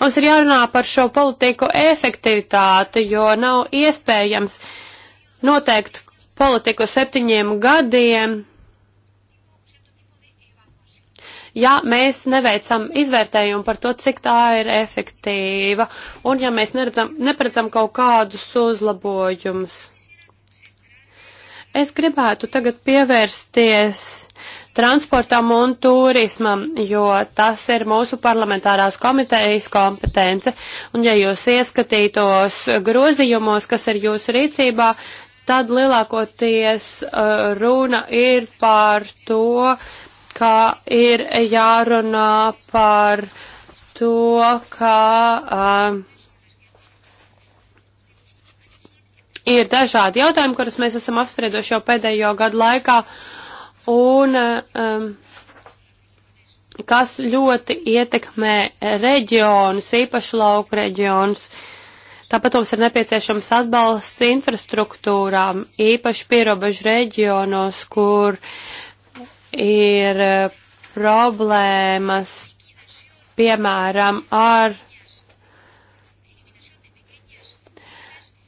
Mums ir jārunā par šo politiku efektivitāti, jo nav iespējams noteikt politiku septiņiem gadiem, ja mēs neveicam izvērtējumu par to, cik tā ir efektīva, un ja mēs neredzam, neparedzam kaut kādus uzlabojumus. Es gribētu tagad pievērsties transportam un turismam, jo tas ir mūsu parlamentārās komitejas kompetence. Un ja jūs ieskatītos grozījumos, kas ir jūsu rīcībā, tad lielākoties uh, runa ir par to, ka ir jārunā par to, ka uh, ir dažādi jautājumi, kurus mēs esam apsprieduši jau pēdējo gadu laikā. Uh, un um, kas ļoti ietekmē reģionus, īpaši lauku reģionus. Tāpat mums ir nepieciešams atbalsts infrastruktūrām, īpaši pierobežu reģionos, kur ir uh, problēmas, piemēram, ar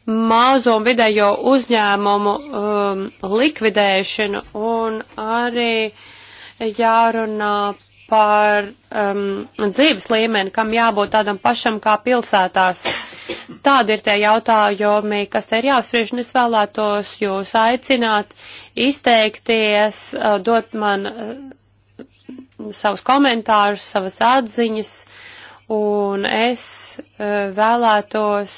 mazo un vidējo uzņēmumu um, likvidēšanu un arī jārunā par um, dzīves līmeni, kam jābūt tādam pašam kā pilsētās. Tādi ir tie jautājumi, kas te ir jāspriež, un es vēlētos jūs aicināt izteikties, uh, dot man uh, savus komentārus, savas atziņas, un es uh, vēlētos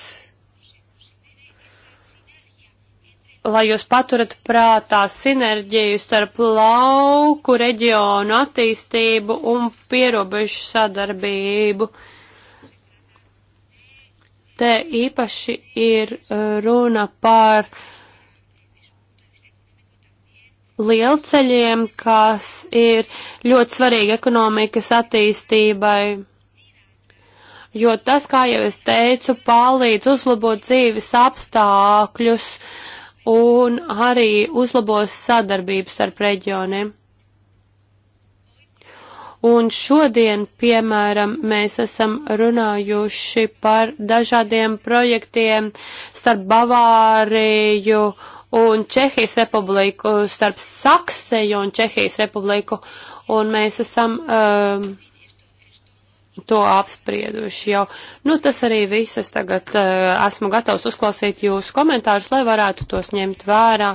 lai jūs paturat prātā sinerģiju starp lauku reģionu attīstību un pierobežu sadarbību. Te īpaši ir uh, runa par lielceļiem, kas ir ļoti svarīgi ekonomikas attīstībai jo tas, kā jau es teicu, palīdz uzlabot dzīves apstākļus un arī uzlabos sadarbības ar reģioniem. Un šodien, piemēram, mēs esam runājuši par dažādiem projektiem starp Bavāriju un Čehijas republiku, starp Sakseju un Čehijas republiku, un mēs esam. Uh, um, to apsprieduši jau. Nu, tas arī viss. Es tagad uh, esmu gatavs uzklausīt jūsu komentārus, lai varētu tos ņemt vērā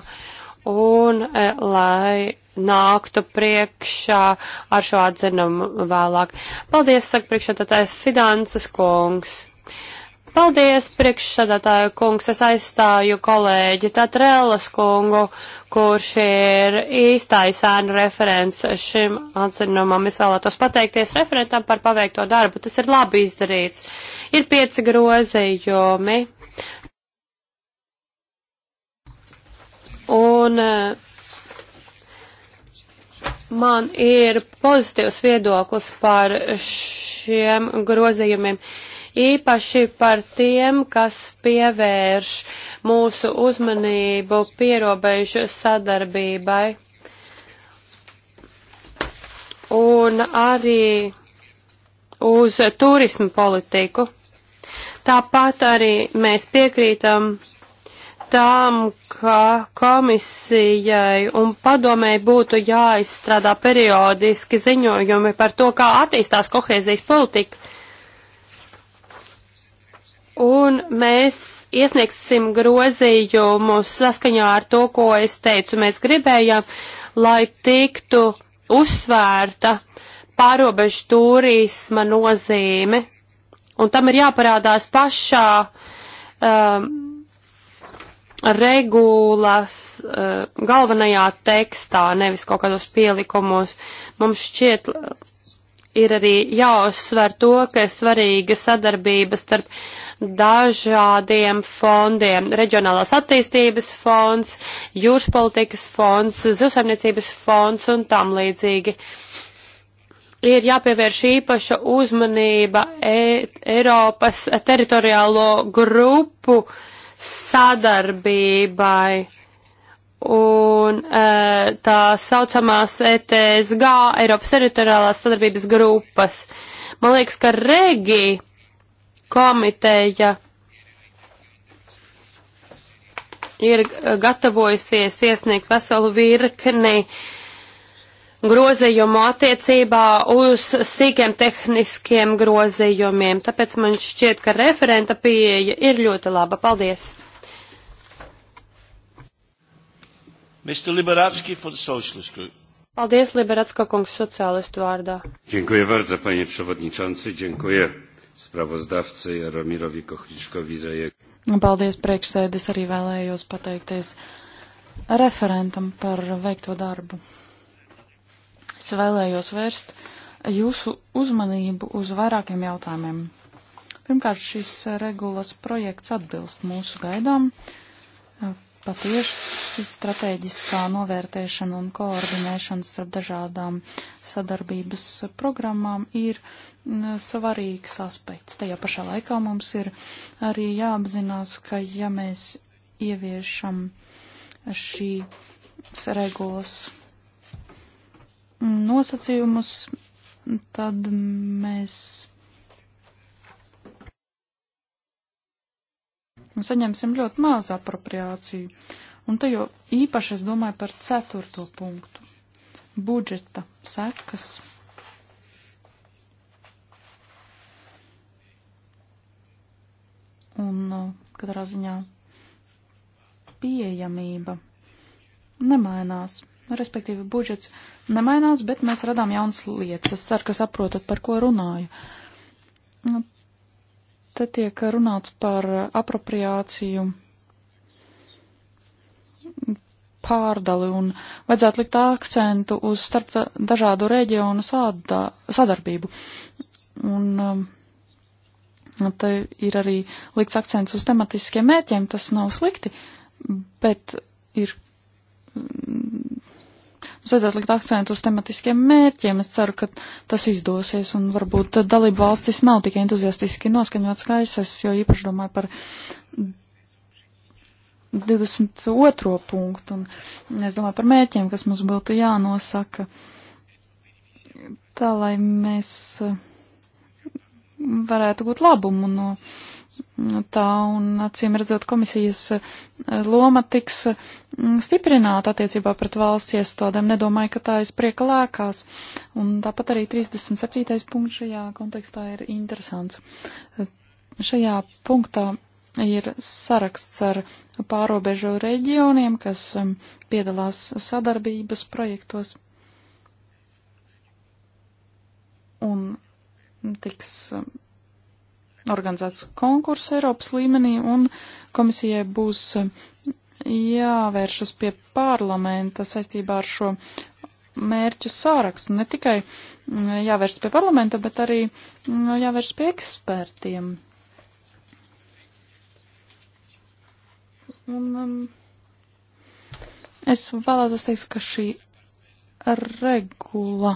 un uh, lai nāktu priekšā ar šo atzinumu vēlāk. Paldies, saka priekšsēdētāja Fidanses kungs. Paldies, priekšsēdētāja kungs, es aizstāju kolēģi Tatrēlas kungu. Uh, kurš ir īstais ēnu referents šim atzinumam. Es vēlētos pateikties referentam par paveikto darbu. Tas ir labi izdarīts. Ir pieci grozījumi. Un eh, man ir pozitīvs viedoklis par šiem grozījumiem. Uh, īpaši par tiem, kas pievērš mūsu uzmanību pierobežu sadarbībai. Un arī uz turismu politiku. Tāpat arī mēs piekrītam tam, ka komisijai un padomēji būtu jāizstrādā periodiski ziņojumi par to, kā attīstās kohēzijas politika Un mēs iesniegsim grozījumus saskaņā ar to, ko es teicu. Mēs gribējām, lai tiktu uzsvērta pārobežu turisma nozīme. Un tam ir jāparādās pašā um, regulas uh, galvenajā tekstā, nevis kaut kādos pielikumos. Mums šķiet, ir arī jāuzsver to, ka ir svarīga sadarbība starp dažādiem fondiem - reģionālās attīstības fonds, jūras politikas fonds, zivsaimniecības fonds un tam līdzīgi. Ir jāpievērš īpaša uzmanība e Eiropas teritoriālo grupu sadarbībai un e, tā saucamās ETSG, Eiropas teritoriālās sadarbības grupas. Man liekas, ka Regi komiteja ir gatavojusies iesniegt veselu virkni grozījumu attiecībā uz sīkiem tehniskiem grozījumiem. Tāpēc man šķiet, ka referenta pieeja ir ļoti laba. Paldies! Mr. Liberatski for the Socialist Group. Paldies, Liberatska kungs, sociālistu vārdā. Dziękuję bardzo, panie przewodniczący. Dziękuję sprawozdawcy Jaromirovi Kohličkovi za jego. Paldies, priekšsēdis, arī vēlējos pateikties referentam par veikto darbu. Es vēlējos vērst jūsu uzmanību uz vairākiem jautājumiem. Pirmkārt, šis regulas projekts atbilst mūsu gaidām. Uh, patiesi strateģiskā novērtēšana un koordinēšana starp dažādām sadarbības programmām ir mm, svarīgs aspekts. Tajā pašā laikā mums ir arī jāapzinās, ka ja mēs ieviešam šīs regulas nosacījumus, tad mēs un saņemsim ļoti maz apropriāciju. Un te jau īpaši es domāju par ceturto punktu - budžeta sekas. Un uh, katrā ziņā pieejamība nemainās. Respektīvi, budžets nemainās, bet mēs radām jaunas lietas. Es ceru, ka saprotat, par ko runāju. Nu, Te tiek runāts par apropriāciju pārdali un vajadzētu likt akcentu uz starp dažādu reģionu sādā, sadarbību. Un um, te ir arī likts akcents uz tematiskiem mērķiem, tas nav slikti, bet ir Mums vajadzētu likt akcentu uz tematiskiem mērķiem. Es ceru, ka tas izdosies un varbūt dalību valstis nav tik entuziastiski noskaņots kā es, es jo īpaši domāju par 22. punktu un es domāju par mērķiem, kas mums būtu jānosaka. Tā lai mēs eh, varētu būt labumu no. Uh, tā, un acīm redzot, komisijas eh, loma tiks mm, stiprināta attiecībā pret valsts iestādēm. Nedomāju, ka tā aizprieka lēkās. Un tāpat arī 37. punkts šajā kontekstā ir interesants. Šajā punktā ir saraksts ar pārobežu reģioniem, kas mm, piedalās sadarbības projektos. Un tiks mm, organizēts konkurss Eiropas līmenī, un komisijai būs eh, jāvēršas pie parlamenta saistībā ar šo mērķu sārakstu. Ne tikai mm, jāvēršas pie parlamenta, bet arī mm, jāvēršas pie ekspertiem. Un um, es vēlētos teikt, ka šī regula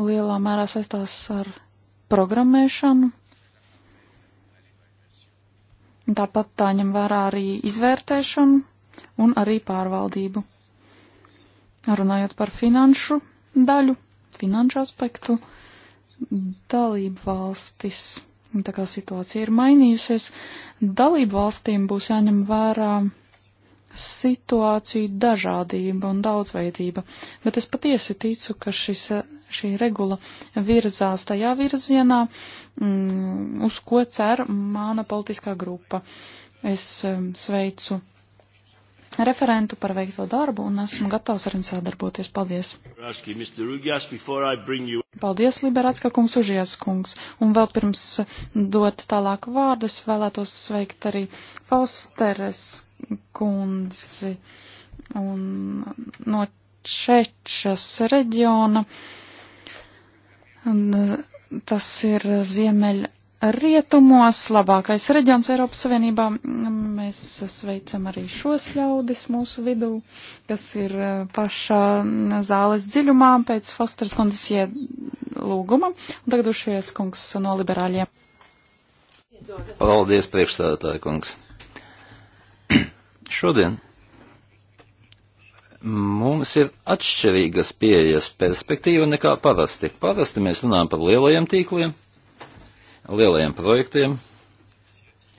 lielā mērā saistās ar programmēšanu. Tāpat tā ņem vērā arī izvērtēšanu un arī pārvaldību. Runājot par finanšu daļu, finanšu aspektu, dalību valstis. Tā kā situācija ir mainījusies, dalību valstīm būs jāņem vērā situāciju dažādība un daudzveidība, bet es patiesi ticu, ka šis šī regula virzās tajā virzienā, mm, uz ko cer mana politiskā grupa. Es sveicu referentu par veikto darbu un esmu gatavs ar viņu sadarboties. Paldies! Paldies, Liberācka kungs, Užijas kungs! Un vēl pirms dot tālāku vārdu, es vēlētos sveikt arī Fausteres kundzi un no Čečas reģiona. Uh, Eh, tas ir ziemeļa rietumos, labākais reģions Eiropas Savienībā. Mm, mēs sveicam arī šos ļaudis mūsu vidū, kas ir eh, pašā mm, zāles dziļumā pēc Fosters kundzes ielūguma. Un tagad ušies kungs no liberāļiem. Paldies, priekšstādātāji kungs. Šodien mums ir atšķirīgas pieejas perspektīva nekā parasti. Parasti mēs runājam par lielajiem tīkliem, lielajiem projektiem,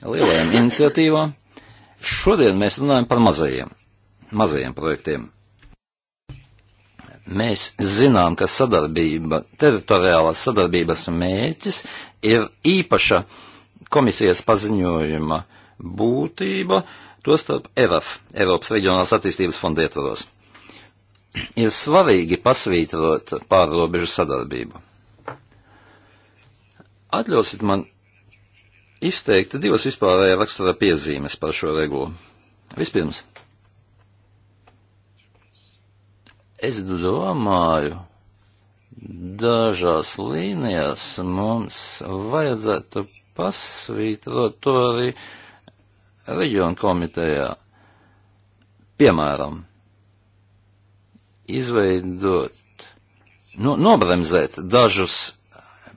lielajām iniciatīvām. Šodien mēs runājam par mazajiem, mazajiem projektiem. Mēs zinām, ka sadarbība, teritoriālās sadarbības mērķis ir īpaša komisijas paziņojuma būtība, uh, tostarp ERAF, Eiropas Reģionālās attīstības fonda ietvaros. Ir svarīgi pasvītrot pārrobežu sadarbību. Atļausit man izteikt divas vispārējā rakstura piezīmes par šo regulu. Vispirms, es domāju, dažās līnijās mums vajadzētu pasvītrot to arī reģionu komitejā, piemēram, izveidot, nu, nobremzēt dažus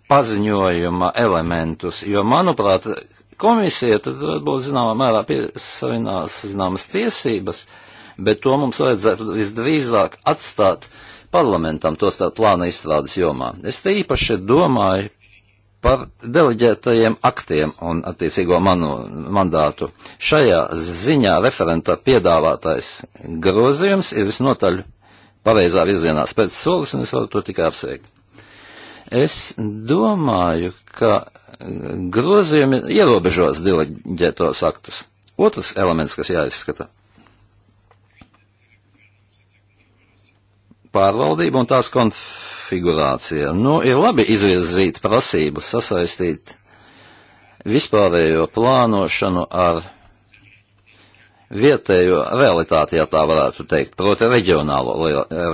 paziņojuma elementus, jo, manuprāt, komisija tad varbūt zināmā mērā piesavinās zināmas tiesības, bet to mums vajadzētu visdrīzāk atstāt parlamentam, to starp plāna izstrādes jomā. Es te īpaši domāju par deleģētajiem aktiem un attiecīgo manu mandātu. Šajā ziņā referenta piedāvātais grozījums ir visnotaļ pareizā virzienā spēc solis, un es varu to tikai apsveikt. Es domāju, ka grozījumi ierobežos deleģētos aktus. Otrs elements, kas jāizskata. Pārvaldība un tās konf konfigurācijā. Nu, ir labi izvirzīt prasību sasaistīt vispārējo plānošanu ar vietējo realitāti, ja tā varētu teikt, proti reģionālo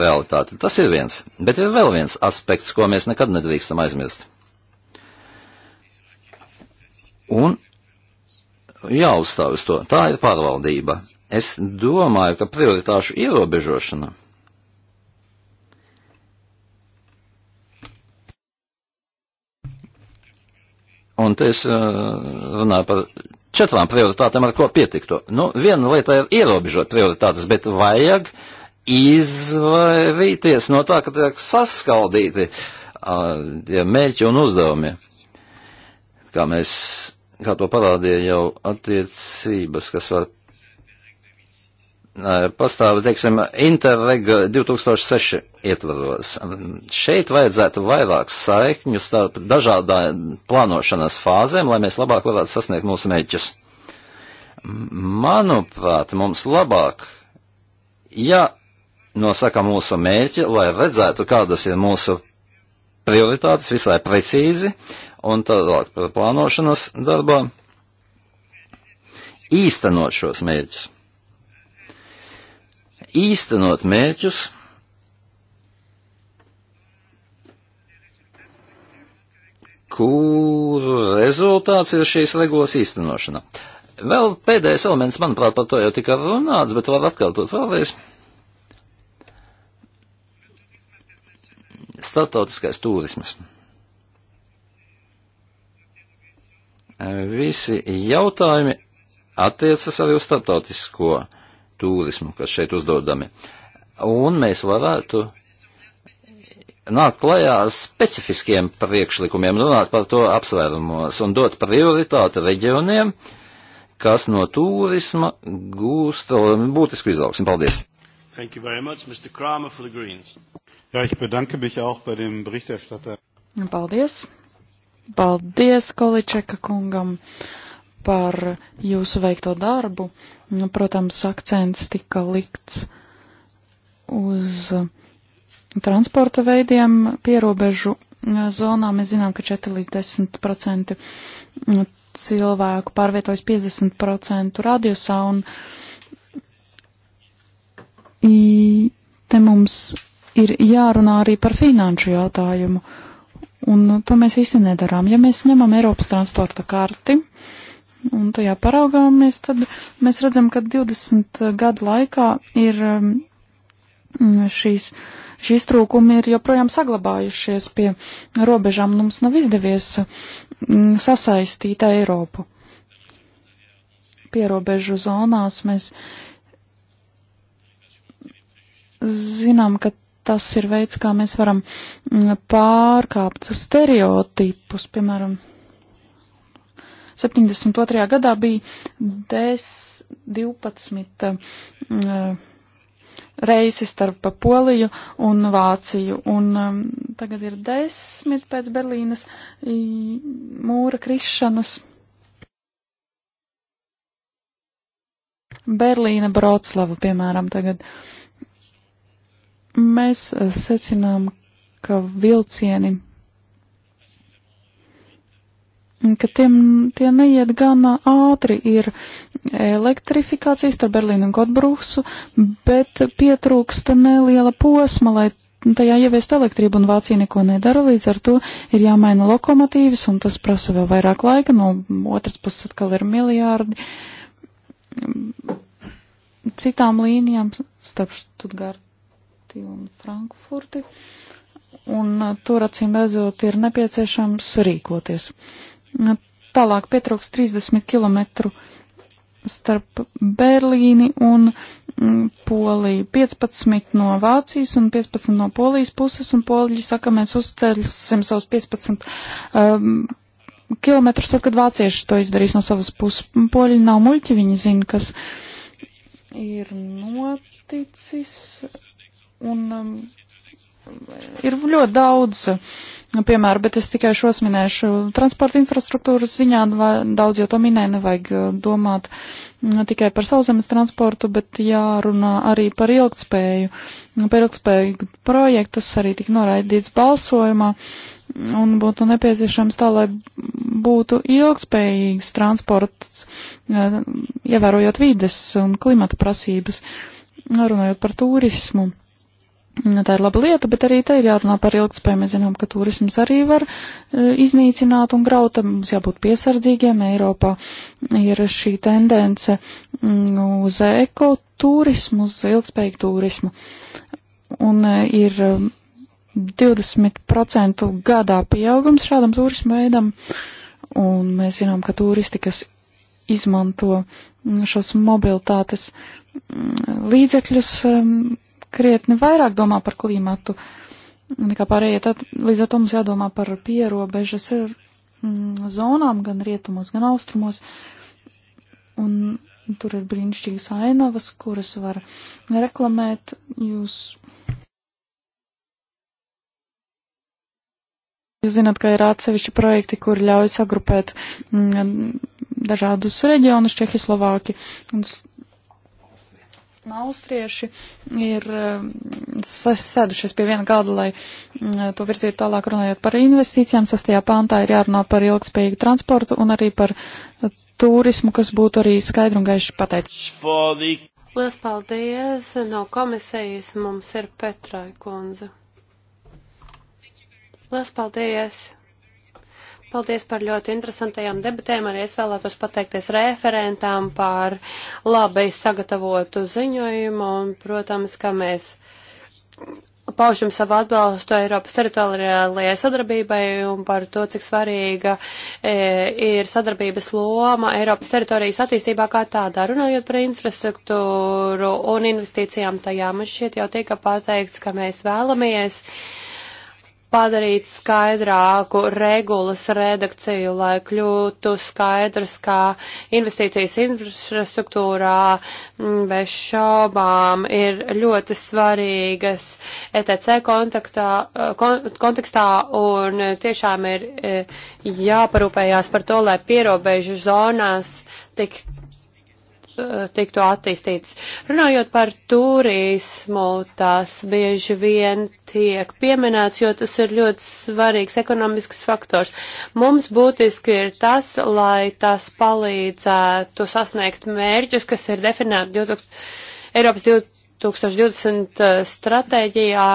realitāti. Tas ir viens, bet ir vēl viens aspekts, ko mēs nekad nedrīkstam aizmirst. Un jāuzstāv uz to. Tā ir pārvaldība. Es domāju, ka prioritāšu ierobežošana Un es runāju par četrām prioritātēm, ar ko pietiktu. Nu, viena lieta ir ierobežot prioritātes, bet vajag izvairīties no tā, ka tiek saskaldīti tie mērķi un uzdevumi. Kā mēs, kā to parādīja jau attiecības, kas var pastāv, teiksim, Interreg 2006 ietvaros. Šeit vajadzētu vairāk saikņu starp dažādām plānošanas fāzēm, lai mēs labāk varētu sasniegt mūsu mērķus. Manuprāt, mums labāk, ja nosaka mūsu mērķi, lai redzētu, kādas ir mūsu prioritātes visai precīzi, un tālāk par plānošanas darbā īstenot šos mērķus īstenot mērķus, kur rezultāts ir šīs regulas īstenošana. Vēl pēdējais elements, manuprāt, par to jau tika runāts, bet var atkārtot vēlreiz. Startautiskais turisms. Visi jautājumi attiecas arī uz starptautisko turismu turismu, kas šeit uzdodami. Un mēs varētu nākt klajā ar specifiskiem priekšlikumiem, runāt par to apsvērumos un dot prioritāti reģioniem, kas no turisma gūst būtisku izaugsmu. Paldies! Thank you very much, Mr. Kramer for the Greens. Ja, ich bedanke mich auch bei dem Berichterstatter. Paldies. Paldies Količeka kungam. Uh, par jūsu veikto darbu. Nu, protams, akcents tika likts uz transporta veidiem pierobežu zonā. Mēs zinām, ka 4 līdz 10 procenti cilvēku pārvietojas 50 procentu radiusā un te mums ir jārunā arī par finanšu jautājumu. Un to mēs īsti nedarām. Ja mēs ņemam Eiropas transporta karti, uh, un tajā paraugāmies, tad mēs redzam, ka 20 gadu laikā ir um, mm, šīs, šī iztrūkumi ir joprojām saglabājušies pie robežām, un mums nav izdevies mm, sasaistīt Eiropu. Pierobežu zonās mēs zinām, ka tas ir veids, kā mēs varam mm, pārkāpt stereotipus, piemēram, 72. gadā bija 10, 12 eh, reisi starp Poliju un Vāciju, un um, tagad ir desmit pēc Berlīnas mūra krišanas. Berlīna, Broclava, piemēram, tagad. Mēs eh, secinām, ka vilcieni ka tiem, tie neiet gan ātri, ir elektrifikācijas starp Berlīnu un Gotbrūsu, bet pietrūksta neliela posma, lai tajā ieviest elektrību, un Vācija neko nedara, līdz ar to ir jāmaina lokomotīvas, un tas prasa vēl vairāk laika, no otras puses atkal ir miljārdi citām līnijām starp Stuttgarti un Frankfurti, un tur acīm redzot ir nepieciešams rīkoties. Uh, Tālāk pietrūks 30 km starp Berlīni un mm, Poliju. 15 no Vācijas un 15 no Polijas puses, un Polija saka, mēs uzceļsim savus 15 um, kilometrus, tad, kad vācieši to izdarīs no savas puses. Poļi nav muļķi, viņi zina, kas ir noticis, un um, ir ļoti daudz. Uh, Nu, piemēru, bet es tikai šos minēšu. Transporta infrastruktūras ziņā daudz jau to minēja, nevajag uh, domāt ne mm, tikai par sauszemes transportu, bet jārunā arī par ilgtspēju. Nu, par ilgtspēju projektus arī tik noraidīts balsojumā un būtu nepieciešams tā, lai būtu ilgspējīgs transports, uh, ievērojot vides un klimata prasības, runājot par turismu Nu, tā ir laba lieta, bet arī te ir jārunā par ilgspēju. Mēs zinām, ka turisms arī var e, iznīcināt un graut. Mums jābūt piesardzīgiem. Eiropā ir šī tendence mm, uz ekoturismu, uz ilgspējīgu turismu. Un e, ir 20% mm, gadā pieaugums šādam turismu veidam. Un mēs zinām, ka turisti, kas izmanto mm, šos mobilitātes līdzekļus, krietni vairāk domā par klimatu nekā pārējie. Tad līdz ar to mums jādomā par pierobežas mm, zonām gan rietumos, gan austrumos. Un tur ir brīnišķīgas ainavas, kuras var reklamēt. Jūs, jūs zināt, ka ir atsevišķi projekti, kur ļauj sagrupēt m, mm, dažādus reģionus, Čehi, Slovāki un Austrieši ir um, sēdušies pie viena gada, lai mm, to virzītu tālāk runājot par investīcijām. Sastajā pāntā ir jārunā par ilgspējīgu transportu un arī par uh, turismu, kas būtu arī skaidri un gaiši pateicis. Lielas paldies! No komisijas mums ir Petrai Kunze. Lielas paldies! Paldies par ļoti interesantajām debatēm. Arī es vēlētos pateikties referentām par labai sagatavotu ziņojumu. Un, protams, ka mēs paužam savu atbalstu Eiropas teritoriālajai sadarbībai un par to, cik svarīga e, ir sadarbības loma Eiropas teritorijas attīstībā kā tādā. Runājot par infrastruktūru un investīcijām tajā, man šķiet jau tika pateikts, ka mēs vēlamies. E, padarīt skaidrāku regulas redakciju, lai kļūtu skaidrs, kā investīcijas infrastruktūrā mm, bez šaubām ir ļoti svarīgas ETC kontaktā, eh, kon, kontekstā un tiešām ir eh, jāparūpējās par to, lai pierobežu zonās tik Eh, tiktu attīstītas. Runājot par turismu, tas bieži vien tiek pieminēts, jo tas ir ļoti svarīgs ekonomisks faktors. Mums būtiski ir tas, lai tas palīdzētu sasniegt mērķus, kas ir definēti 2000, Eiropas 2020 eh, stratēģijā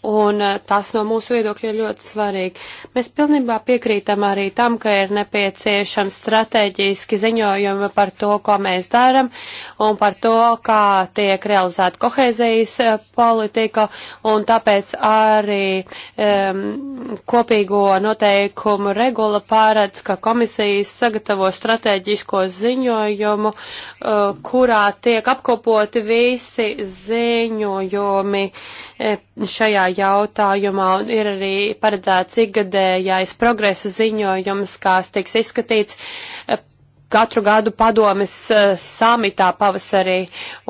Un eh, tas no mūsu viedokļa ir ļoti svarīgi. Mēs pilnībā piekrītam arī tam, ka ir nepieciešams strateģiski ziņojumi par to, ko mēs daram un par to, kā tiek realizēta kohēzijas eh, politika un tāpēc arī um, kopīgo noteikumu regula pārēdz, ka komisijas sagatavo strateģisko ziņojumu, uh, kurā tiek apkopoti visi ziņojumi. Uh, šajā jautājumā un ir arī paredzēts ikgadējais progresa ziņojums, kas tiks izskatīts eh, katru gadu padomes eh, samitā pavasarī.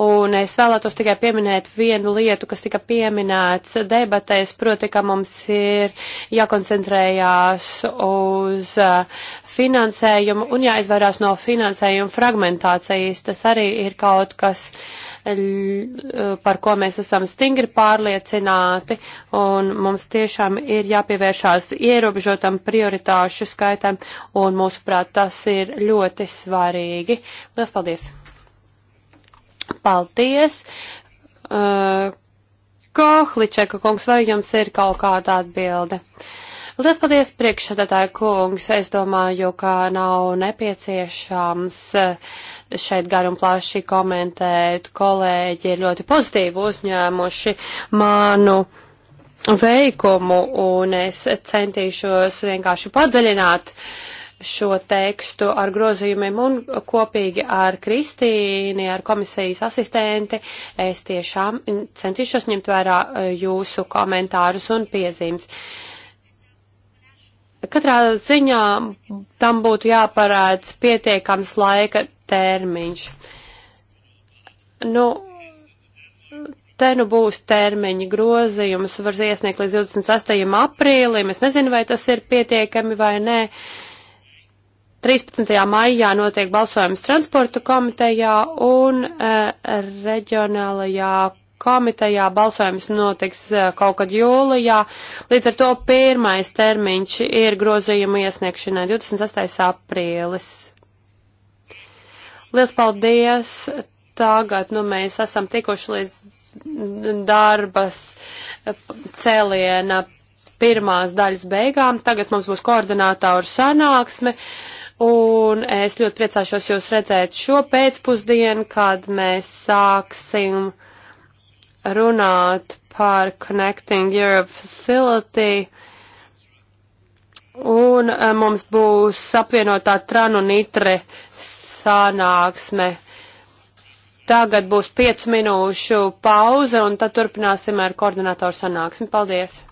Un es vēlētos tikai pieminēt vienu lietu, kas tika pieminēts debatēs, proti, ka mums ir jākoncentrējās uz eh, finansējumu un jāizvairās no finansējuma fragmentācijas. Tas arī ir kaut kas. Uh, E, par ko mēs esam stingri pārliecināti, un mums tiešām ir jāpievēršās ierobežotam prioritāšu skaitam, un mūsuprāt tas ir ļoti svarīgi. Lielas paldies! Paldies! Uh, Kohličeka kungs, vai jums ir kaut kāda atbilde? Lielas paldies priekšsēdētāju kungs. Es domāju, ka nav nepieciešams uh, šeit gar un plaši komentēt, kolēģi ir ļoti pozitīvi uzņēmuši manu veikumu, un es centīšos vienkārši padziļināt šo tekstu ar grozījumiem un kopīgi ar Kristīni, ar komisijas asistenti. Es tiešām centīšos ņemt vērā e, jūsu komentārus un piezīmes. Katrā ziņā tam būtu jāparāds pietiekams laika termiņš. Nu, te nu būs termiņi grozījums, var iesniegt līdz 28. aprīlim, es nezinu, vai tas ir pietiekami vai nē. 13. maijā notiek balsojums transportu komitejā un e, reģionālajā komitejā balsojums notiks e, kaut kad jūlijā. Līdz ar to pirmais termiņš ir grozījuma iesniegšanai 28. aprīlis. Liels paldies! Tagad nu, mēs esam tikuši līdz darbas cēliena pirmās daļas beigām. Tagad mums būs koordinātāru sanāksme. Un es ļoti priecāšos jūs redzēt šo pēcpusdienu, kad mēs sāksim runāt par Connecting Europe Facility. Un eh, mums būs apvienotā Tran un Itre sanāksme. Tagad būs 5 minūšu pauze un tad turpināsim ar koordinatoru sanāksmi. Paldies!